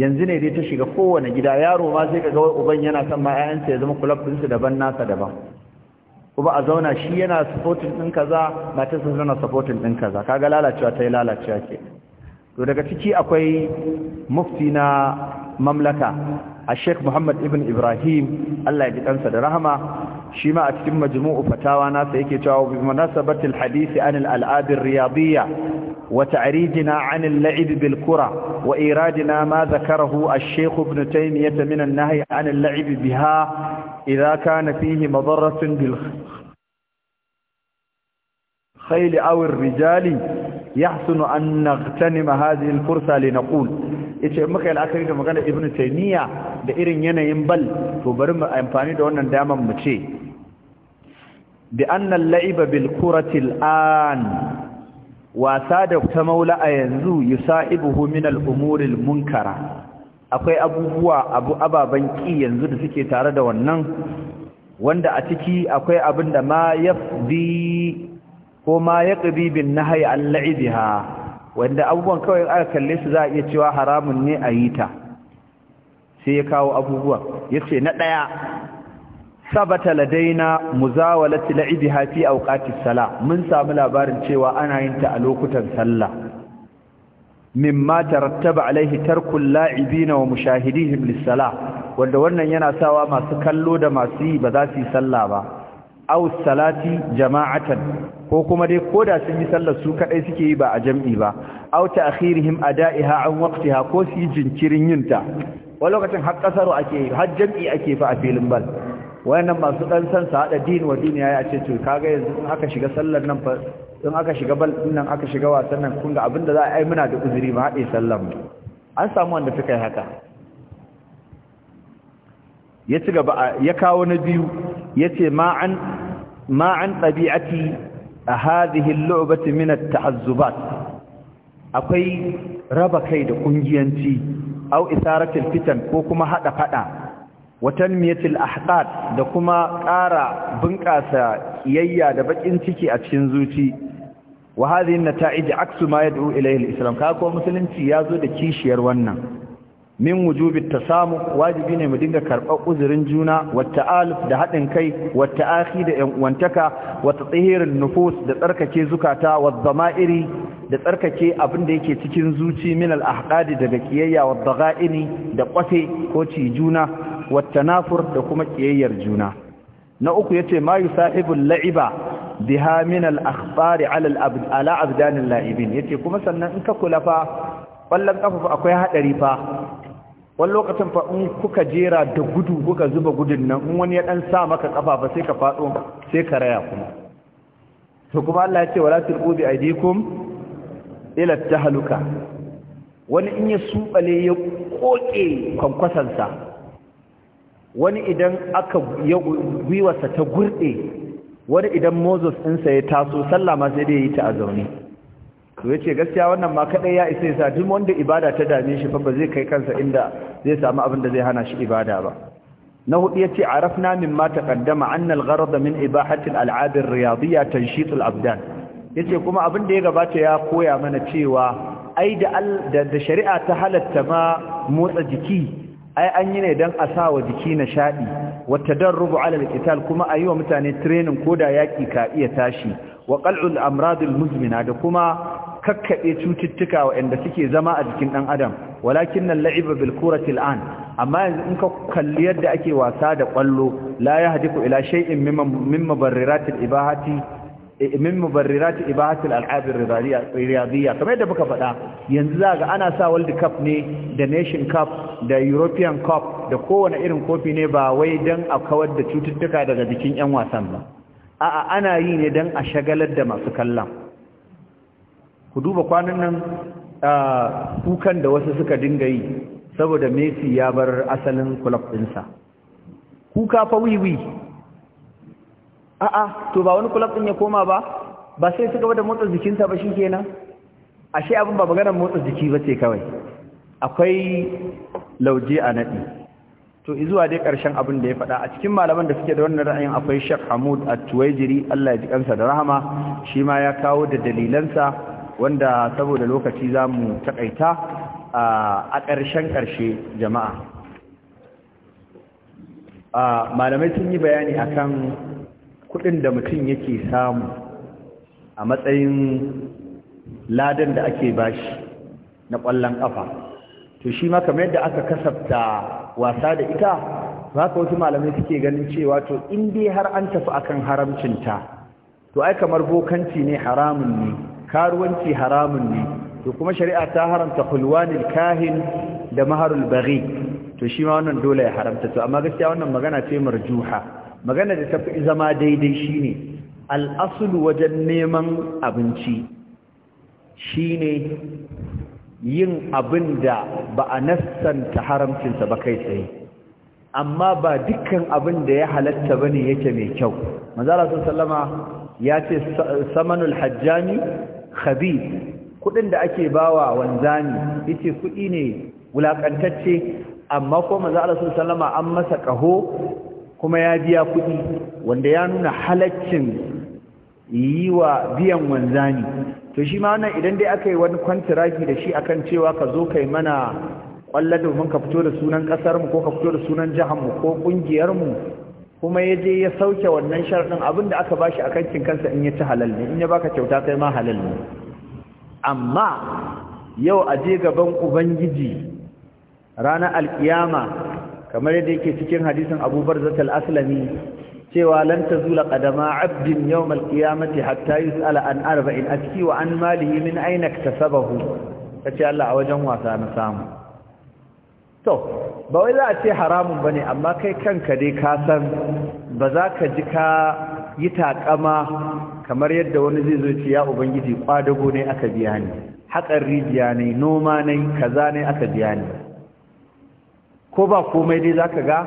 S1: yanzu ne dai ta shiga kowane gida yaro ma zai ga uban yana son ma 'ya'yansa ya zama kulab ɗinsu daban nasa daban kuma a zauna shi yana supporting din kaza matarsa tana supporting din kaza kaga lalacewa ta yi lalacewa ke to daga ciki akwai mufti na mamlaka a sheikh muhammad ibn ibrahim allah ya ji da rahama shi ma a cikin majmu'u fatawa nasa yake cewa bi munasabatil hadisi anil al'adin riyadiyya وتعريجنا عن اللعب بالكرة وإيرادنا ما ذكره الشيخ ابن تيمية من النهي عن اللعب بها إذا كان فيه مضرة بالخيل أو الرجال يحسن أن نغتنم هذه الفرصة لنقول yace in muka yi la'akari da magana ibn taymiya da irin yanayin bal to bari mu amfani da wannan damar mu ce bi anna al-la'iba bil kurati al-an wasa da ta maula a yanzu yusa'ibuhu min al-umuril munkara akwai abubuwa abu ababan ki yanzu da suke tare da wannan wanda a ciki akwai abin da ma yafdi ko ma yaqbi bin nahyi an la'ibiha wanda abubuwan kawai aka kalle su za a iya cewa haramun ne a yi ta sai ya kawo abubuwa yace na ɗaya. sabata ladaina muzawalati la'ibiha a awqatis sala mun samu labarin cewa ana yin ta a lokutan sallah mimma tarattaba alaihi tarkul la'ibina wa mushahidihim lis-sala wanda wannan yana sawa masu kallo da masu yi ba za su yi sallah ba aw salati jama'atan ko kuma dai koda sun yi sallar su kadai suke yi ba a jam'i ba aw ta'khirihim ada'iha an waqtiha ko su yi jinkirin yinta wani lokacin har kasaru ake har jam'i ake fa a filin bal wayannan masu dan san sa hada din wa duniya ya ce to kaga yanzu in aka shiga sallar nan fa in aka shiga bal din aka shiga wasan nan kun ga abinda za a yi muna da uzuri ba hade sallar mu an samu wanda suka yi haka ya ci gaba ya kawo na biyu yace ma an ma an tabi'ati hadhihi al-lu'bati min at-ta'azzubat akwai raba kai da kungiyanci au isaratul fitan ko kuma hada fada watan miyatil ahqad da kuma ƙara bunƙasa kiyayya da bakin ciki a cikin zuci wa hadhihi nata'ij aksu ma yad'u ilayhi al-islam ka ko musulunci yazo da kishiyar wannan min wujubi tasamu wajibi ne mu dinga karɓar uzurin juna wa ta'aluf da haɗin kai wata ta'akhi da ƴan uwantaka wa tatahirin nufus da tsarkake zukata wa dhama'iri da tsarkake abin da yake cikin zuci min al-ahqadi daga kiyayya wa dhaga'ini da kwafe ko ci juna wattanafur da kuma kiyayyar juna na uku yace ma yusahibul la'iba bihaminal min al-akhbari ala al-abd ala abdanil yace kuma sannan in ka kula fa ballan kafa fa akwai haɗari fa wani lokacin fa in kuka jera da gudu kuka zuba gudun nan in wani ya dan sa maka kafa ba sai ka fado sai ka raya kuma to kuma Allah ya ce wala tilqu bi aydikum ila tahluka wani in ya subale ya koke kwankwasansa wani idan aka gwiwarsa ta gurɗe wani idan moses ɗinsa ya taso sallah ma sai dai ya yi ta a zaune to ya ce gaskiya wannan ma kaɗai ya isa yasa duk wanda ibada ta dame shi fa ba zai kai kansa inda zai samu abin da zai hana shi ibada ba na hudu ya ce arafna mimma taqaddama anna al-gharad min ibahati al-al'ab riyadiyya tanshit al-abdan yace kuma abin da ya gabata ya koya mana cewa ai da da shari'a ta halatta ma motsa jiki ai an yi ne don a sa wa jiki nishaɗi wata don rubu alal kital kuma a yi wa mutane tirenin ko da yaƙi ka iya tashi wa ƙal'ul amradul muzmina da kuma kakkaɓe cututtuka waɗanda suke zama a jikin ɗan adam walakin nan la'iba bil kuratil an amma yanzu in ka kalli yadda ake wasa da ƙwallo la ya hadiku ila shay'in mimma barriratil ibahati min mubarrirati ibahatul al riyadiyya kamar yadda muka faɗa yanzu za ana sa world cup ne da nation cup da european cup da kowane irin kofi ne ba wai don a kawar da cututtuka daga jikin 'yan wasan ba a'a ana yi ne dan a shagalar da masu kallon ku duba kwanan nan kukan da wasu suka dinga yi saboda messi ya bar asalin club ɗinsa kuka fa wiwi a'a to ba wani club din ya koma ba ba sai su gaba da motsa sa ba kenan. ashe abin ba maganar motsa jiki ba ce kawai akwai lauje a nadi to zuwa dai karshen abin da ya faɗa a cikin malaman da suke da wannan ra'ayin akwai Sheikh Hamud At-Tuwaijiri Allah ya ji kansa da rahama shi ma ya kawo da dalilansa wanda saboda lokaci zamu takaita a karshen karshe jama'a malamai sun yi bayani akan kuɗin da mutum yake samu a matsayin ladan da ake bashi na ƙwallon ƙafa to shi ma kamar yadda aka kasafta wasa da ita haka wasu malamai suke ganin cewa to in dai har an tafi akan haramcinta to ai kamar bokanci ne haramun ne karuwanci haramun ne to kuma shari'a ta haramta hulwanil kahin da maharul baghi to shi ma wannan dole ya haramta to amma gaskiya wannan magana ce marjuha magana da ta fi zama daidai shi ne, al'asulu wajen neman abinci shi ne yin abin da ba a nassanta haramcinsa ba kai tsaye amma ba dukkan abin da ya halatta ba ne yake mai kyau sun sallama ya ce samanul hajjami khabib kudin da ake bawa wanzani yace kudi ne wulakantacce amma ko sun sallama an masa ƙaho? kuma ya biya kuɗi wanda ya nuna halaccin yi wa biyan wanzani to shi ma wannan idan dai aka yi wani kwantiraki da shi akan cewa ka zo kai mana kwallo domin ka fito da sunan ƙasarmu ko ka fito da sunan jihanmu ko ƙungiyarmu kuma ya je ya sauke wannan sharɗin abin da aka bashi a kankin kansa in ya ci halal ne in ya baka kyauta kai ma halal ne amma yau a je gaban ubangiji ranar alkiyama kamar yadda yake cikin hadisin Abu Barzah al-Aslami cewa lan tazula qadama 'abdin yau al-qiyamati hatta yus'ala an arba'in atki wa an malihi min ayna iktasabahu kace Allah a wajen wasa na samu to ba wai za a ce haramun bane amma kai kanka dai ka san ba za ka ji ka yi taƙama kamar yadda wani zai zo ya ubangiji kwadago ne aka biya ni haƙar rijiya ne noma ne kaza ne aka biya ni ko ba komai dai zaka ga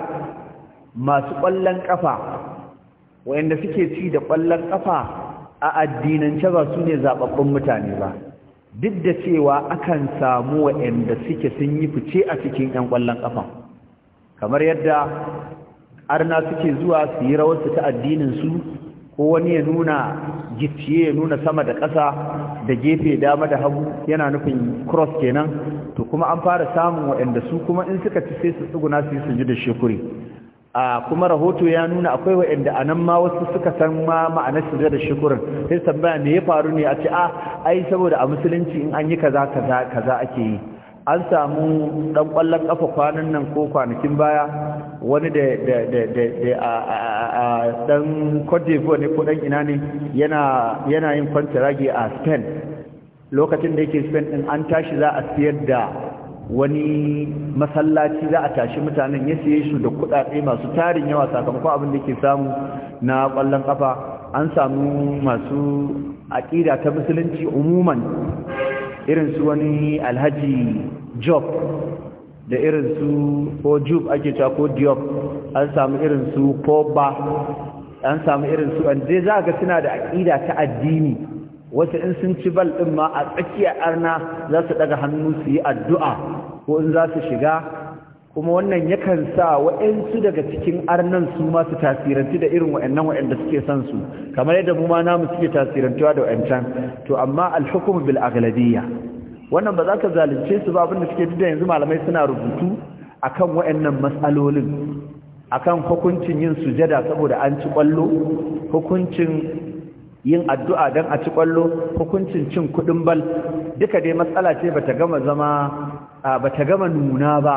S1: masu ƙwallon ƙafa wayanda suke ci da ƙwallon ƙafa a addinance ba su ne zaɓaɓɓun mutane ba duk da cewa akan samu wayanda suke sun yi fice a cikin 'yan ƙwallon ƙafa kamar yadda arna suke zuwa su yi rawarsu ta addininsu ko wani ya nuna gicciye ya nuna sama da ƙasa da gefe dama da hagu yana nufin cross kenan to kuma an fara samun waɗanda su kuma in suka ci sai su tsuguna su yi da shukuri a kuma rahoto ya nuna akwai waɗanda a nan ma wasu suka san ma ma'anar su da shukurin sai tambaya me ya faru ne a ce a ah, ai saboda a musulunci in an yi kaza kaza kaza ake yi an samu dan kwallon kafa kwanan nan ko kwanakin baya wani da dan Cote d'Ivoire ne ko dan ina ne yana yana yin kwantarage a Spain lokacin da yake Spain din an tashi za a siyar da wani masallaci za a tashi mutanen ya siye su da kudade masu tarin yawa sakamakon abin da yake samu na kwallon kafa an samu masu aqida ta musulunci umuman irin su wani alhaji job da irin su ko Job ake ta ko job an samu irin su ba an samu irin su an dai za ga suna da aƙida ta addini wasu in sun ci bal ɗin ma a tsakiyar arna za su daga hannu su yi addu'a ko in za su shiga kuma wannan yakan sa waansu daga cikin arnan su masu tasirantu da irin waannan waanda suke san su kamar yadda mu ma namu suke tasirantuwa da wa'ancan to amma alhukum bil aghlabiyya wannan ba za ka zalunce su ba abinda suke duka yanzu malamai suna rubutu akan wa'annan matsalolin akan hukuncin yin sujada saboda an ci kwallo hukuncin yin addu'a dan a ci kwallo hukuncin cin kuɗin bal duka dai matsala ce bata gama zama bata gama nuna ba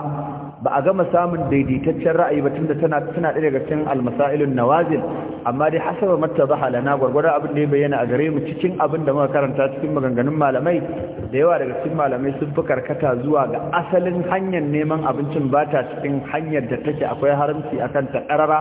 S1: ba a gama samun daidaitaccen ra'ayi ba tunda tana tana ɗaya daga cikin almasailun nawazil amma dai hasaba matta zaha na gwargwada abin da ya bayyana a gare mu cikin abin da muka karanta cikin maganganun malamai da yawa daga cikin malamai sun fi karkata zuwa ga asalin hanyar neman abincin ba ta cikin hanyar da take akwai haramci akan ta ƙarara,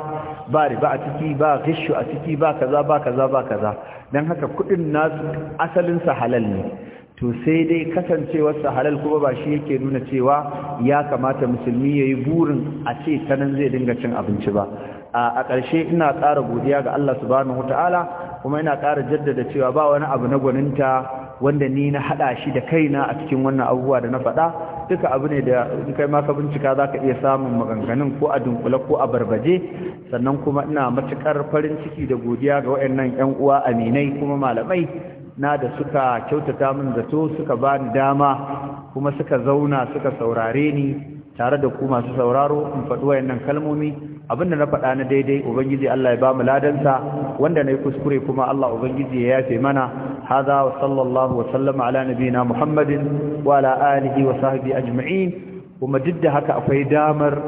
S1: ba riba a ciki ba gishu a ciki ba kaza ba kaza ba kaza dan haka kuɗin nasu asalin sa halal ne to sai dai kasancewar kasancewarsa halal kuma ba shi yake nuna cewa ya kamata musulmi ya yi burin a ce ta zai dinga cin abinci ba a ƙarshe ina ƙara godiya ga Allah subhanahu ta'ala kuma ina ƙara jaddada cewa ba wani abu na gwaninta wanda ni na haɗa shi da kaina a cikin wannan abubuwa da na faɗa duka abu ne da in kai maka bincika za ka iya samun maganganun ko a dunkule ko a barbaje sannan kuma ina matuƙar farin ciki da godiya ga waɗannan 'yan uwa aminai kuma malamai na da suka kyautata min zato suka ba ni dama kuma suka zauna suka saurare ni tare da ku masu sauraro in faɗi wayannan kalmomi abinda na faɗa na daidai ubangiji Allah ya ba mu ladansa wanda na yi kuskure kuma Allah ubangiji ya yafe mana haza wa sallallahu wa sallama ala nabina muhammadin wa ala alihi wa sahbihi ajma'in kuma duk da haka akwai damar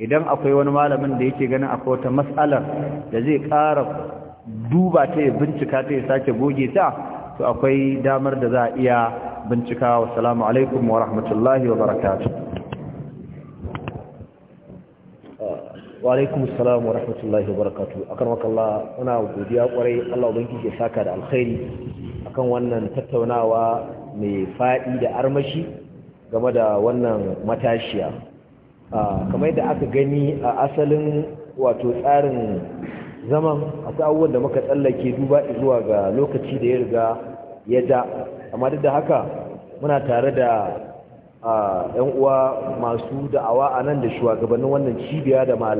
S1: idan akwai wani malamin da yake ganin akwai wata mas'alar da zai ƙara duba ta ya bincika ta ya sake goge ta to akwai damar da za a iya Wa salamu alaikum wa rahmatullahi wa barakatu. wa alaikum salamu wa rahmatullahi wa A kan wakalla wana godiya kwarai Allah ubangiji ke saka da alkhairi akan wannan tattaunawa mai fadi da armashi game da wannan matashiya ah, kamar yadda aka gani a asalin wato tsarin zaman akwai abubuwan da muka tsallake duba zuwa ga lokaci da ya riga ya ja amma duk da haka muna tare da ah, yan uwa masu da'awa a nan da shugabannin wannan cibiya da malam